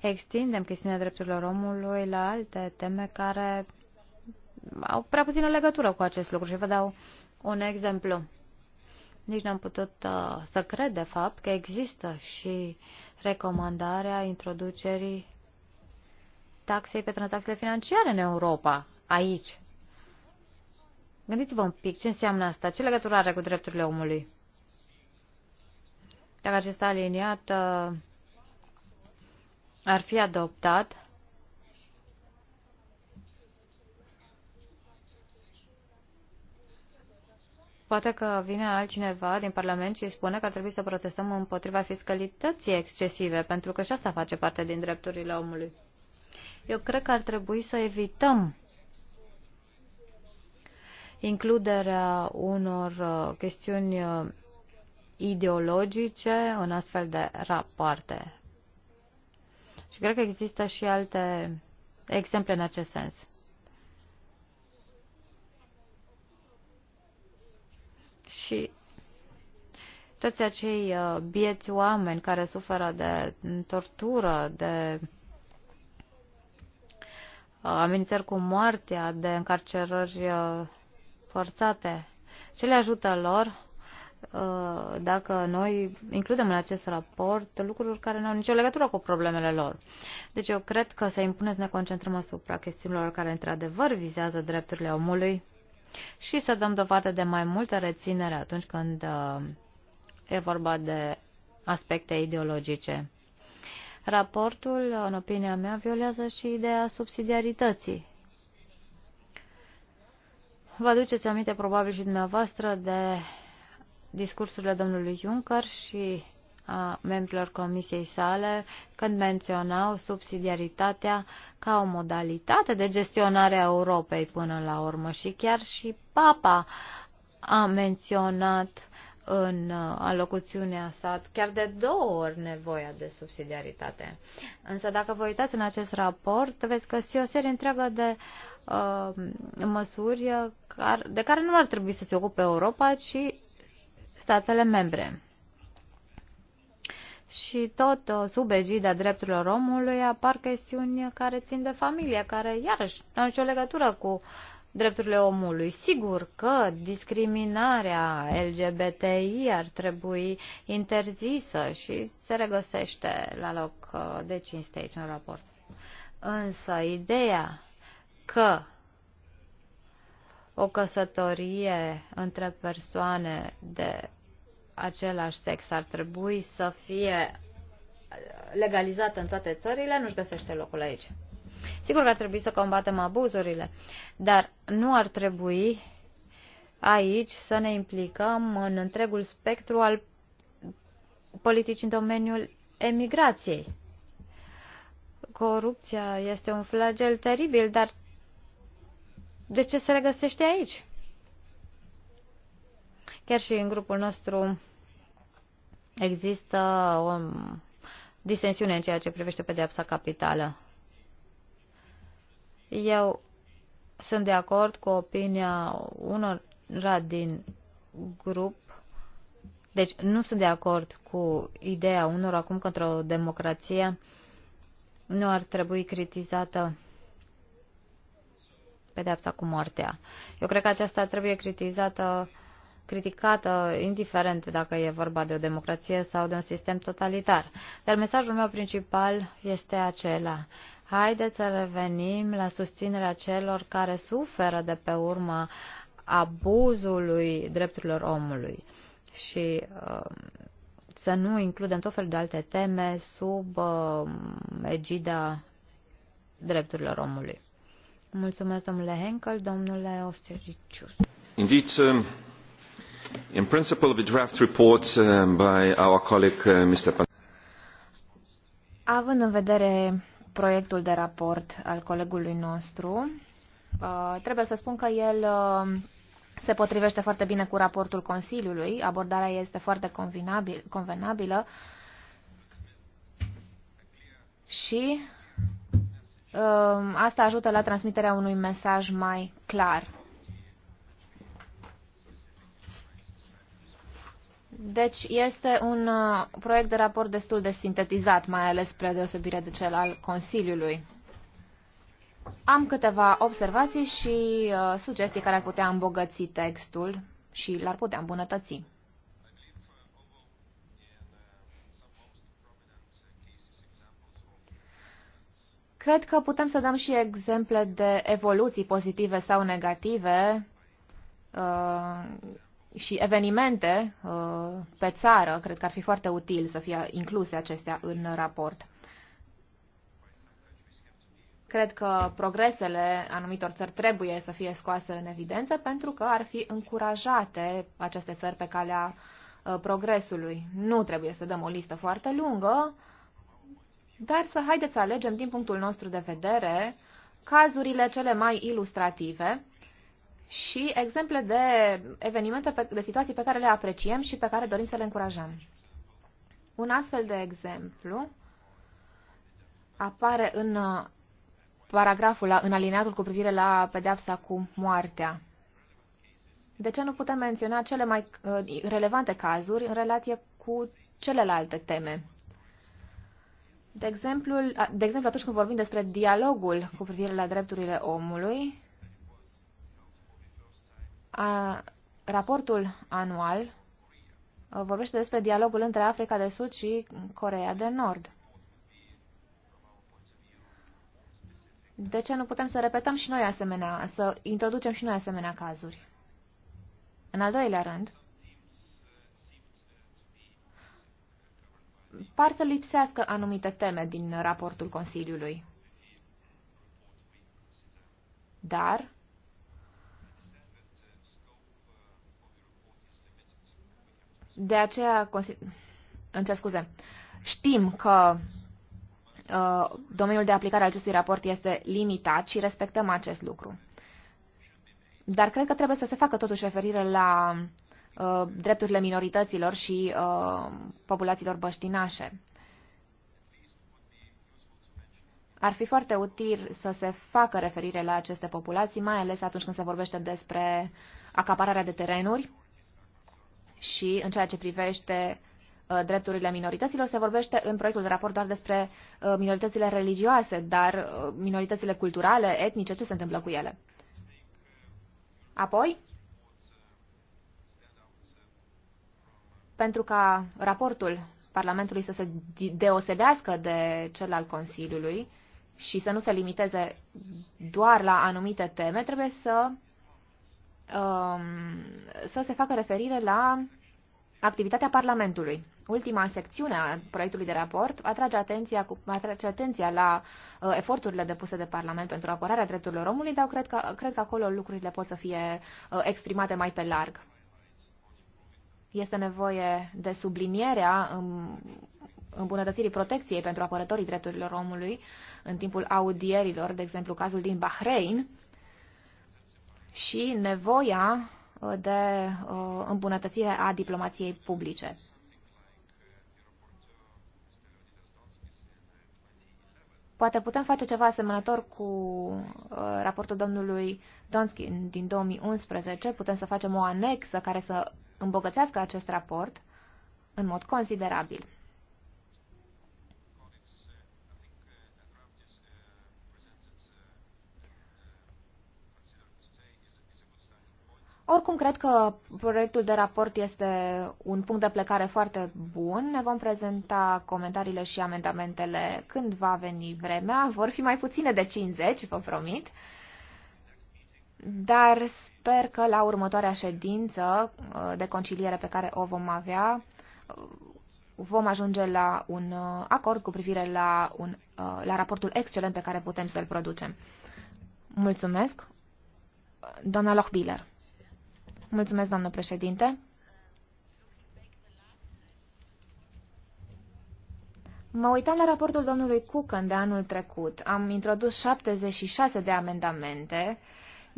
extindem chestiunea drepturilor omului la alte teme care au prea puțină legătură cu acest lucru. Și vă dau un exemplu. Nici n-am putut uh, să cred, de fapt, că există și recomandarea introducerii taxei pe tranzacțiile financiare în Europa, aici. Gândiți-vă un pic ce înseamnă asta, ce legătură are cu drepturile omului. Dacă acesta aliniat uh, ar fi adoptat Poate că vine altcineva din Parlament și spune că ar trebui să protestăm împotriva fiscalității excesive, pentru că și asta face parte din drepturile omului. Eu cred că ar trebui să evităm includerea unor uh, chestiuni uh, ideologice în astfel de rapoarte. Și cred că există și alte exemple în acest sens. Și toți acei uh, bieți oameni care suferă de tortură, de uh, amenințări cu moartea, de încarcerări uh, forțate, ce le ajută lor Uh, dacă noi includem în acest raport lucruri care nu au nicio legătură cu problemele lor. Deci eu cred că se impune să ne concentrăm asupra chestiunilor care într-adevăr vizează drepturile omului și să dăm dovadă de mai multă reținere atunci când uh, e vorba de aspecte ideologice. Raportul, în opinia mea, violează și ideea subsidiarității. Vă aduceți aminte probabil și dumneavoastră de discursurile domnului Juncker și a membrilor comisiei sale când menționau subsidiaritatea ca o modalitate de gestionare a Europei până la urmă și chiar și Papa a menționat în alocuțiunea sa chiar de două ori nevoia de subsidiaritate. Însă dacă vă uitați în acest raport, veți găsi o serie întreagă de uh, măsuri uh, care, de care nu ar trebui să se ocupe Europa, ci statele membre. Și tot uh, sub egida drepturilor omului apar chestiuni care țin de familie, care iarăși nu au nicio legătură cu drepturile omului. Sigur că discriminarea LGBTI ar trebui interzisă și se regăsește la loc uh, de cinste aici în raport. Însă ideea că o căsătorie între persoane de același sex ar trebui să fie legalizată în toate țările, nu-și găsește locul aici. Sigur că ar trebui să combatem abuzurile, dar nu ar trebui aici să ne implicăm în întregul spectru al politicii în domeniul emigrației. Corupția este un flagel teribil, dar de ce se regăsește aici? Chiar și în grupul nostru există o disensiune în ceea ce privește pedeapsa capitală. Eu sunt de acord cu opinia unora din grup. Deci nu sunt de acord cu ideea unor acum că într-o democrație nu ar trebui critizată pedeapsa cu moartea. Eu cred că aceasta trebuie critizată uh, criticată, indiferent dacă e vorba de o democrație sau de un sistem totalitar. Dar mesajul meu principal este acela. Haideți să revenim la susținerea celor care suferă de pe urma abuzului drepturilor omului și uh, să nu includem tot felul de alte teme sub uh, egida drepturilor omului. Mulțumesc, domnule Henkel, domnule Ostericius. Indeed, um... In principle, the draft report um, by our colleague uh, Mr. Având în vedere proiectul de raport al colegului nostru, uh, trebuie să spun că el uh, se potrivește foarte bine cu raportul Consiliului, abordarea este foarte convenabilă și asta ajută la transmiterea unui mesaj mai clar Deci este un uh, proiect de raport destul de sintetizat, mai ales spre deosebire de cel al Consiliului. Am câteva observații și uh, sugestii care ar putea îmbogăți textul și l-ar putea îmbunătăți. Cred că putem să dăm și exemple de evoluții pozitive sau negative uh, și evenimente uh, pe țară, cred că ar fi foarte util să fie incluse acestea în raport. Cred că progresele anumitor țări trebuie să fie scoase în evidență pentru că ar fi încurajate aceste țări pe calea uh, progresului. Nu trebuie să dăm o listă foarte lungă, dar să haideți să alegem din punctul nostru de vedere cazurile cele mai ilustrative și exemple de evenimente, pe, de situații pe care le apreciem și pe care dorim să le încurajăm. Un astfel de exemplu apare în uh, paragraful, în alineatul cu privire la pedeapsa cu moartea. De ce nu putem menționa cele mai uh, relevante cazuri în relație cu celelalte teme? De exemplu, de exemplu, atunci când vorbim despre dialogul cu privire la drepturile omului, a, raportul anual uh, vorbește despre dialogul între Africa de Sud și Corea de Nord. De ce nu putem să repetăm și noi asemenea, să introducem și noi asemenea cazuri? În al doilea rând, par să lipsească anumite teme din raportul Consiliului. Dar De aceea, îmi cer scuze, știm că uh, domeniul de aplicare al acestui raport este limitat și respectăm acest lucru. Dar cred că trebuie să se facă totuși referire la uh, drepturile minorităților și uh, populațiilor băștinașe. Ar fi foarte util să se facă referire la aceste populații, mai ales atunci când se vorbește despre acapararea de terenuri și în ceea ce privește uh, drepturile minorităților. Se vorbește în proiectul de raport doar despre uh, minoritățile religioase, dar uh, minoritățile culturale, etnice, ce se întâmplă cu ele? Apoi, pentru ca raportul Parlamentului să se deosebească de cel al Consiliului și să nu se limiteze doar la anumite teme, trebuie să Um, să se facă referire la activitatea Parlamentului. Ultima secțiune a proiectului de raport atrage atenția, cu, atrage atenția la uh, eforturile depuse de Parlament pentru apărarea drepturilor omului, dar cred că, cred că acolo lucrurile pot să fie uh, exprimate mai pe larg. Este nevoie de sublinierea um, îmbunătățirii protecției pentru apărătorii drepturilor omului în timpul audierilor, de exemplu cazul din Bahrain, și nevoia uh, de uh, îmbunătățire a diplomației publice. Poate putem face ceva asemănător cu uh, raportul domnului Donski din 2011. Putem să facem o anexă care să îmbogățească acest raport în mod considerabil. Oricum, cred că proiectul de raport este un punct de plecare foarte bun. Ne vom prezenta comentariile și amendamentele când va veni vremea. Vor fi mai puține de 50, vă promit. Dar sper că la următoarea ședință uh, de conciliere pe care o vom avea, uh, vom ajunge la un uh, acord cu privire la, un, la raportul excelent pe care putem să-l producem. Mulțumesc, doamna Lochbiller. Mulțumesc, doamnă președinte. Mă uitam la raportul domnului Cucan de anul trecut. Am introdus 76 de amendamente.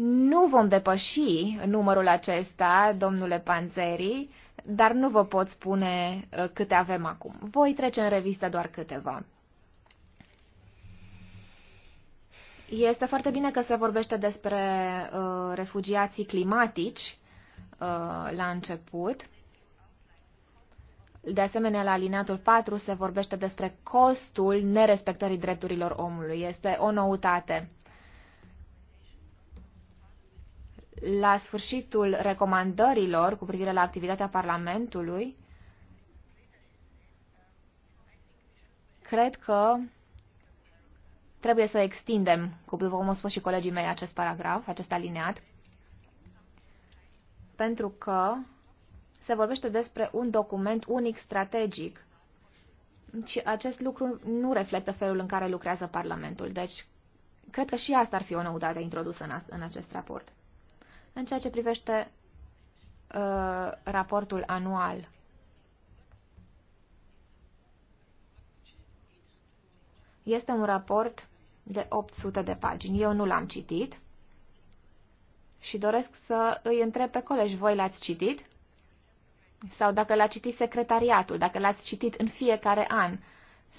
Nu vom depăși numărul acesta, domnule Panzeri, dar nu vă pot spune uh, câte avem acum. Voi trece în revistă doar câteva. Este foarte bine că se vorbește despre uh, refugiații climatici Uh, la început. De asemenea, la alineatul 4 se vorbește despre costul nerespectării drepturilor omului. Este o noutate. La sfârșitul recomandărilor cu privire la activitatea Parlamentului, cred că trebuie să extindem, cum au spus și colegii mei, acest paragraf, acest alineat pentru că se vorbește despre un document unic strategic și acest lucru nu reflectă felul în care lucrează Parlamentul. Deci, cred că și asta ar fi o noutate introdusă în, în acest raport. În ceea ce privește uh, raportul anual, este un raport de 800 de pagini. Eu nu l-am citit și doresc să îi întreb pe colegi, voi l-ați citit? Sau dacă l-a citit secretariatul, dacă l-ați citit în fiecare an?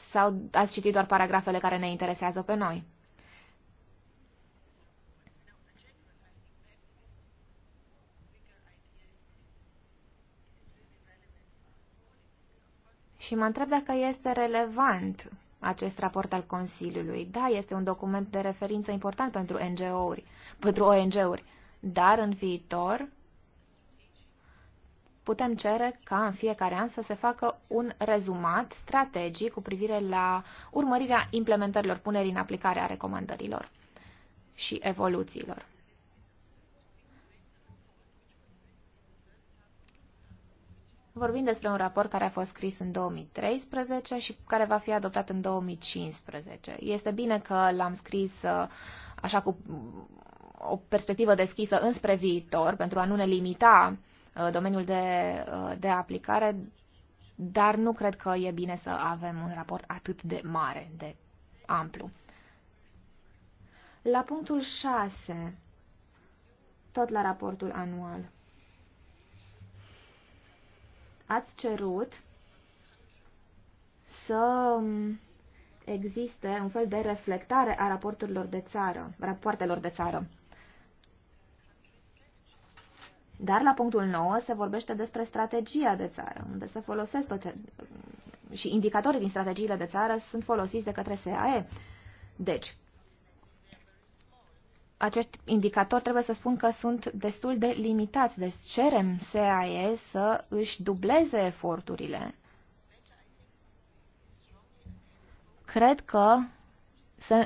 Sau ați citit doar paragrafele care ne interesează pe noi? Și mă întreb dacă este relevant acest raport al Consiliului. Da, este un document de referință important pentru NGO-uri, pentru ONG-uri dar în viitor putem cere ca în fiecare an să se facă un rezumat strategic cu privire la urmărirea implementărilor, punerii în aplicare a recomandărilor și evoluțiilor. Vorbim despre un raport care a fost scris în 2013 și care va fi adoptat în 2015. Este bine că l-am scris uh, așa cu o perspectivă deschisă înspre viitor pentru a nu ne limita uh, domeniul de, uh, de aplicare, dar nu cred că e bine să avem un raport atât de mare, de amplu. La punctul 6, tot la raportul anual, ați cerut să um, existe un fel de reflectare a raporturilor de țară, rapoartelor de țară. Dar la punctul 9 se vorbește despre strategia de țară, unde se folosesc tot ce... și indicatorii din strategiile de țară sunt folosiți de către SAE. Deci, acești indicatori trebuie să spun că sunt destul de limitați, deci cerem SAE să își dubleze eforturile. Cred că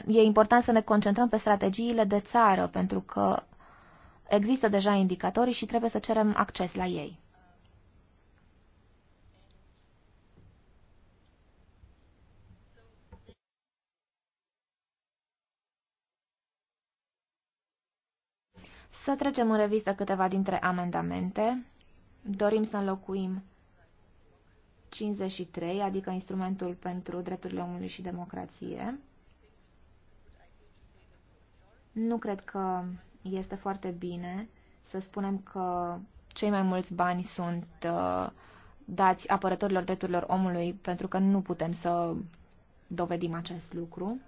e important să ne concentrăm pe strategiile de țară, pentru că Există deja indicatorii și trebuie să cerem acces la ei. Să trecem în revistă câteva dintre amendamente. Dorim să înlocuim 53, adică instrumentul pentru drepturile omului și democrație. Nu cred că este foarte bine să spunem că cei mai mulți bani sunt uh, dați apărătorilor drepturilor omului, pentru că nu putem să dovedim acest lucru.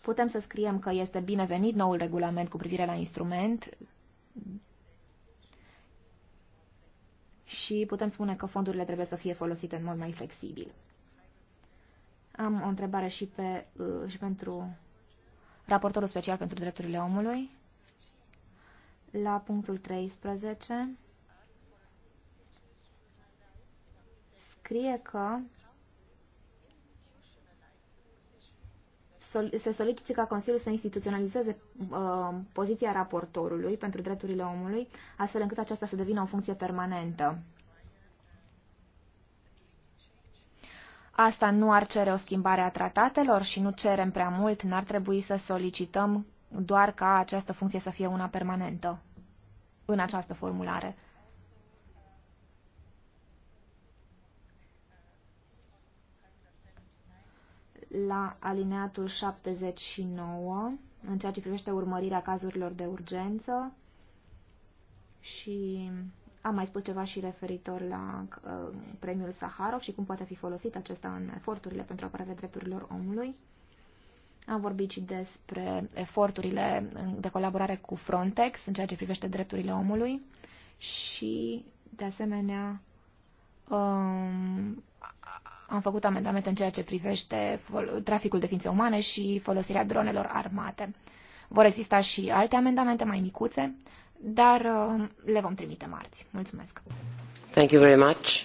Putem să scriem că este binevenit noul regulament cu privire la instrument și putem spune că fondurile trebuie să fie folosite în mod mai flexibil. Am o întrebare și, pe, uh, și pentru raportorul special pentru drepturile omului, la punctul 13, scrie că se solicită ca Consiliul să instituționalizeze uh, poziția raportorului pentru drepturile omului, astfel încât aceasta să devină o funcție permanentă. Asta nu ar cere o schimbare a tratatelor și nu cerem prea mult, n-ar trebui să solicităm doar ca această funcție să fie una permanentă în această formulare. La alineatul 79, în ceea ce privește urmărirea cazurilor de urgență și am mai spus ceva și referitor la uh, premiul Saharov și cum poate fi folosit acesta în eforturile pentru apărarea drepturilor omului. Am vorbit și despre eforturile de colaborare cu Frontex în ceea ce privește drepturile omului și, de asemenea, um, am făcut amendamente în ceea ce privește traficul de ființe umane și folosirea dronelor armate. Vor exista și alte amendamente mai micuțe dar uh, le vom trimite marți. Mulțumesc! Thank you very much!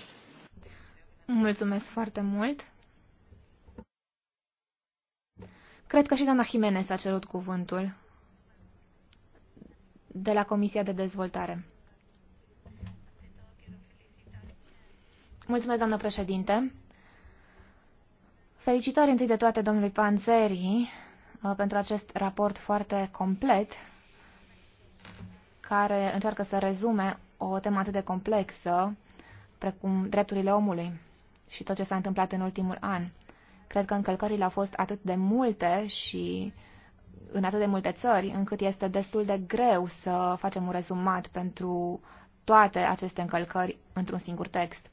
Mulțumesc foarte mult! Cred că și doamna Jimenez a cerut cuvântul de la Comisia de Dezvoltare. Mulțumesc, doamnă președinte. Felicitări întâi de toate domnului Panzeri uh, pentru acest raport foarte complet care încearcă să rezume o temă atât de complexă precum drepturile omului și tot ce s-a întâmplat în ultimul an. Cred că încălcările au fost atât de multe și în atât de multe țări, încât este destul de greu să facem un rezumat pentru toate aceste încălcări într-un singur text.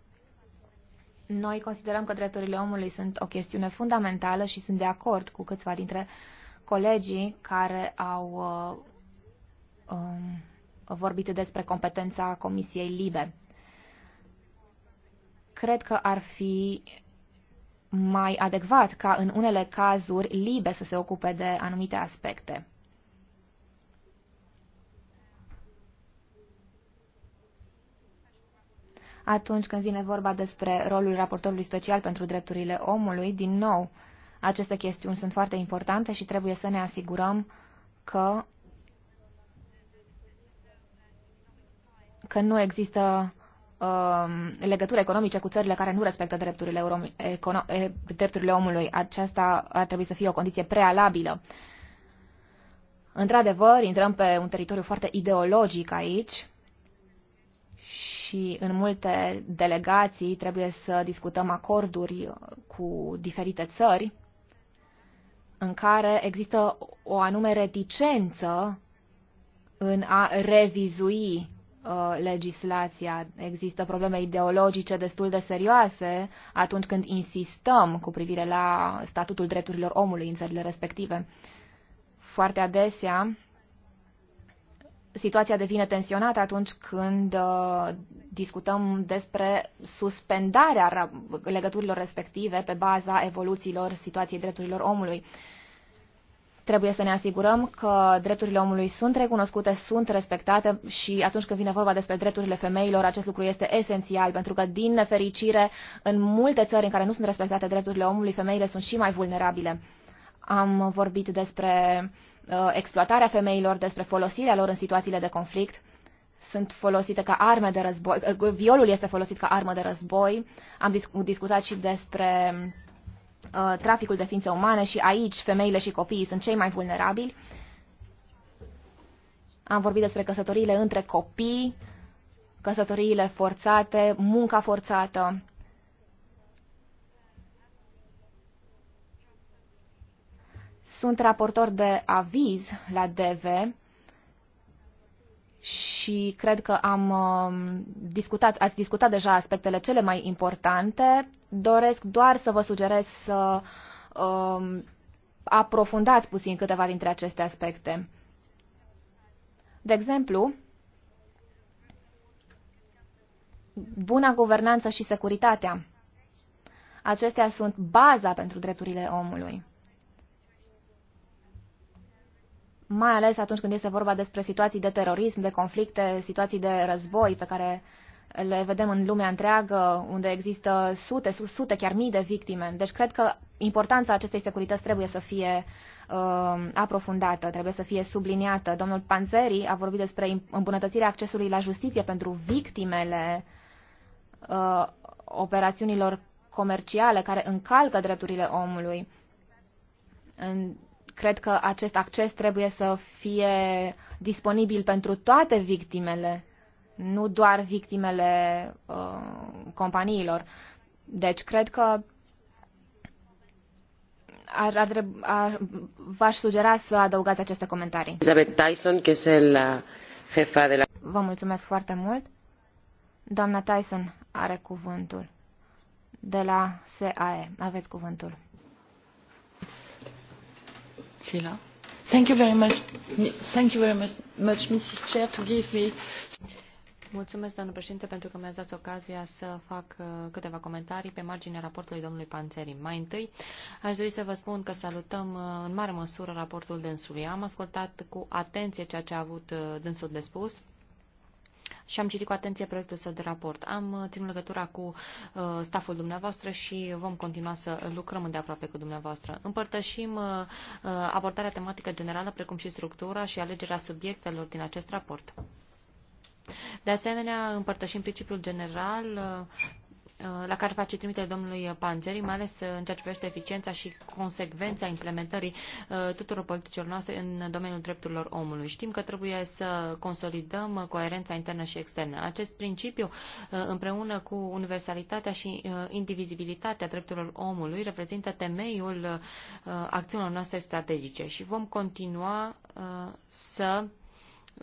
Noi considerăm că drepturile omului sunt o chestiune fundamentală și sunt de acord cu câțiva dintre colegii care au uh, uh, vorbit despre competența Comisiei Libe. Cred că ar fi mai adecvat ca în unele cazuri Libe să se ocupe de anumite aspecte. Atunci când vine vorba despre rolul raportorului special pentru drepturile omului, din nou, aceste chestiuni sunt foarte importante și trebuie să ne asigurăm că că nu există um, legături economice cu țările care nu respectă drepturile, drepturile omului. Aceasta ar trebui să fie o condiție prealabilă. Într-adevăr, intrăm pe un teritoriu foarte ideologic aici și în multe delegații trebuie să discutăm acorduri cu diferite țări în care există o anume reticență în a revizui Uh, legislația. Există probleme ideologice destul de serioase atunci când insistăm cu privire la statutul drepturilor omului în țările respective. Foarte adesea, situația devine tensionată atunci când uh, discutăm despre suspendarea legăturilor respective pe baza evoluțiilor situației drepturilor omului. Trebuie să ne asigurăm că drepturile omului sunt recunoscute, sunt respectate și atunci când vine vorba despre drepturile femeilor, acest lucru este esențial, pentru că, din nefericire, în multe țări în care nu sunt respectate drepturile omului, femeile sunt și mai vulnerabile. Am vorbit despre uh, exploatarea femeilor, despre folosirea lor în situațiile de conflict sunt folosite ca arme de război, uh, violul este folosit ca armă de război. Am discutat și despre Uh, traficul de ființe umane și aici femeile și copiii sunt cei mai vulnerabili. Am vorbit despre căsătoriile între copii, căsătoriile forțate, munca forțată. Sunt raportor de aviz la DV și cred că am um, discutat, ați discutat deja aspectele cele mai importante. Doresc doar să vă sugerez să um, aprofundați puțin câteva dintre aceste aspecte. De exemplu, buna guvernanță și securitatea. Acestea sunt baza pentru drepturile omului. mai ales atunci când este vorba despre situații de terorism, de conflicte, situații de război pe care le vedem în lumea întreagă, unde există sute, sute, chiar mii de victime. Deci cred că importanța acestei securități trebuie să fie uh, aprofundată, trebuie să fie subliniată. Domnul Panzeri a vorbit despre îmbunătățirea accesului la justiție pentru victimele uh, operațiunilor comerciale care încalcă drepturile omului. În Cred că acest acces trebuie să fie disponibil pentru toate victimele, nu doar victimele uh, companiilor. Deci, cred că ar, ar, ar, v-aș sugera să adăugați aceste comentarii. Elizabeth Tyson, care este la jefa de la... Vă mulțumesc foarte mult. Doamna Tyson are cuvântul de la SAE. Aveți cuvântul. Mulțumesc, doamnă președinte, pentru că mi-ați dat ocazia să fac uh, câteva comentarii pe marginea raportului domnului Panțeri. Mai întâi, aș dori să vă spun că salutăm uh, în mare măsură raportul dânsului. Am ascultat cu atenție ceea ce a avut uh, dânsul de spus și am citit cu atenție proiectul său de raport. Am uh, ținut legătura cu uh, staful dumneavoastră și vom continua să lucrăm îndeaproape cu dumneavoastră. Împărtășim uh, uh, abordarea tematică generală, precum și structura și alegerea subiectelor din acest raport. De asemenea, împărtășim principiul general uh, Uh, la care face trimite domnului Panzeri, mai ales uh, în ceea ce privește eficiența și consecvența implementării uh, tuturor politicilor noastre în domeniul drepturilor omului. Știm că trebuie să consolidăm coerența internă și externă. Acest principiu, împreună cu universalitatea și indivizibilitatea drepturilor omului, reprezintă temeiul acțiunilor noastre strategice și vom continua să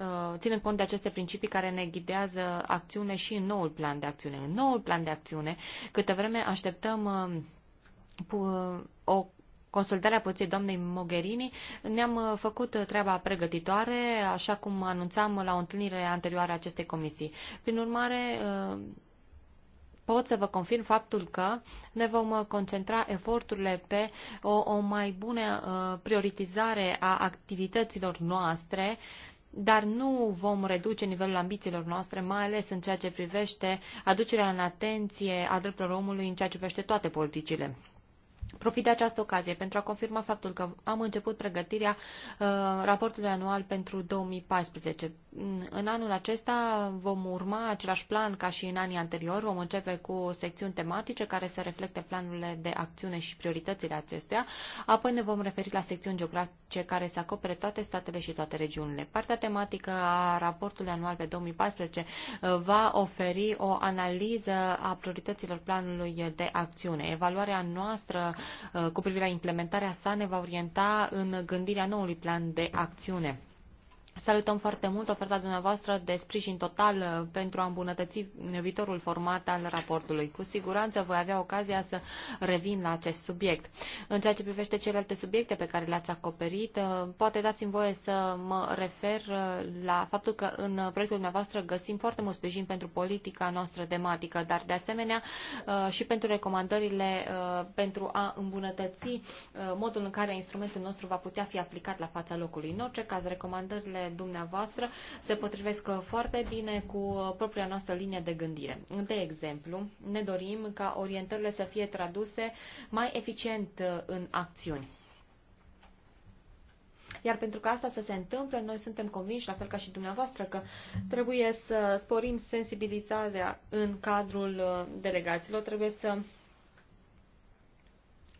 Uh, ținând cont de aceste principii care ne ghidează acțiune și în noul plan de acțiune. În noul plan de acțiune, câtă vreme așteptăm uh, o consultarea poziției doamnei Mogherini, ne-am uh, făcut treaba pregătitoare, așa cum anunțam la o întâlnire anterioară a acestei comisii. Prin urmare, pot să vă confirm faptul că ne vom concentra eforturile pe o, o mai bună prioritizare a activităților noastre dar nu vom reduce nivelul ambițiilor noastre, mai ales în ceea ce privește aducerea în atenție a drepturilor omului în ceea ce privește toate politicile. Profit de această ocazie pentru a confirma faptul că am început pregătirea uh, raportului anual pentru 2014 în anul acesta vom urma același plan ca și în anii anterior. Vom începe cu secțiuni tematice care să reflecte planurile de acțiune și prioritățile acestuia. Apoi ne vom referi la secțiuni geografice care să acopere toate statele și toate regiunile. Partea tematică a raportului anual pe 2014 uh, va oferi o analiză a priorităților planului de acțiune. Evaluarea noastră uh, cu privire la implementarea sa ne va orienta în gândirea noului plan de acțiune. Salutăm foarte mult oferta dumneavoastră de sprijin total uh, pentru a îmbunătăți uh, viitorul format al raportului. Cu siguranță voi avea ocazia să revin la acest subiect. În ceea ce privește celelalte subiecte pe care le-ați acoperit, uh, poate dați-mi voie să mă refer la faptul că în proiectul dumneavoastră găsim foarte mult sprijin pentru politica noastră tematică, dar de asemenea și pentru recomandările pentru a îmbunătăți modul în care instrumentul nostru va putea fi aplicat la fața locului. În orice caz, recomandările dumneavoastră se potrivesc foarte bine cu propria noastră linie de gândire. De exemplu, ne dorim ca orientările să fie traduse mai eficient în acțiuni. Iar pentru ca asta să se întâmple, noi suntem convinși, la fel ca și dumneavoastră, că trebuie să sporim sensibilizarea în cadrul delegațiilor, trebuie să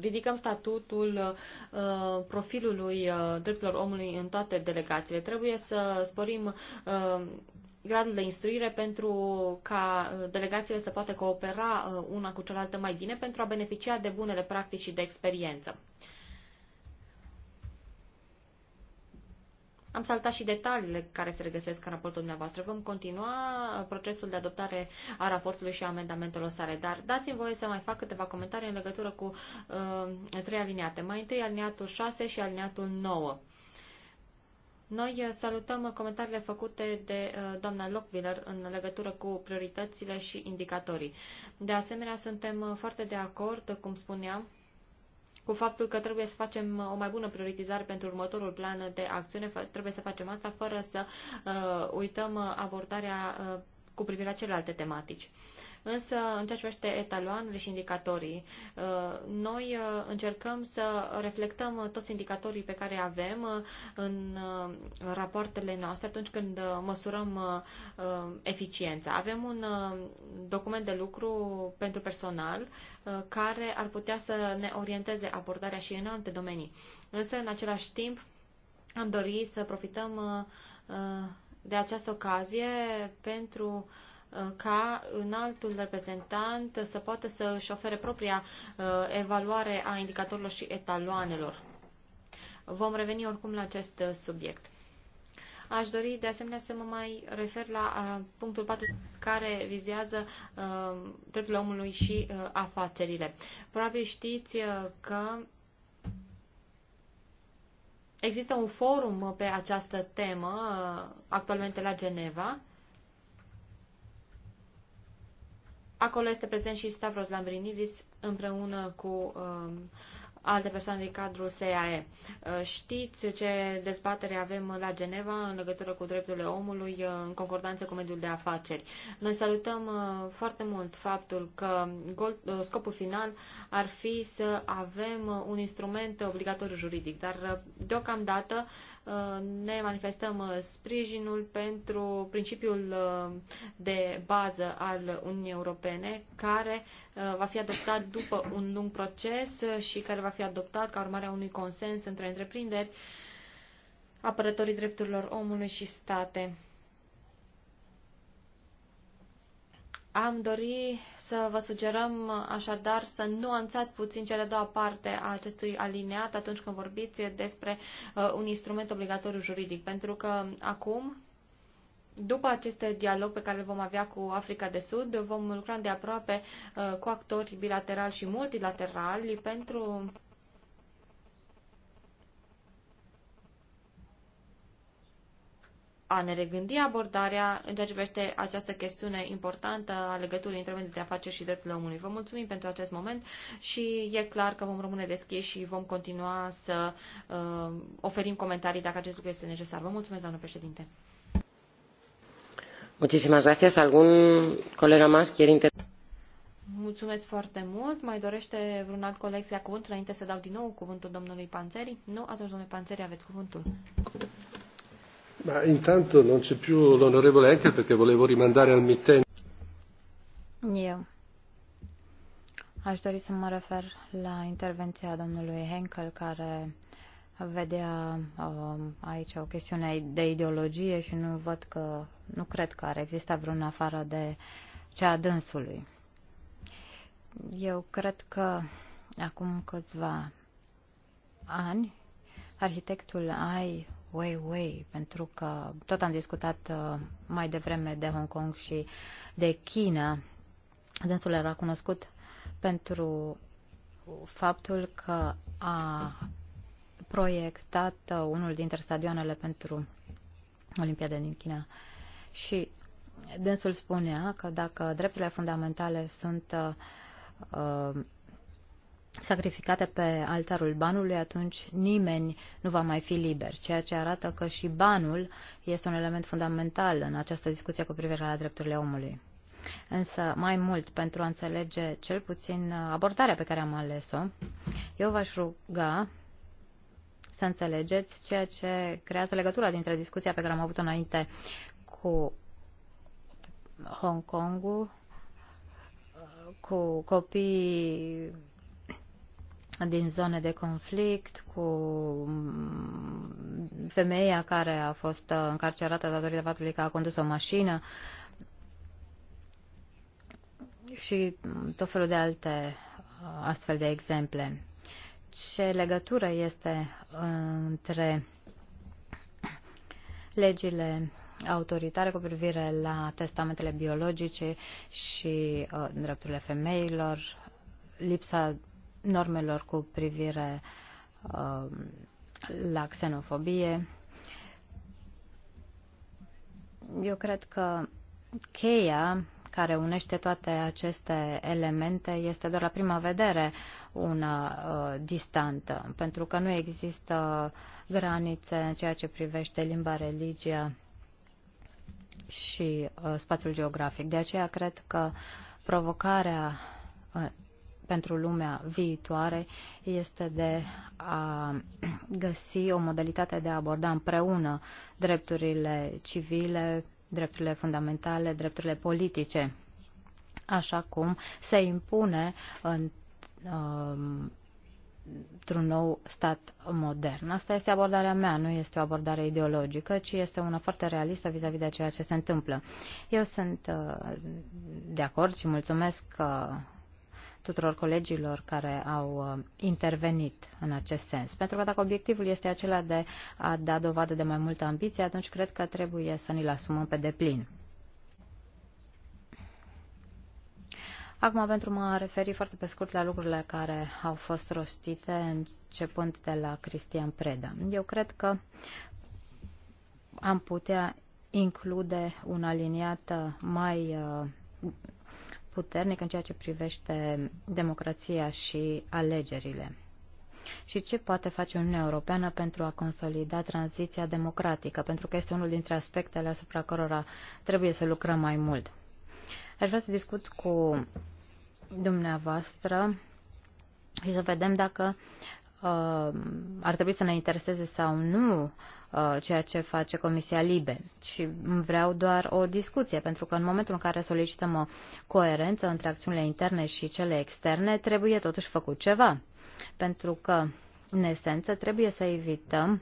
ridicăm statutul uh, profilului uh, drepturilor omului în toate delegațiile. Trebuie să sporim uh, gradul de instruire pentru ca delegațiile să poată coopera una cu cealaltă mai bine pentru a beneficia de bunele practici și de experiență. Am saltat și detaliile care se regăsesc în raportul dumneavoastră. Vom continua uh, procesul de adoptare a raportului și a amendamentelor sale, dar dați-mi voie să mai fac câteva comentarii în legătură cu uh, trei aliniate. Mai întâi aliniatul 6 și aliniatul 9. Noi uh, salutăm comentariile făcute de uh, doamna Lockbiller în legătură cu prioritățile și indicatorii. De asemenea, suntem foarte de acord, cum spuneam, cu faptul că trebuie să facem uh, o mai bună prioritizare pentru următorul plan de acțiune. Trebuie să facem asta fără să uh, uităm uh, abordarea cu privire la celelalte tematici. Însă, în ceea ce privește etaloanele și indicatorii, uh, noi uh, încercăm să reflectăm uh, toți indicatorii pe care avem în rapoartele noastre atunci când măsurăm eficiența. Avem un document de lucru pentru personal care ar putea să ne orienteze abordarea și în alte domenii. Însă, în același timp, am dorit să profităm de această ocazie pentru Uh, ca altul reprezentant să poată să își ofere propria uh, evaluare a indicatorilor și etaloanelor. Vom reveni oricum la acest uh, subiect. Aș dori de asemenea să mă mai refer la punctul 4 care vizează dreptul drepturile omului și afacerile. Probabil știți că există un forum pe această temă actualmente la Geneva Acolo este prezent și Stavros Lambrinidis împreună cu um, alte persoane din cadrul SAE. Uh, știți ce dezbatere avem la Geneva în legătură cu drepturile omului uh, în concordanță cu mediul de afaceri. Noi salutăm uh, foarte mult faptul că scopul final ar fi să avem un instrument obligatoriu juridic, dar deocamdată ne manifestăm uh, sprijinul pentru principiul uh, de bază al Uniunii Europene, care uh, va fi adoptat după un lung proces și care va fi adoptat ca urmare a unui consens între întreprinderi, apărătorii drepturilor omului și state. Am dori să vă sugerăm așadar să nuanțați puțin cea de-a doua parte a acestui alineat atunci când vorbiți despre uh, un instrument obligatoriu juridic, pentru că acum după acest dialog pe care îl vom avea cu Africa de Sud, vom lucra de aproape uh, cu actori bilaterali și multilaterali pentru a ne regândi abordarea în ceea ce privește această chestiune importantă a legăturii între mediul de afaceri și drepturile omului. Vă mulțumim pentru acest moment și e clar că vom rămâne deschiși și vom continua să uh, oferim comentarii dacă acest lucru este necesar. Vă mulțumesc, doamnă președinte. Muchísimas gracias. ¿Algún colega más quiere inter- Mulțumesc foarte mult. Mai dorește vreun alt coleg să ia cuvântul înainte să dau din nou cuvântul domnului Panțeri? Nu? Atunci, domnule Panțeri, aveți cuvântul. Ma intanto non c'è più l'onorevole Henkel perché volevo rimandare al mittente. Eu aș dori să mă refer la intervenția domnului Henkel care vedea uh, aici o chestiune de ideologie și nu văd că, nu cred că ar exista vreun afară de cea dânsului. Eu cred că acum câțiva ani arhitectul AI way, pentru că tot am discutat uh, mai devreme de Hong Kong și de China. Dânsul era cunoscut pentru faptul că a proiectat uh, unul dintre stadioanele pentru Olimpiada din China. Și dânsul spunea că dacă drepturile fundamentale sunt uh, uh sacrificate pe altarul banului, atunci nimeni nu va mai fi liber, ceea ce arată că și banul este un element fundamental în această discuție cu privire la drepturile omului. Însă, mai mult, pentru a înțelege cel puțin abordarea pe care am ales-o, eu v-aș ruga să înțelegeți ceea ce creează legătura dintre discuția pe care am avut-o înainte cu Hong Kongul, cu copiii din zone de conflict, cu femeia care a fost încarcerată datorită faptului că a condus o mașină și tot felul de alte uh, astfel de exemple. Ce legătură este între legile autoritare cu privire la testamentele biologice și uh, drepturile femeilor, lipsa normelor cu privire uh, la xenofobie. Eu cred că cheia care unește toate aceste elemente este doar la prima vedere una uh, distantă, pentru că nu există granițe în ceea ce privește limba, religia și uh, spațiul geografic. De aceea cred că provocarea uh, pentru lumea viitoare este de a găsi o modalitate de a aborda împreună drepturile civile, drepturile fundamentale, drepturile politice, așa cum se impune în um, într-un nou stat modern. Asta este abordarea mea, nu este o abordare ideologică, ci este una foarte realistă vis-a-vis -vis de ceea ce se întâmplă. Eu sunt uh, de acord și mulțumesc uh, tuturor colegilor care au uh, intervenit în acest sens. Pentru că dacă obiectivul este acela de a da dovadă de mai multă ambiție, atunci cred că trebuie să ni-l asumăm pe deplin. Acum, pentru mă referi foarte pe scurt la lucrurile care au fost rostite, începând de la Cristian Preda. Eu cred că am putea include un aliniat uh, mai uh, puternic în ceea ce privește democrația și alegerile? Și ce poate face Uniunea Europeană pentru a consolida tranziția democratică? Pentru că este unul dintre aspectele asupra cărora trebuie să lucrăm mai mult. Aș vrea să discut cu dumneavoastră și să vedem dacă Uh, ar trebui să ne intereseze sau nu uh, ceea ce face Comisia Libe. Și vreau doar o discuție, pentru că în momentul în care solicităm o coerență între acțiunile interne și cele externe, trebuie totuși făcut ceva. Pentru că, în esență, trebuie să evităm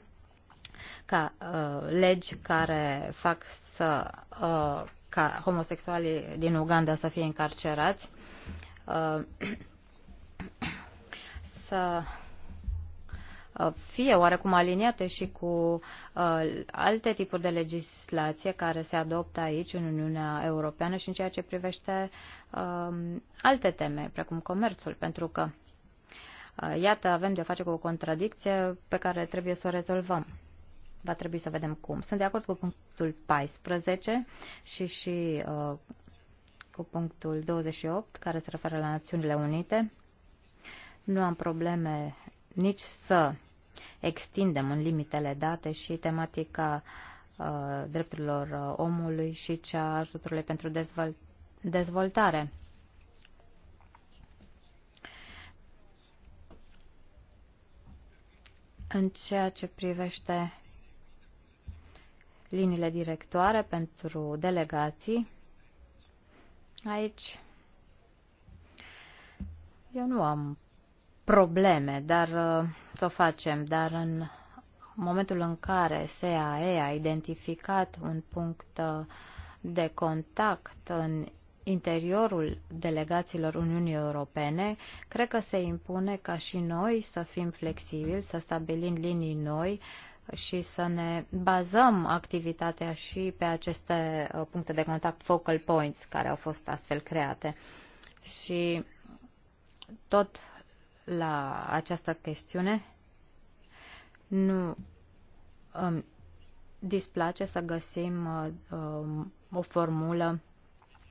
ca uh, legi care fac să uh, ca homosexualii din Uganda să fie încarcerați, uh, să fie oarecum aliniate și cu uh, alte tipuri de legislație care se adoptă aici în Uniunea Europeană și în ceea ce privește um, alte teme, precum comerțul, pentru că uh, Iată, avem de-a face cu o contradicție pe care trebuie să o rezolvăm. Va trebui să vedem cum. Sunt de acord cu punctul 14 și, și uh, cu punctul 28, care se referă la Națiunile Unite. Nu am probleme nici să extindem în limitele date și tematica uh, drepturilor uh, omului și cea ajutorului pentru dezvol dezvoltare. În ceea ce privește liniile directoare pentru delegații, aici eu nu am probleme, dar uh, să o facem. Dar în momentul în care SAE a identificat un punct uh, de contact în interiorul delegațiilor Uniunii Europene, cred că se impune ca și noi să fim flexibili, să stabilim linii noi și să ne bazăm activitatea și pe aceste uh, puncte de contact focal points care au fost astfel create. Și tot la această chestiune. Nu îmi displace să găsim uh, o formulă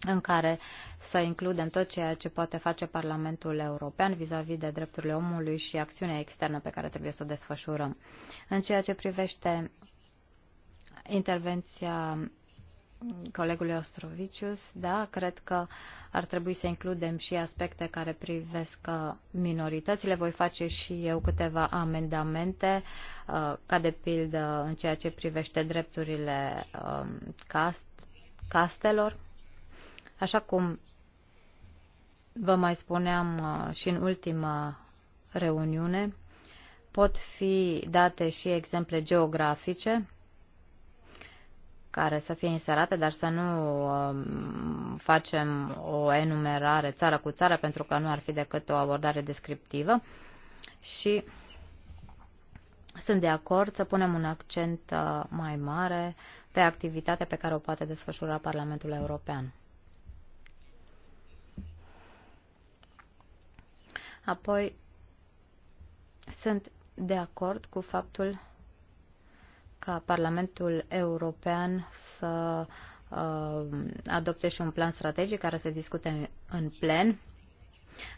în care să includem tot ceea ce poate face Parlamentul European vis-a-vis -vis de drepturile omului și acțiunea externă pe care trebuie să o desfășurăm. În ceea ce privește intervenția colegului Ostrovicius, da, cred că ar trebui să includem și aspecte care privesc uh, minoritățile. Voi face și eu câteva amendamente, uh, ca de pildă în ceea ce privește drepturile um, cast, castelor. Așa cum vă mai spuneam uh, și în ultima reuniune, pot fi date și exemple geografice care să fie inserate, dar să nu um, facem o enumerare țară cu țară, pentru că nu ar fi decât o abordare descriptivă. Și sunt de acord să punem un accent uh, mai mare pe activitatea pe care o poate desfășura Parlamentul European. Apoi, sunt de acord cu faptul ca Parlamentul European să uh, adopte și un plan strategic care se discute în plen,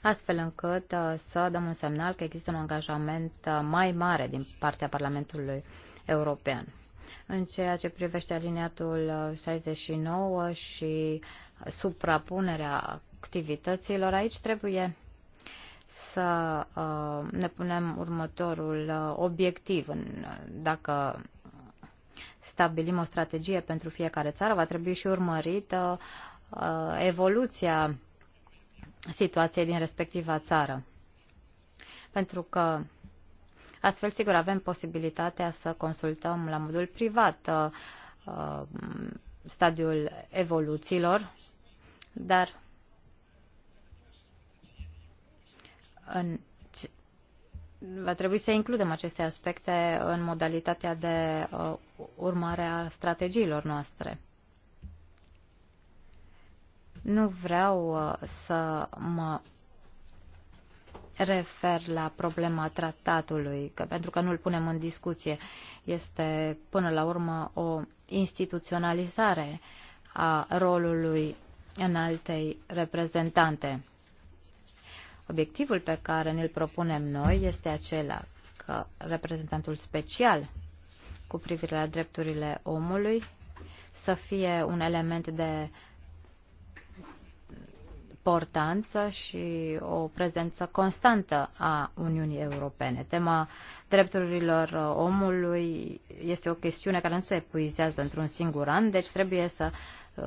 astfel încât uh, să dăm un semnal că există un angajament uh, mai mare din partea Parlamentului European. În ceea ce privește aliniatul 69 și suprapunerea activităților, aici trebuie să ne punem următorul obiectiv. Dacă stabilim o strategie pentru fiecare țară, va trebui și urmărită uh, evoluția situației din respectiva țară. Pentru că astfel, sigur, avem posibilitatea să consultăm la modul privat uh, uh, stadiul evoluțiilor, dar în va trebui să includem aceste aspecte în modalitatea de uh, urmare a strategiilor noastre. Nu vreau uh, să mă refer la problema tratatului, că, pentru că nu îl punem în discuție. Este, până la urmă, o instituționalizare a rolului în altei reprezentante. Obiectivul pe care ne-l propunem noi este acela că reprezentantul special cu privire la drepturile omului să fie un element de importanță și o prezență constantă a Uniunii Europene. Tema drepturilor omului este o chestiune care nu se epuizează într-un singur an, deci trebuie să uh,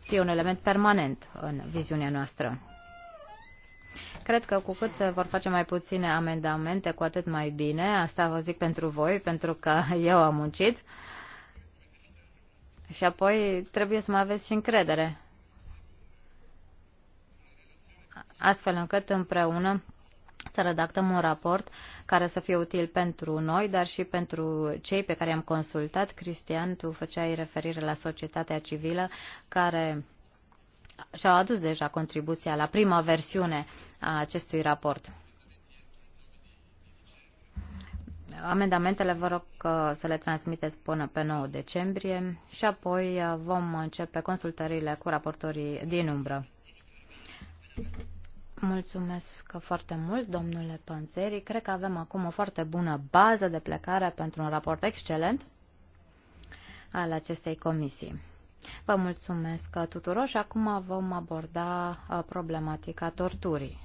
fie un element permanent în viziunea noastră. Cred că cu cât se vor face mai puține amendamente, cu atât mai bine. Asta vă zic pentru voi, pentru că eu am muncit. Și apoi trebuie să mai aveți și încredere. Astfel încât împreună să redactăm un raport care să fie util pentru noi, dar și pentru cei pe care i-am consultat. Cristian, tu făceai referire la societatea civilă care și-au adus deja contribuția la prima versiune a acestui raport. Amendamentele vă rog uh, să le transmiteți până pe 9 decembrie și apoi uh, vom începe consultările cu raportorii din umbră. Mulțumesc foarte mult, domnule Panzeri. Cred că avem acum o foarte bună bază de plecare pentru un raport excelent al acestei comisii. Vă mulțumesc tuturor și acum vom aborda uh, problematica torturii.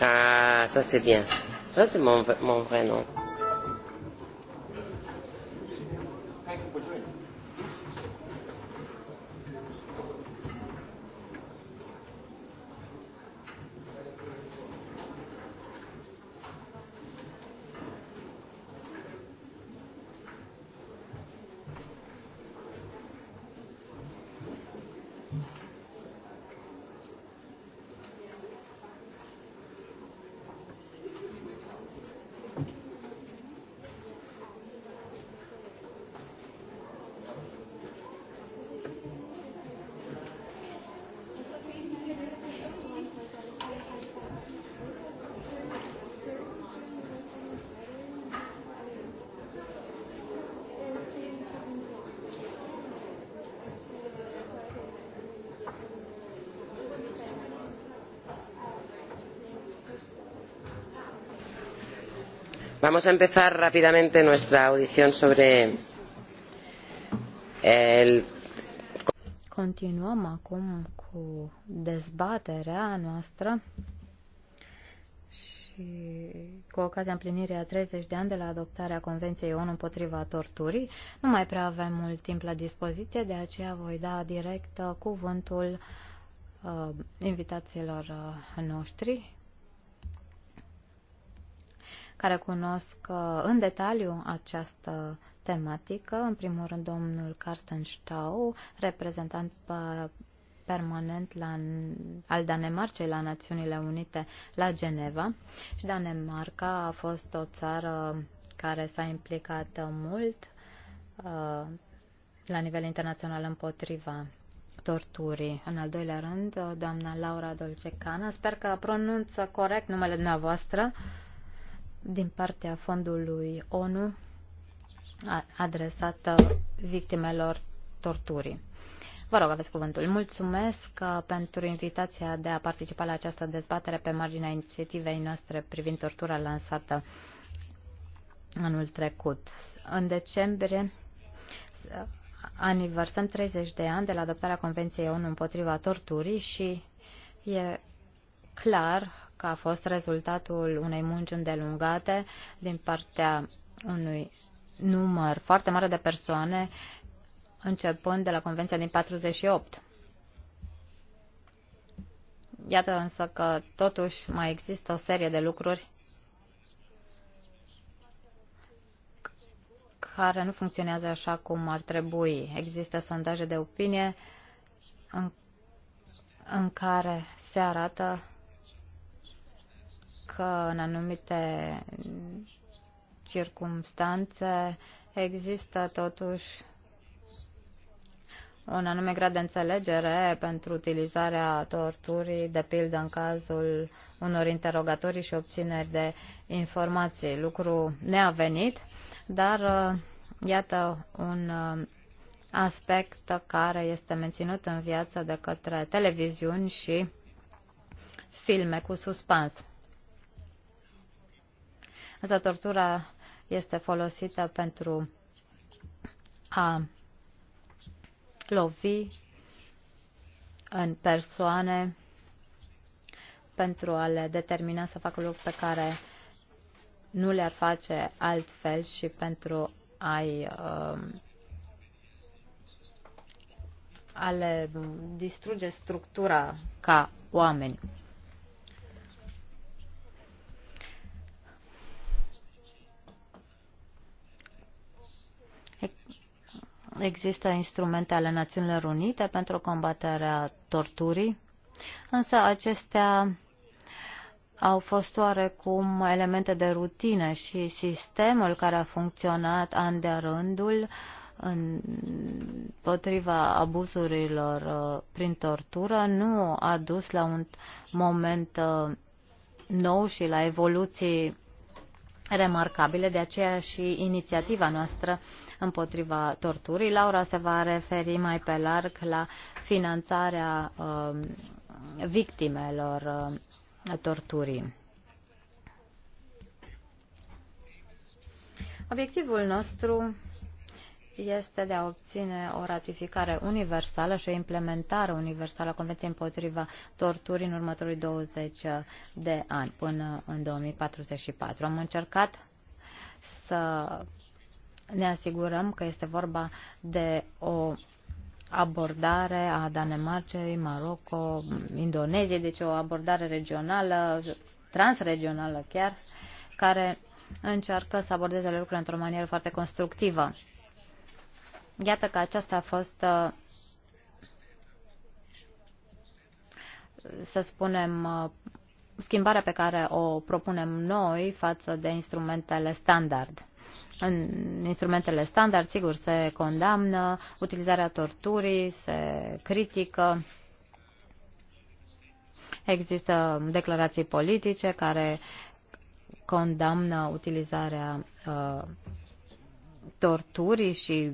Ah, ça c'est bien. Ça c'est mon, mon vrai nom. vamos a empezar rápidamente nuestra audición sobre el Continuăm acum cu dezbaterea noastră și cu ocazia împlinirii a 30 de ani de la adoptarea Convenției ONU împotriva torturii. Nu mai prea avem mult timp la dispoziție, de aceea voi da direct uh, cuvântul uh, invitațiilor uh, noștri care cunosc uh, în detaliu această tematică. În primul rând, domnul Carsten Stau, reprezentant uh, permanent la, al Danemarcei la Națiunile Unite la Geneva și Danemarca a fost o țară care s-a implicat uh, mult uh, la nivel internațional împotriva torturii. În al doilea rând, doamna Laura Dolcecana, sper că pronunță corect numele dumneavoastră. Uh, din partea fondului ONU adresată victimelor torturii. Vă rog, aveți cuvântul. Mulțumesc uh, pentru invitația de a participa la această dezbatere pe marginea inițiativei noastre privind tortura lansată anul trecut. În decembrie uh, aniversăm 30 de ani de la adoptarea Convenției ONU împotriva torturii și e clar că a fost rezultatul unei munci îndelungate din partea unui număr foarte mare de persoane, începând de la Convenția din 48. Iată însă că totuși mai există o serie de lucruri care nu funcționează așa cum ar trebui. Există sondaje de opinie în, în care se arată că în anumite circumstanțe există totuși un anume grad de înțelegere pentru utilizarea torturii, de pildă în cazul unor interogatorii și obțineri de informații, lucru neavenit, dar uh, iată un uh, aspect care este menținut în viață de către televiziuni și filme cu suspans. Însă tortura este folosită pentru a lovi în persoane pentru a le determina să facă lucruri pe care nu le-ar face altfel și pentru a-i uh, a le distruge structura ca oameni. Există instrumente ale Națiunilor Unite pentru combaterea torturii, însă acestea au fost oarecum elemente de rutină și sistemul care a funcționat an de rândul împotriva abuzurilor uh, prin tortură nu a dus la un moment uh, nou și la evoluții remarcabile, de aceea și inițiativa noastră împotriva torturii. Laura se va referi mai pe larg la finanțarea uh, victimelor uh, torturii. Obiectivul nostru este de a obține o ratificare universală și o implementare universală a Convenției împotriva torturii în următorii 20 de ani, până în 2044. Am încercat să ne asigurăm că este vorba de o abordare a Danemarcei, Maroco, Indoneziei, deci o abordare regională, transregională chiar, care încearcă să abordeze lucrurile într-o manieră foarte constructivă. Iată că aceasta a fost, uh, să spunem, uh, schimbarea pe care o propunem noi față de instrumentele standard. În instrumentele standard, sigur, se condamnă utilizarea torturii, se critică, există declarații politice care condamnă utilizarea uh, torturii și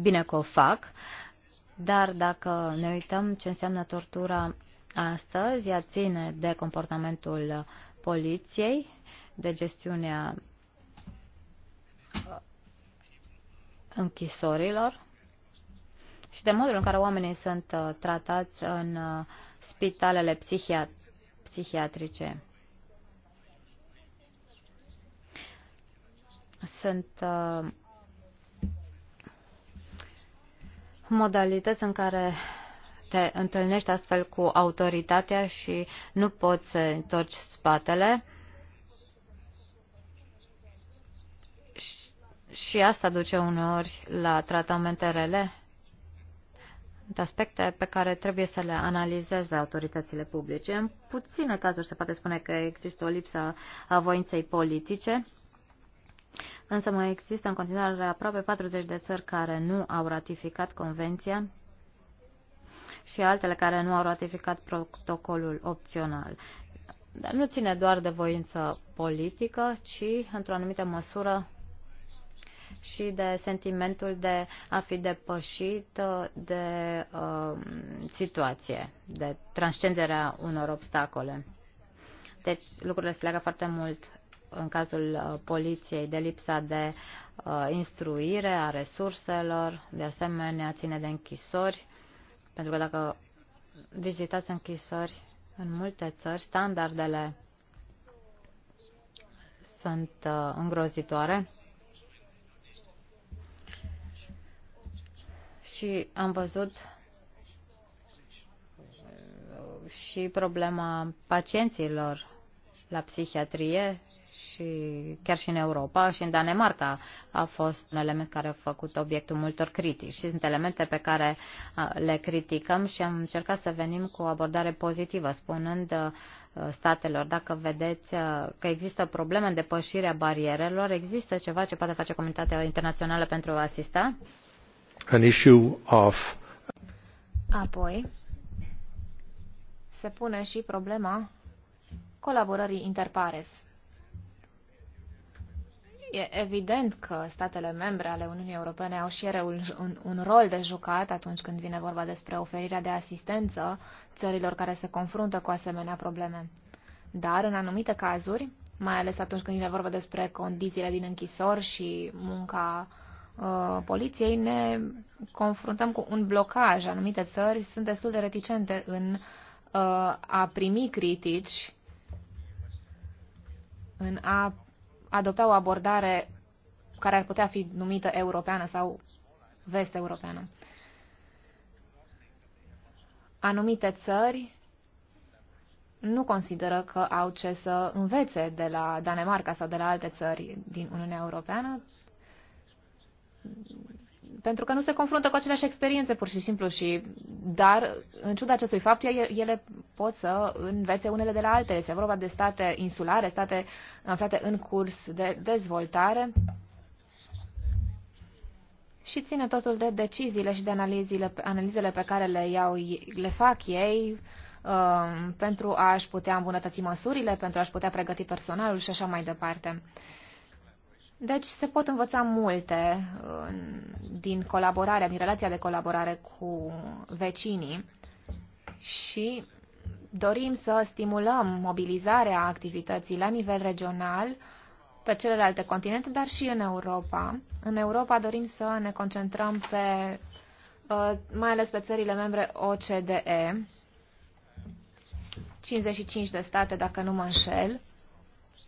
bine că o fac, dar dacă ne uităm ce înseamnă tortura astăzi, ea ține de comportamentul poliției, de gestiunea uh, închisorilor și de modul în care oamenii sunt uh, tratați în uh, spitalele psihiat- psihiatrice. Sunt uh, modalități în care te întâlnești astfel cu autoritatea și nu poți să întorci spatele. Și asta duce uneori la tratamente rele, aspecte pe care trebuie să le analizeze autoritățile publice. În puține cazuri se poate spune că există o lipsă a voinței politice Însă mai există în continuare aproape 40 de țări care nu au ratificat convenția și altele care nu au ratificat protocolul opțional. Dar nu ține doar de voință politică, ci, într-o anumită măsură, și de sentimentul de a fi depășit uh, de uh, situație, de transcenderea unor obstacole. Deci lucrurile se leagă foarte mult în cazul uh, poliției de lipsa de uh, instruire a resurselor, de asemenea ține de închisori, pentru că dacă vizitați închisori în multe țări, standardele sunt uh, îngrozitoare. Și am văzut și problema pacienților la psihiatrie și chiar și în Europa și în Danemarca a fost un element care a făcut obiectul multor critici și sunt elemente pe care le criticăm și am încercat să venim cu o abordare pozitivă, spunând statelor, dacă vedeți că există probleme în depășirea barierelor, există ceva ce poate face comunitatea internațională pentru a asista? An issue of... Apoi, se pune și problema colaborării interpares. E evident că statele membre ale Uniunii Europene au și ele un, un, un rol de jucat atunci când vine vorba despre oferirea de asistență țărilor care se confruntă cu asemenea probleme. Dar, în anumite cazuri, mai ales atunci când vine vorba despre condițiile din închisori și munca uh, poliției, ne confruntăm cu un blocaj. Anumite țări sunt destul de reticente în uh, a primi critici, în a adopta o abordare care ar putea fi numită europeană sau vest-europeană. Anumite țări nu consideră că au ce să învețe de la Danemarca sau de la alte țări din Uniunea Europeană, pentru că nu se confruntă cu aceleași experiențe pur și simplu și dar în ciuda acestui fapt ele pot să învețe unele de la altele. Se vorba de state insulare, state aflate în curs de dezvoltare și ține totul de deciziile și de analizele, analizele pe care le, iau, le fac ei um, pentru a-și putea îmbunătăți măsurile, pentru a-și putea pregăti personalul și așa mai departe. Deci se pot învăța multe din colaborarea, din relația de colaborare cu vecinii și dorim să stimulăm mobilizarea activității la nivel regional pe celelalte continente, dar și în Europa. În Europa dorim să ne concentrăm pe uh, mai ales pe țările membre OCDE, 55 de state, dacă nu mă înșel,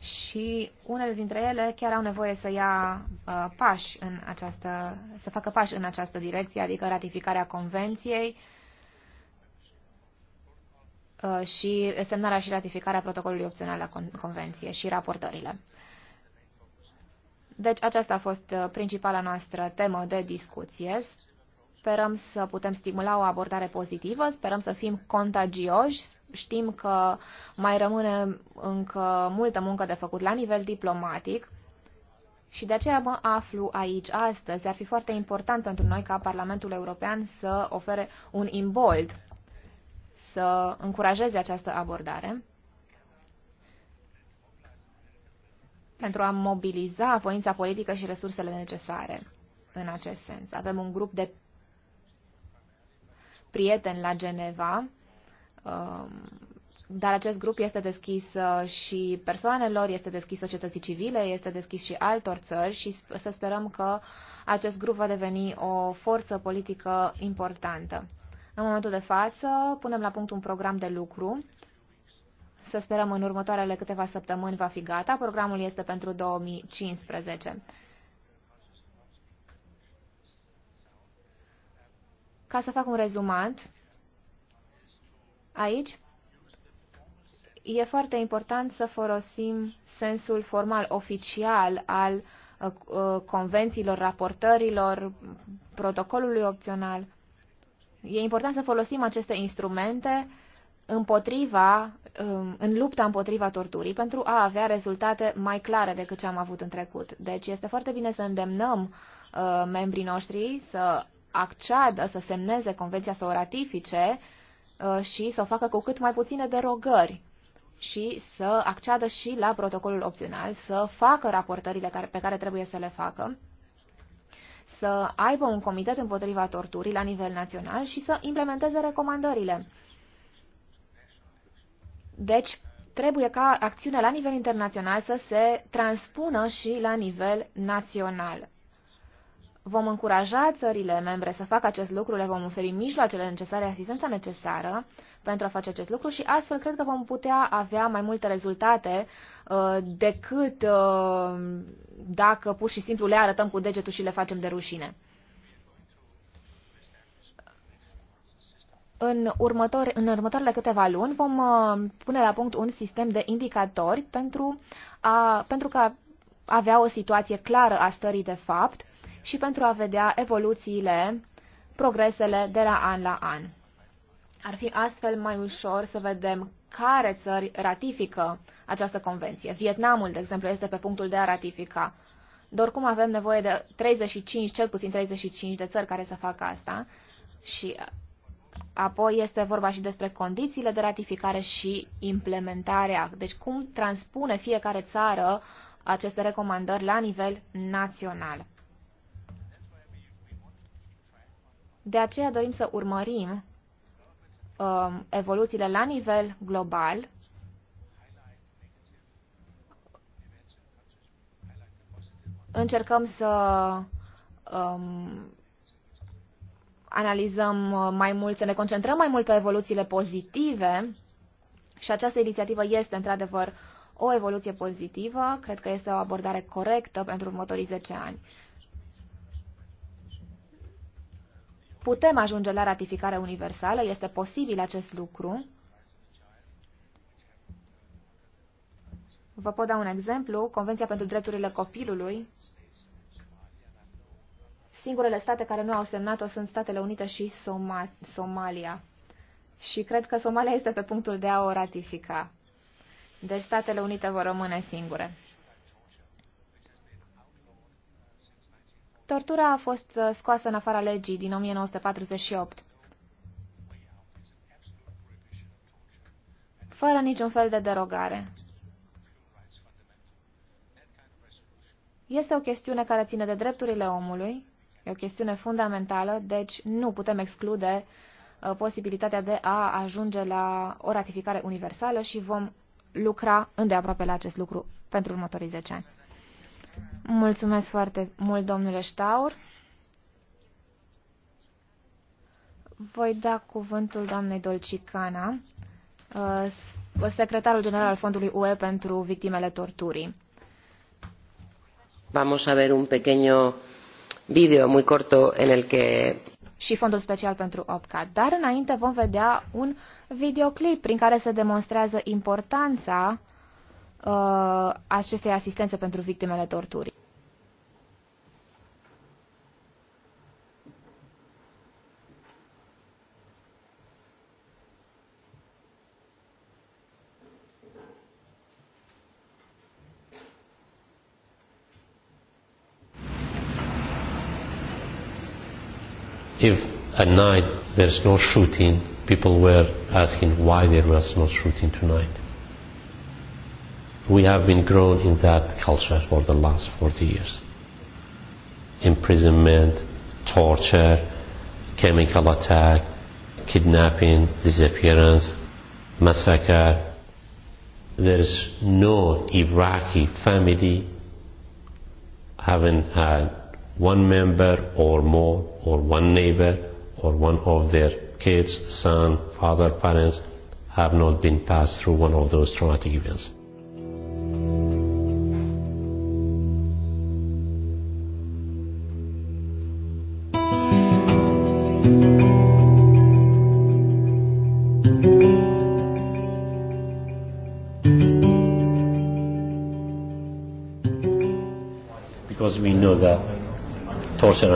și unele dintre ele chiar au nevoie să ia uh, pași în această, să facă pași în această direcție, adică ratificarea convenției uh, și semnarea și ratificarea protocolului opțional la con convenție și raportările. Deci aceasta a fost uh, principala noastră temă de discuție. Sperăm să putem stimula o abordare pozitivă, sperăm să fim contagioși, știm că mai rămâne încă multă muncă de făcut la nivel diplomatic și de aceea mă aflu aici astăzi. Ar fi foarte important pentru noi ca Parlamentul European să ofere un imbold, să încurajeze această abordare pentru a mobiliza voința politică și resursele necesare în acest sens. Avem un grup de prieteni la Geneva, um, dar acest grup este deschis uh, și persoanelor, este deschis societății civile, este deschis și altor țări și să sperăm că acest grup va deveni o forță politică importantă. În momentul de față, punem la punct un program de lucru. Să sperăm în următoarele câteva săptămâni va fi gata. Programul este pentru 2015. Ca să fac un rezumat, aici e foarte important să folosim sensul formal oficial al uh, uh, convențiilor, raportărilor, protocolului opțional. E important să folosim aceste instrumente împotriva, um, în lupta împotriva torturii pentru a avea rezultate mai clare decât ce am avut în trecut. Deci este foarte bine să îndemnăm uh, membrii noștri să acceadă, să semneze convenția, să o ratifice uh, și să o facă cu cât mai puține derogări și să acceadă și la protocolul opțional, să facă raportările care, pe care trebuie să le facă, să aibă un comitet împotriva torturii la nivel național și să implementeze recomandările. Deci, trebuie ca acțiunea la nivel internațional să se transpună și la nivel național. Vom încuraja țările membre să facă acest lucru, le vom oferi mijloacele necesare, asistența necesară pentru a face acest lucru și astfel cred că vom putea avea mai multe rezultate uh, decât uh, dacă pur și simplu le arătăm cu degetul și le facem de rușine. În, următor, în următoarele câteva luni vom uh, pune la punct un sistem de indicatori pentru, a, pentru că avea o situație clară a stării de fapt și pentru a vedea evoluțiile, progresele de la an la an. Ar fi astfel mai ușor să vedem care țări ratifică această convenție. Vietnamul, de exemplu, este pe punctul de a ratifica. Doar cum avem nevoie de 35, cel puțin 35 de țări care să facă asta și uh, apoi este vorba și despre condițiile de ratificare și implementarea. Deci cum transpune fiecare țară aceste recomandări la nivel național. De aceea dorim să urmărim uh, evoluțiile la nivel global încercăm să um, analizăm mai mult, să ne concentrăm mai mult pe evoluțiile pozitive și această inițiativă este într-adevăr o evoluție pozitivă, cred că este o abordare corectă pentru următorii 10 ani. Putem ajunge la ratificare universală, este posibil acest lucru. Vă pot da un exemplu, Convenția pentru drepturile copilului. Singurele state care nu au semnat-o sunt Statele Unite și Soma Somalia. Și cred că Somalia este pe punctul de a o ratifica. Deci Statele Unite vor rămâne singure. Tortura a fost uh, scoasă în afara legii din 1948, fără niciun fel de derogare. Este o chestiune care ține de drepturile omului, e o chestiune fundamentală, deci nu putem exclude uh, posibilitatea de a ajunge la o ratificare universală și vom lucra îndeaproape la acest lucru pentru următorii 10 ani. Mulțumesc foarte mult, domnule Voi da cuvântul doamnei Dolcicana, uh, secretarul general al Fondului UE pentru victimele torturii. Vamos a ver un pequeño video muy corto en el que și fondul special pentru OPCA. Dar înainte vom vedea un videoclip prin care se demonstrează importanța uh, acestei asistențe pentru victimele torturii. If at night there's no shooting, people were asking why there was no shooting tonight we have been grown in that culture for the last 40 years. Imprisonment, torture, chemical attack, kidnapping, disappearance, massacre. There is no Iraqi family having had one member or more, or one neighbor, or one of their kids, son, father, parents have not been passed through one of those traumatic events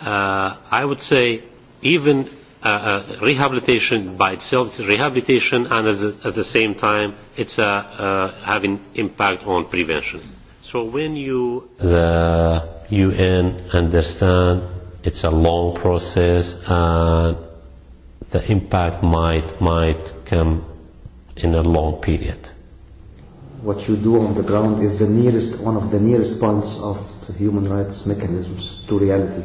Uh, I would say even uh, uh, rehabilitation by itself is rehabilitation and at the, at the same time it's uh, uh having impact on prevention. So when you... The UN understand it's a long process and the impact might, might come in a long period. What you do on the ground is the nearest, one of the nearest points of human rights mechanisms to reality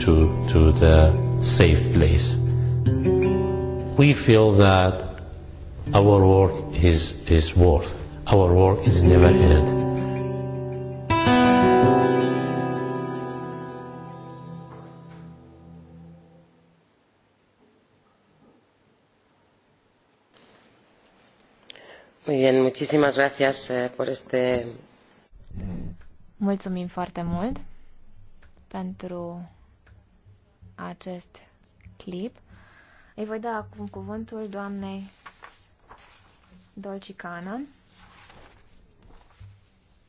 to, to the safe place. We feel that our work is, is worth. Our work is never end. bien, muchísimas gracias eh, por este. Mulțumim foarte mult pentru acest clip. Îi voi da acum cuvântul doamnei Dolcicana.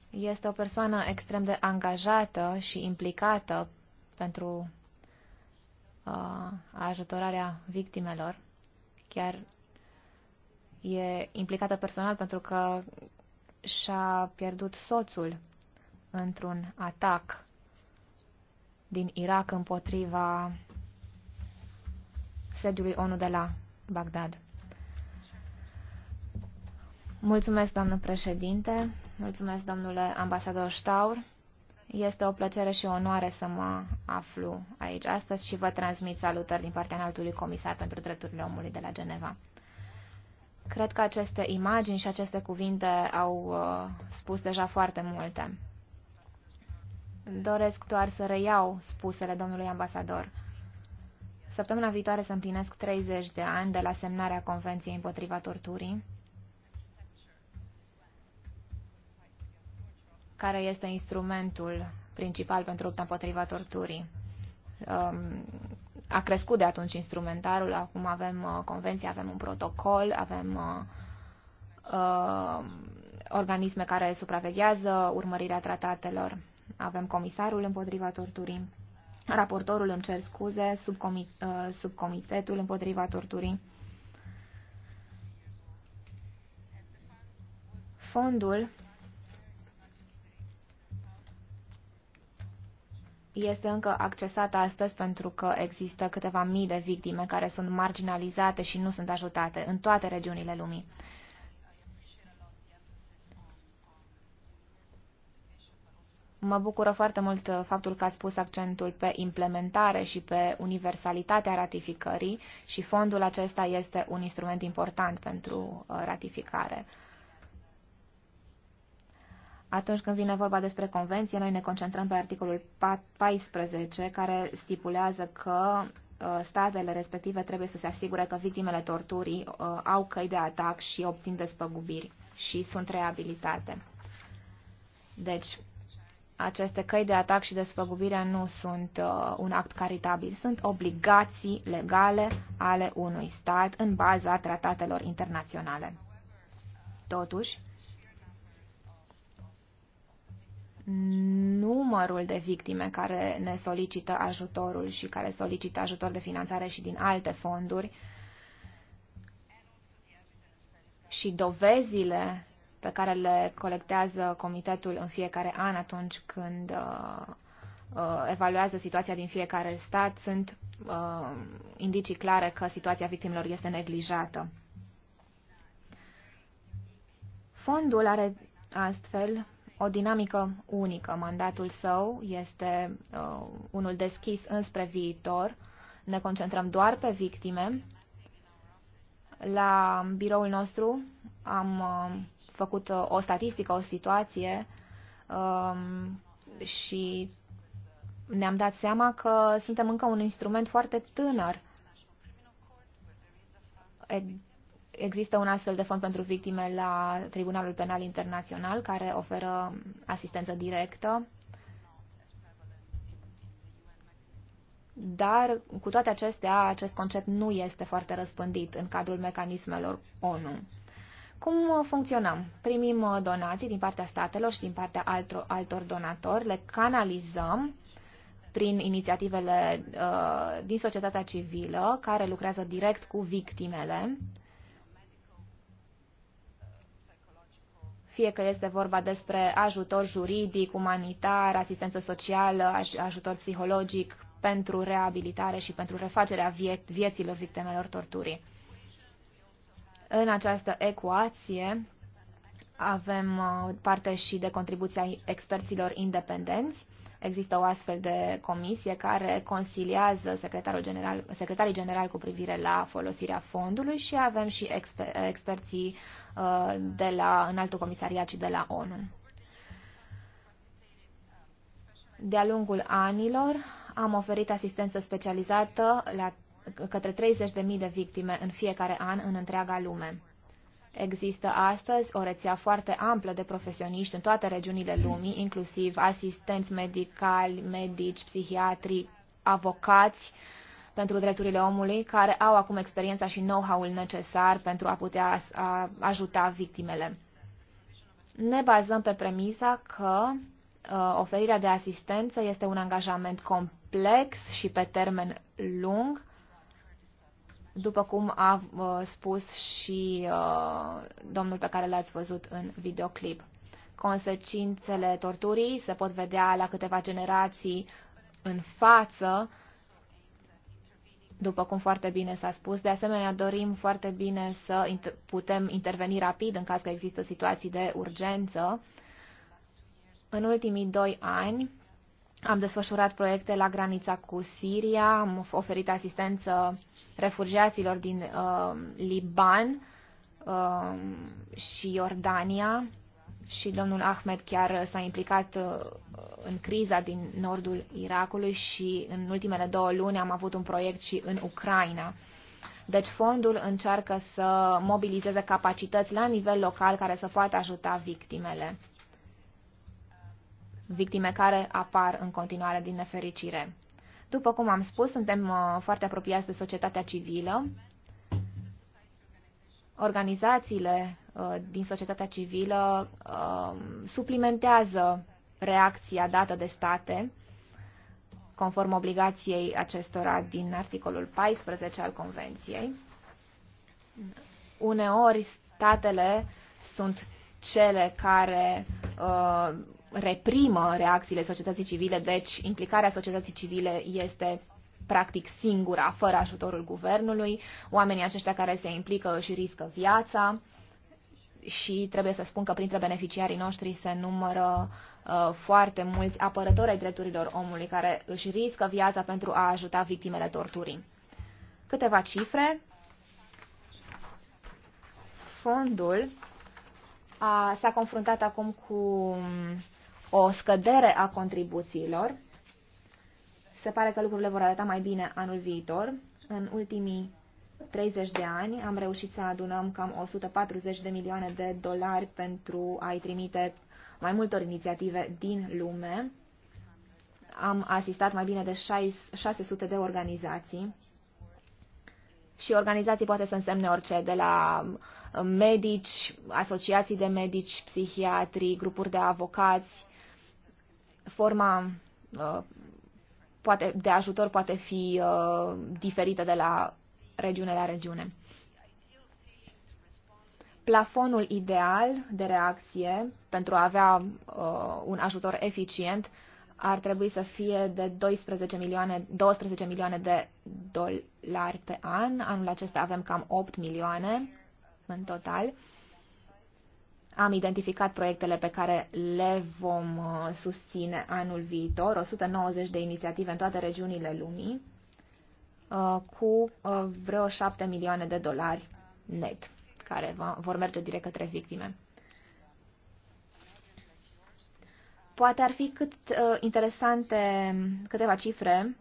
Este o persoană extrem de angajată și implicată pentru uh, ajutorarea victimelor. Chiar e implicată personal pentru că și-a pierdut soțul într-un atac din Irak împotriva sediului ONU de la Bagdad. Mulțumesc, doamnă președinte, mulțumesc, domnule ambasador Staur. Este o plăcere și o onoare să mă aflu aici astăzi și vă transmit salutări din partea înaltului comisar pentru drepturile omului de la Geneva. Cred că aceste imagini și aceste cuvinte au uh, spus deja foarte multe. Doresc doar să reiau spusele domnului ambasador. Săptămâna viitoare să împlinesc 30 de ani de la semnarea Convenției împotriva torturii, care este instrumentul principal pentru lupta împotriva torturii. Um, a crescut de atunci instrumentarul, acum avem uh, convenție, avem un protocol, avem uh, uh, organisme care supraveghează urmărirea tratatelor. Avem comisarul împotriva torturii, raportorul îmi cer scuze, subcomi, uh, subcomitetul împotriva torturii. Fondul este încă accesat astăzi pentru că există câteva mii de victime care sunt marginalizate și nu sunt ajutate în toate regiunile lumii. Mă bucură foarte mult uh, faptul că ați pus accentul pe implementare și pe universalitatea ratificării și fondul acesta este un instrument important pentru uh, ratificare. Atunci când vine vorba despre convenție, noi ne concentrăm pe articolul 14, care stipulează că uh, statele respective trebuie să se asigure că victimele torturii au căi de atac și obțin despăgubiri și sunt reabilitate. Deci, aceste căi de atac și desfăgubire nu sunt uh, un act caritabil, sunt obligații legale ale unui stat în baza tratatelor internaționale. Totuși, numărul de victime care ne solicită ajutorul și care solicită ajutor de finanțare și din alte fonduri și dovezile pe care le colectează comitetul în fiecare an atunci când uh, uh, evaluează situația din fiecare stat, sunt uh, indicii clare că situația victimelor este neglijată. Fondul are astfel o dinamică unică. Mandatul său este uh, unul deschis înspre viitor. Ne concentrăm doar pe victime. La biroul nostru am uh, făcut uh, o statistică, o situație um, și ne-am dat seama că suntem încă un instrument foarte tânăr. Există un astfel de fond pentru victime la Tribunalul Penal Internațional care oferă asistență directă. Dar, cu toate acestea, acest concept nu este foarte răspândit în cadrul mecanismelor ONU. Cum uh, funcționăm? Primim uh, donații din partea statelor și din partea altor, altor donatori, le canalizăm prin inițiativele uh, din societatea civilă care lucrează direct cu victimele, fie că este vorba despre ajutor juridic, umanitar, asistență socială, aj- ajutor psihologic pentru reabilitare și pentru refacerea vie- vieților victimelor torturii. În această ecuație avem uh, parte și de contribuția experților independenți. Există o astfel de comisie care consiliază secretarul general, secretarii general cu privire la folosirea fondului și avem și exper, experții uh, de la Înaltul Comisariat și de la ONU. De-a lungul anilor am oferit asistență specializată la către 30.000 de victime în fiecare an în întreaga lume. Există astăzi o rețea foarte amplă de profesioniști în toate regiunile lumii, inclusiv asistenți medicali, medici, psihiatri, avocați pentru drepturile omului, care au acum experiența și know-how-ul necesar pentru a putea ajuta victimele. Ne bazăm pe premisa că uh, oferirea de asistență este un angajament complex și pe termen lung după cum a uh, spus și uh, domnul pe care l-ați văzut în videoclip. Consecințele torturii se pot vedea la câteva generații în față, după cum foarte bine s-a spus. De asemenea, dorim foarte bine să putem interveni rapid în caz că există situații de urgență. În ultimii doi ani am desfășurat proiecte la granița cu Siria, am oferit asistență refugiaților din uh, Liban uh, și Iordania și domnul Ahmed chiar s-a implicat uh, în criza din nordul Irakului și în ultimele două luni am avut un proiect și în Ucraina. Deci fondul încearcă să mobilizeze capacități la nivel local care să poată ajuta victimele. Victime care apar în continuare din nefericire. După cum am spus, suntem uh, foarte apropiați de societatea civilă. Organizațiile uh, din societatea civilă uh, suplimentează reacția dată de state conform obligației acestora din articolul 14 al Convenției. Uneori statele sunt cele care uh, reprimă reacțiile societății civile, deci implicarea societății civile este practic singura, fără ajutorul guvernului, oamenii aceștia care se implică și riscă viața și trebuie să spun că printre beneficiarii noștri se numără uh, foarte mulți apărători ai drepturilor omului care își riscă viața pentru a ajuta victimele torturii. Câteva cifre. Fondul a, s-a confruntat acum cu um, o scădere a contribuțiilor. Se pare că lucrurile vor arăta mai bine anul viitor. În ultimii 30 de ani am reușit să adunăm cam 140 de milioane de dolari pentru a-i trimite mai multor inițiative din lume. Am asistat mai bine de 600 de organizații și organizații poate să însemne orice, de la uh, medici, asociații de medici, psihiatri, grupuri de avocați, forma uh, poate, de ajutor poate fi uh, diferită de la regiune la regiune. Plafonul ideal de reacție pentru a avea uh, un ajutor eficient ar trebui să fie de 12 milioane, 12 milioane de dolari pe an. Anul acesta avem cam 8 milioane în total. Uh, am identificat proiectele pe care le vom uh, susține anul viitor, 190 de inițiative în toate regiunile lumii, uh, cu uh, vreo 7 milioane de dolari net, care vor merge direct către victime. Poate ar fi cât interesante câteva cifre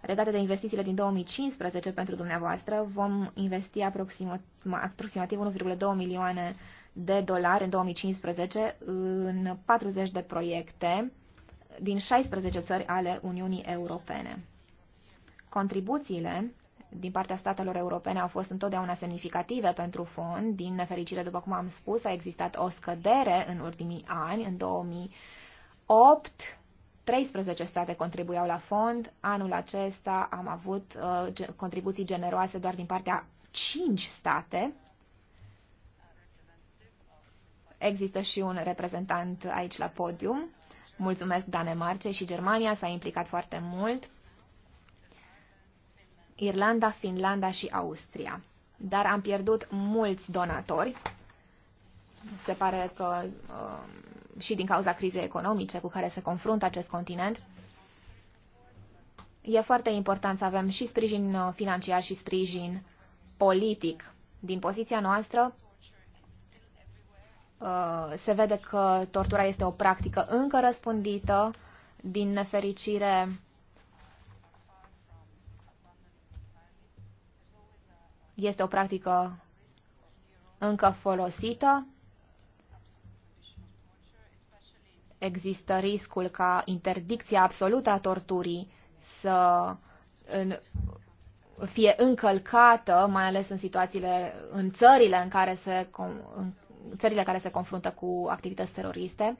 legate de investițiile din 2015 pentru dumneavoastră. Vom investi aproximativ 1,2 milioane de dolari în 2015 în 40 de proiecte din 16 țări ale Uniunii Europene. Contribuțiile din partea statelor europene au fost întotdeauna semnificative pentru fond. Din nefericire, după cum am spus, a existat o scădere în ultimii ani. În 2008, 13 state contribuiau la fond. Anul acesta am avut uh, contribuții generoase doar din partea 5 state. Există și un reprezentant aici la podium. Mulțumesc Danemarce și Germania, s-a implicat foarte mult. Irlanda, Finlanda și Austria. Dar am pierdut mulți donatori. Se pare că uh, și din cauza crizei economice cu care se confruntă acest continent, e foarte important să avem și sprijin uh, financiar și sprijin politic. Din poziția noastră, Uh, se vede că tortura este o practică încă răspândită, din nefericire este o practică încă folosită. Există riscul ca interdicția absolută a torturii să fie încălcată, mai ales în situațiile, în țările în care se, țările care se confruntă cu activități teroriste.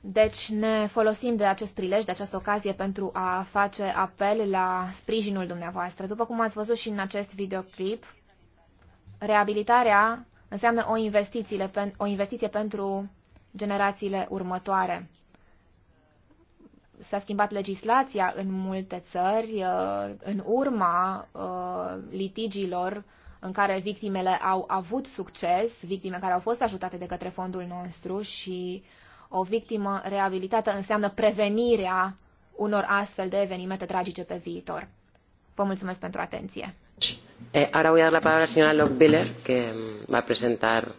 Deci ne folosim de acest prilej, de această ocazie pentru a face apel la sprijinul dumneavoastră. După cum ați văzut și în acest videoclip, reabilitarea înseamnă o investiție, o investiție pentru generațiile următoare. S-a schimbat legislația în multe țări uh, în urma uh, litigiilor în care victimele au avut succes, victime care au fost ajutate de către fondul nostru și o victimă reabilitată înseamnă prevenirea unor astfel de evenimente tragice pe viitor. Vă mulțumesc pentru atenție. Eh, ahora voy a dar la palabra a la señora Lockbiller, que va a presentar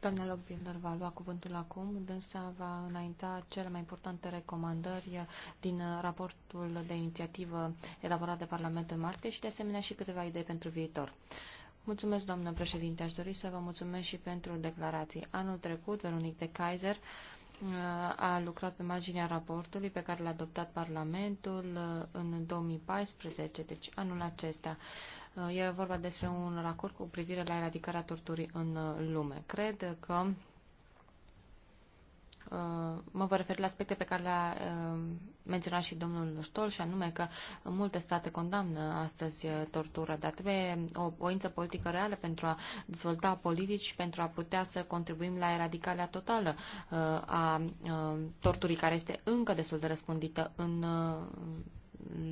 Doamna Lockbinder va lua cuvântul acum, dânsa va înainta cele mai importante recomandări din raportul de inițiativă elaborat de Parlament în martie și de asemenea și câteva idei pentru viitor. Mulțumesc, doamnă președinte. Aș dori să vă mulțumesc și pentru declarații. Anul trecut, Veronic de Kaiser a lucrat pe marginea raportului pe care l-a adoptat Parlamentul uh, în 2014, deci anul acesta. Uh, e vorba despre un raport cu privire la eradicarea torturii în uh, lume. Cred că Uh, mă vă refer la aspecte pe care le-a uh, menționat și domnul Stol, și anume că multe state condamnă astăzi uh, tortura, dar trebuie o voință politică reală pentru a dezvolta politici și pentru a putea să contribuim la eradicarea totală a torturii, care este încă destul de răspândită în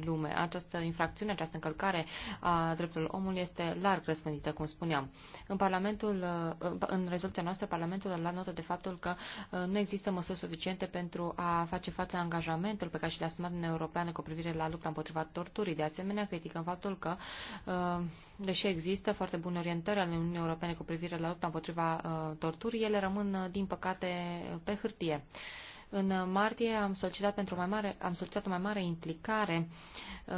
lume. Această infracțiune, această încălcare a drepturilor omului este larg răspândită, cum spuneam. În, Parlamentul, uh, în rezoluția noastră, Parlamentul a luat notă de faptul că uh, nu există măsuri suficiente pentru a face față angajamentul pe care și l-a asumat Uniunea Europeană cu privire la lupta împotriva torturii. De asemenea, criticăm faptul că, uh, deși există foarte bune orientări ale Uniunii Europene cu privire la lupta împotriva torturii, ele rămân, din păcate, pe hârtie. În martie am solicitat, pentru mai mare, am solicitat o mai mare implicare uh,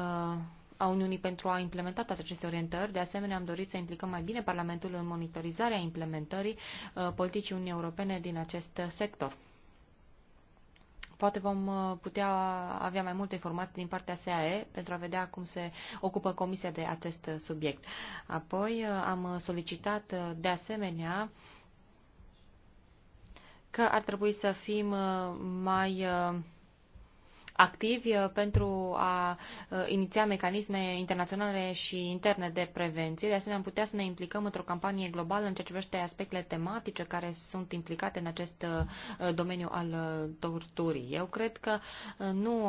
a Uniunii pentru a implementa toate aceste orientări. De asemenea, am dorit să implicăm mai bine Parlamentul în monitorizarea implementării uh, politicii Uniunii Europene din acest sector. Poate vom uh, putea avea mai multe informații din partea SAE pentru a vedea cum se ocupă Comisia de acest subiect. Apoi uh, am solicitat uh, de asemenea uh, că ar trebui să fim uh, mai uh, activi uh, pentru a uh, iniția mecanisme internaționale și interne de prevenție. De asemenea, am putea să ne implicăm într-o campanie globală în ceea ce privește aspectele tematice care sunt implicate în acest uh, domeniu al torturii. Eu cred că nu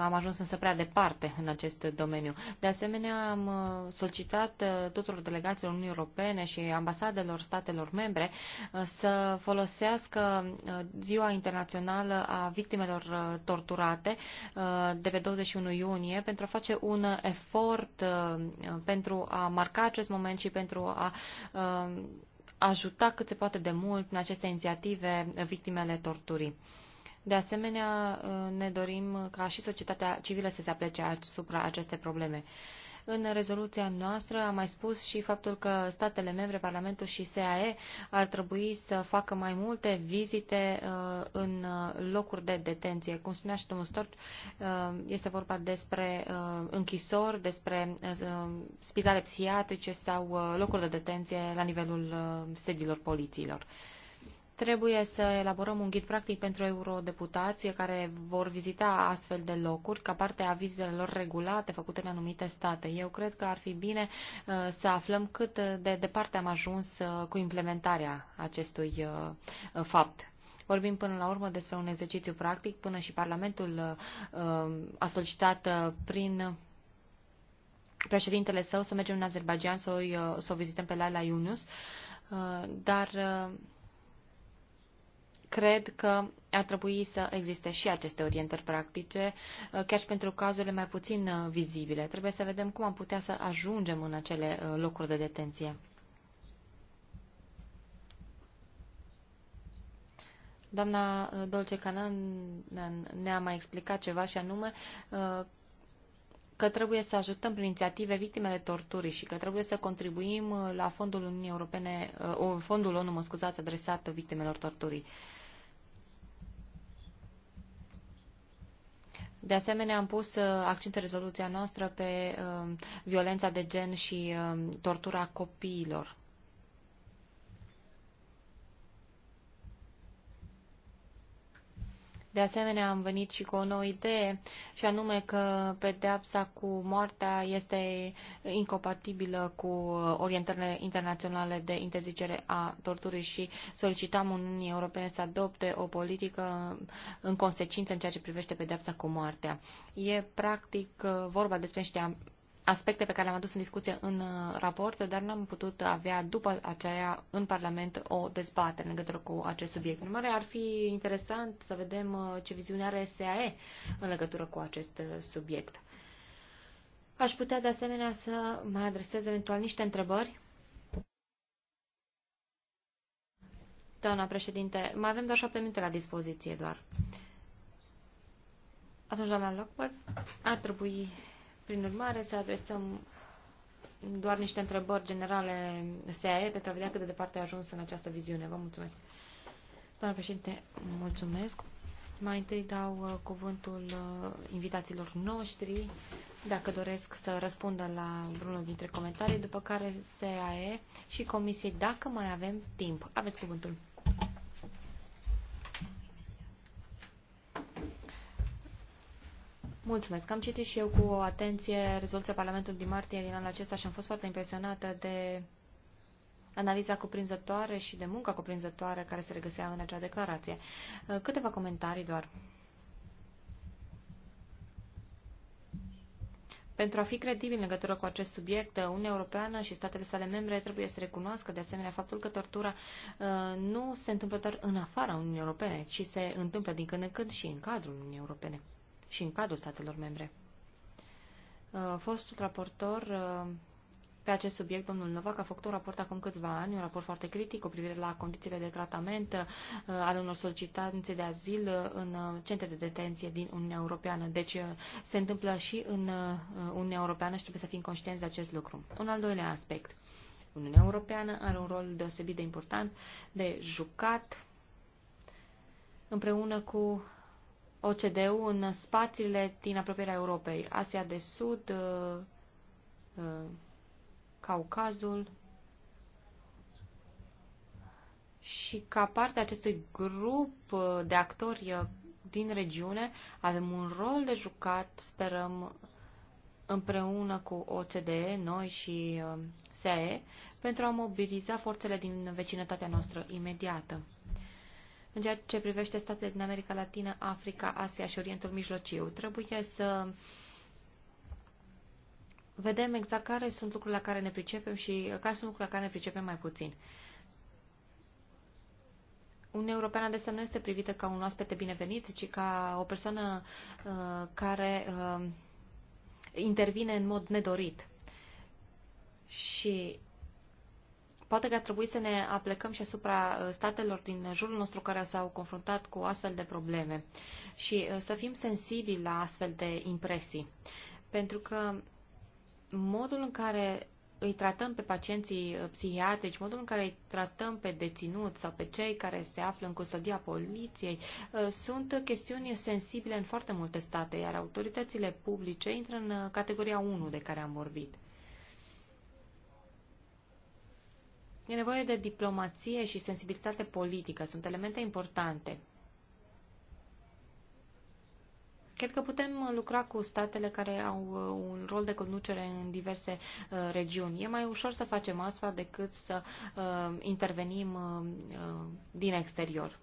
am ajuns însă prea departe în acest domeniu. De asemenea, am solicitat tuturor delegațiilor Uniunii Europene și ambasadelor statelor membre să folosească Ziua Internațională a Victimelor Torturate Unitate uh, de pe 21 iunie pentru a face un efort uh, pentru a marca acest moment și pentru a uh, ajuta cât se poate de mult în aceste inițiative victimele torturii. De asemenea, ne dorim ca și societatea civilă să se aplece asupra acestei probleme. În rezoluția noastră am mai spus și faptul că statele membre, Parlamentul și SAE ar trebui să facă mai multe vizite uh, în uh, locuri de detenție. Cum spunea și domnul Stort, uh, este vorba despre închisori, despre spitale psihiatrice sau locuri de detenție la nivelul sediilor polițiilor. Trebuie să elaborăm un ghid practic pentru eurodeputații care vor vizita astfel de locuri ca parte a vizitelor regulate făcute în anumite state. Eu cred că ar fi bine uh, să aflăm cât de departe am ajuns uh, cu implementarea acestui uh, fapt. Vorbim până la urmă despre un exercițiu practic, până și Parlamentul a solicitat prin președintele său să mergem în Azerbaijan să o, să o vizităm pe Laila Yunus, dar cred că ar trebui să existe și aceste orientări practice, uh, chiar și pentru cazurile mai puțin uh, vizibile. Trebuie să vedem cum am putea să ajungem în acele uh, locuri de detenție. Doamna Dolce Canan ne-a mai explicat ceva și anume că trebuie să ajutăm prin inițiative victimele torturii și că trebuie să contribuim la fondul Uniunii Europene, uh, fondul ONU, mă scuzați, adresat victimelor torturii. De asemenea, am pus uh, accent în rezoluția noastră pe uh, violența de gen și tortura copiilor. De asemenea, am venit și cu o nouă idee, și anume că pedeapsa cu moartea este incompatibilă cu orientările internaționale de interzicere a torturii și solicitam Uniunii Europene să adopte o politică în consecință în ceea ce privește pedeapsa cu moartea. E practic uh, vorba despre niște aspecte pe care le-am adus în discuție în uh, raport, dar n-am putut avea după aceea în Parlament o dezbatere în legătură cu acest subiect. În mare, ar fi interesant să vedem uh, ce viziune are SAE în legătură cu acest uh, subiect. Aș putea de asemenea să mai adresez eventual niște întrebări. Doamna președinte, mai avem doar șapte minute la dispoziție doar. Atunci, doamna Lockwood, ar trebui prin urmare, să adresăm doar niște întrebări generale SAE pentru a vedea cât de departe a ajuns în această viziune. Vă mulțumesc. Doamna președinte, mulțumesc. Mai întâi dau uh, cuvântul uh, invitațiilor noștri, dacă doresc să răspundă la vreunul dintre comentarii, după care SAE și Comisiei, dacă mai avem timp. Aveți cuvântul. Mulțumesc. Am citit și eu cu atenție rezoluția Parlamentului din martie din anul acesta și am fost foarte impresionată de analiza cuprinzătoare și de munca cuprinzătoare care se regăsea în acea declarație. Uh, câteva comentarii doar. Pentru a fi credibil în legătură cu acest subiect, Uniunea Europeană și statele sale membre trebuie să recunoască de asemenea faptul că tortura uh, nu se întâmplă doar în afara Uniunii Europene, ci se întâmplă din când în când și în cadrul Uniunii Europene și în cadrul statelor membre. Uh, fostul raportor uh, pe acest subiect, domnul Novac a făcut un raport acum câțiva ani, un raport foarte critic cu privire la condițiile de tratament uh, ale unor solicitanțe de azil uh, în uh, centre de detenție din Uniunea Europeană. Deci uh, se întâmplă și în Uniunea Europeană și trebuie să fim conștienți de acest lucru. Un al doilea aspect. Uniunea Europeană are un rol deosebit de important de jucat împreună cu OCDE-ul în spațiile din apropierea Europei, Asia de Sud, uh, uh, Caucazul și ca parte a acestui grup uh, de actori din regiune avem un rol de jucat, sperăm, împreună cu OCDE, noi și SAE, pentru a mobiliza forțele din vecinătatea noastră imediată în ceea ce privește statele din America Latină, Africa, Asia și Orientul Mijlociu. Trebuie să vedem exact care sunt lucrurile la care ne pricepem și care sunt lucrurile la care ne pricepem mai puțin. Uniunea Europeană adesea nu este privită ca un oaspete binevenit, ci ca o persoană uh, care uh, intervine în mod nedorit. Și Poate că ar trebui să ne aplecăm și asupra uh, statelor din jurul nostru care s-au confruntat cu astfel de probleme și uh, să fim sensibili la astfel de impresii. Pentru că modul în care îi tratăm pe pacienții uh, psihiatrici, modul în care îi tratăm pe deținuți sau pe cei care se află în custodia poliției, sunt chestiuni sensibile în foarte multe state, iar autoritățile publice intră în categoria 1 de care am vorbit. E nevoie de diplomație și sensibilitate politică. Sunt elemente importante. Cred că putem lucra cu statele care au uh, un rol de conducere în diverse uh, regiuni. E mai ușor să facem asta decât să uh, intervenim uh, uh din exterior.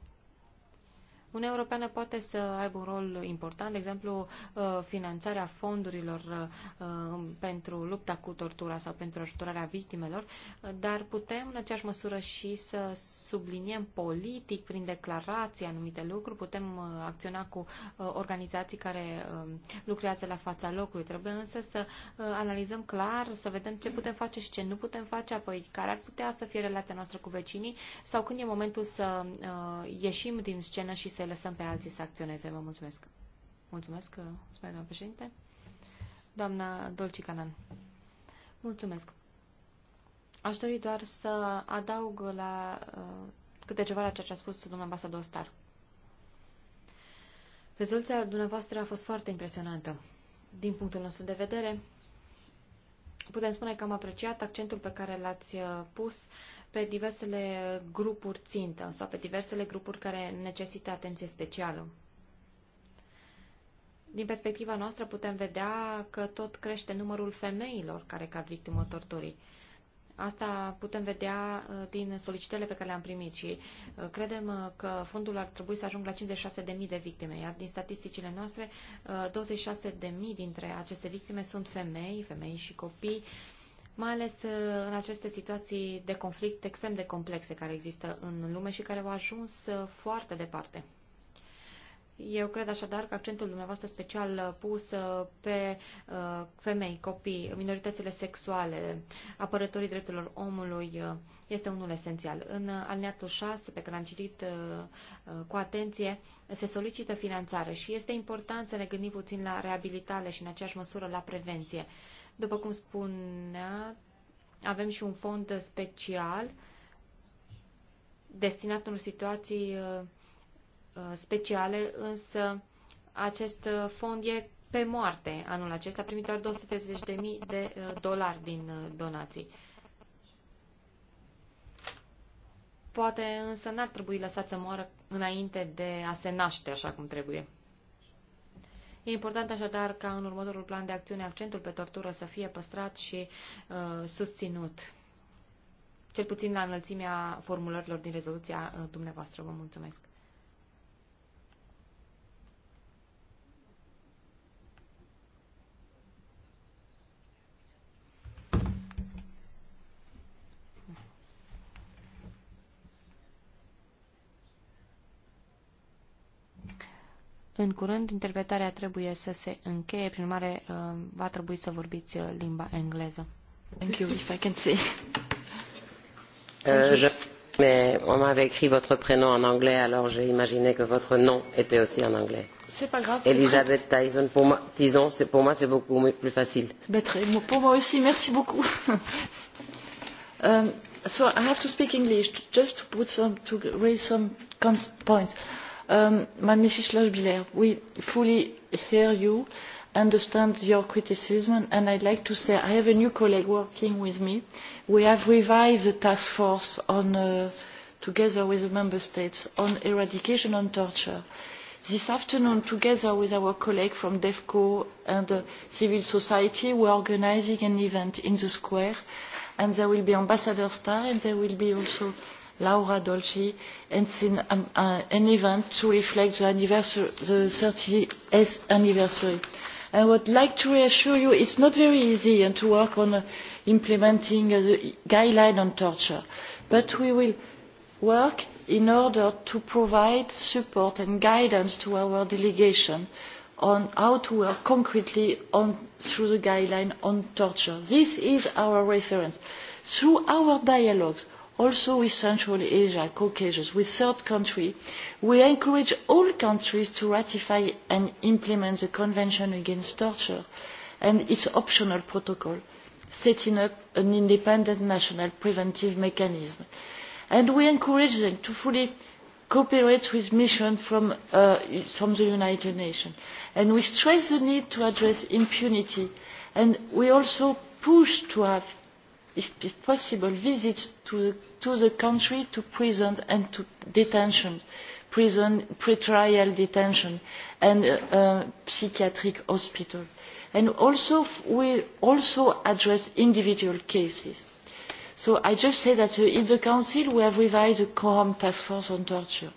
Uniunea Europeană poate să aibă un rol important, de exemplu, uh, finanțarea fondurilor uh, um, pentru lupta cu tortura sau pentru ajutorarea victimelor, uh, dar putem în aceeași măsură și să subliniem politic prin declarații anumite lucruri, putem acționa cu organizații care um, lucrează la fața locului. Trebuie însă să analizăm clar, să vedem ce putem face și ce nu putem face, apoi care ar putea să fie relația noastră cu vecinii sau când e momentul să ieșim din scenă și să să lăsăm pe alții să acționeze. Vă mulțumesc. Mulțumesc, uh, spune doamna președinte. Doamna Dolci Canan. Mulțumesc. Aș dori doar să adaug la uh, câte ceva la ceea ce a spus domnul ambasador Star. Rezoluția dumneavoastră a fost foarte impresionantă. Din punctul nostru de vedere, putem spune că am apreciat accentul pe care l-ați uh, pus pe diversele grupuri țintă sau pe diversele grupuri care necesită atenție specială. Din perspectiva noastră putem vedea că tot crește numărul femeilor care cad victimă torturii. Asta putem vedea uh, din solicitările pe care le-am primit și uh, credem uh, că fondul ar trebui să ajungă la 56.000 de victime, iar din statisticile noastre, 26.000 dintre aceste victime sunt femei, femei și copii mai ales uh, în aceste situații de conflict extrem de complexe care există în lume și care au ajuns uh, foarte departe. Eu cred așadar că accentul dumneavoastră special uh, pus pe femei, copii, minoritățile sexuale, apărătorii drepturilor omului este unul esențial. În alineatul 6, pe care am citit cu atenție, se solicită finanțare și este important să ne gândim puțin la reabilitare și în aceeași măsură la prevenție. După cum spunea, avem și un fond special destinat unor situații uh, uh, speciale, însă acest uh, fond e pe moarte anul acesta, a primit doar 230.000 de dolari din donații. Poate însă n-ar trebui lăsat să moară înainte de a se naște așa cum trebuie. E important așadar ca în următorul plan de acțiune accentul pe tortură să fie păstrat și uh, susținut, cel puțin la înălțimea formulărilor din rezoluția uh, dumneavoastră. Vă mulțumesc! În curând, interpretarea trebuie să se încheie, prin urmare uh, va trebui să vorbiți uh, limba engleză. Thank you, if I can say. Uh, je... Mais on m'avait écrit votre prénom en anglais, alors j'ai imaginé que votre nom était aussi en anglais. C'est pas grave. Elisabeth très... Tyson, pour moi, Tyson, c'est pour moi c'est beaucoup plus facile. Mais très, pour moi aussi, merci beaucoup. um, so I have to speak English just to put some to raise some points. Um, Mrs. Lochbihler, we fully hear you, understand your criticism, and I'd like to say I have a new colleague working with me. We have revised the task force on, uh, together with the member states on eradication on torture. This afternoon, together with our colleague from DEFCO and uh, civil society, we are organising an event in the square, and there will be Ambassador Star, and there will be also Laura Dolci, and it's an, um, uh, an event to reflect the, anniversary, the 30th anniversary. I would like to reassure you it's not very easy and to work on uh, implementing uh, the guideline on torture, but we will work in order to provide support and guidance to our delegation on how to work concretely on, through the guideline on torture. This is our reference. Through our dialogues, also with Central Asia, Caucasus, with third countries, we encourage all countries to ratify and implement the Convention Against Torture and its optional protocol, setting up an independent national preventive mechanism. And we encourage them to fully cooperate with missions from, uh, from the United Nations. And we stress the need to address impunity. And we also push to have if possible visits to, the country to prison and to detention prison pre-trial detention and uh, uh, psychiatric hospital and also we also address individual cases so i just say that uh, in the council we have revised the cohom task force on torture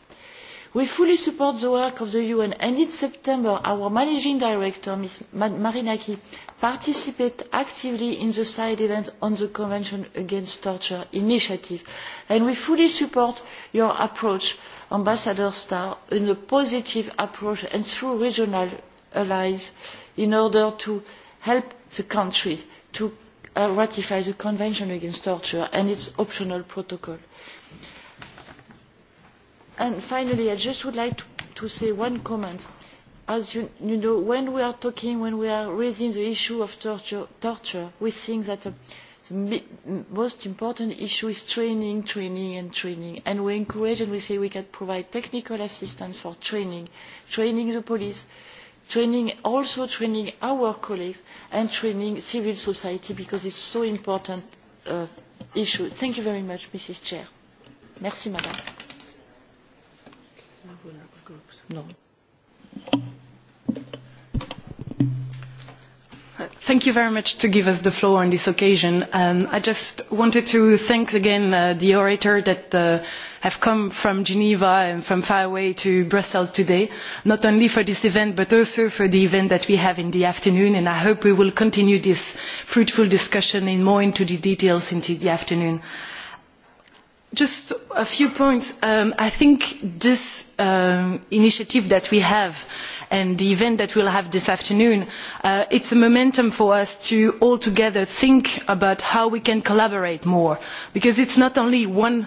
we fully support the work of the un and in september our managing director ms marinaki participated actively in the side event on the convention against torture initiative and we fully support your approach ambassador starr in a positive approach and through regional allies in order to help the country to uh, ratify the convention against torture and its optional protocol finally, I just would like to, say one comment. As you, know, when we are talking, when we are raising the issue of torture, we think that uh, the most important issue is training, training and training. And we encourage and we say we can provide technical assistance for training, training the police, training also training our colleagues and training civil society because it's so important an uh, issue. Thank you very much, Mrs. Chair. Merci, Madame. No. Thank you very much to give us the floor on this occasion. Um, I just wanted to thank again uh, the orator that uh, have come from Geneva and from far away to Brussels today, not only for this event but also for the event that we have in the afternoon and I hope we will continue this fruitful discussion in more into the details into the afternoon. Uh, just a few points. Um, i think this um, initiative that we have and the event that we will have this afternoon uh, it's a momentum for us to all together think about how we can collaborate more because it's not only one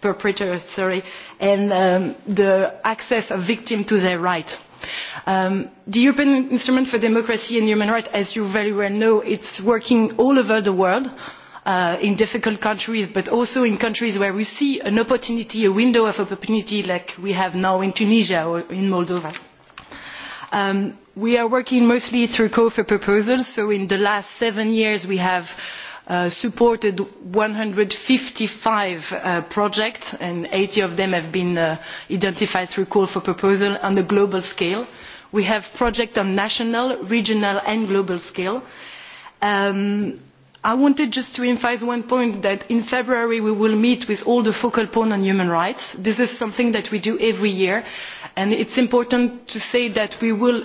perpetrator and um, the access of victims to their rights. Um, the European Instrument for Democracy and Human Rights, as you very well know, is working all over the world. Uh, in difficult countries but also in countries where we see an opportunity a window of opportunity like we have now in tunisia or in moldova. Um, we are working mostly through call for proposals so in the last seven years we have Uh, supported one hundred and fifty five uh, projects and eighty of them have been uh, identified through call for proposal on a global scale. we have projects on national regional and global scale. Um, i wanted just to emphasise one point that in february we will meet with all the focal points on human rights. this is something that we do every year and it is important to say that we will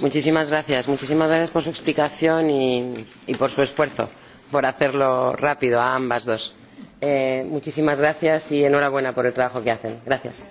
Muchísimas gracias. Muchísimas gracias por su explicación y, por su esfuerzo por hacerlo rápido a ambas dos. Eh, muchísimas gracias y enhorabuena por el trabajo que hacen. gracias.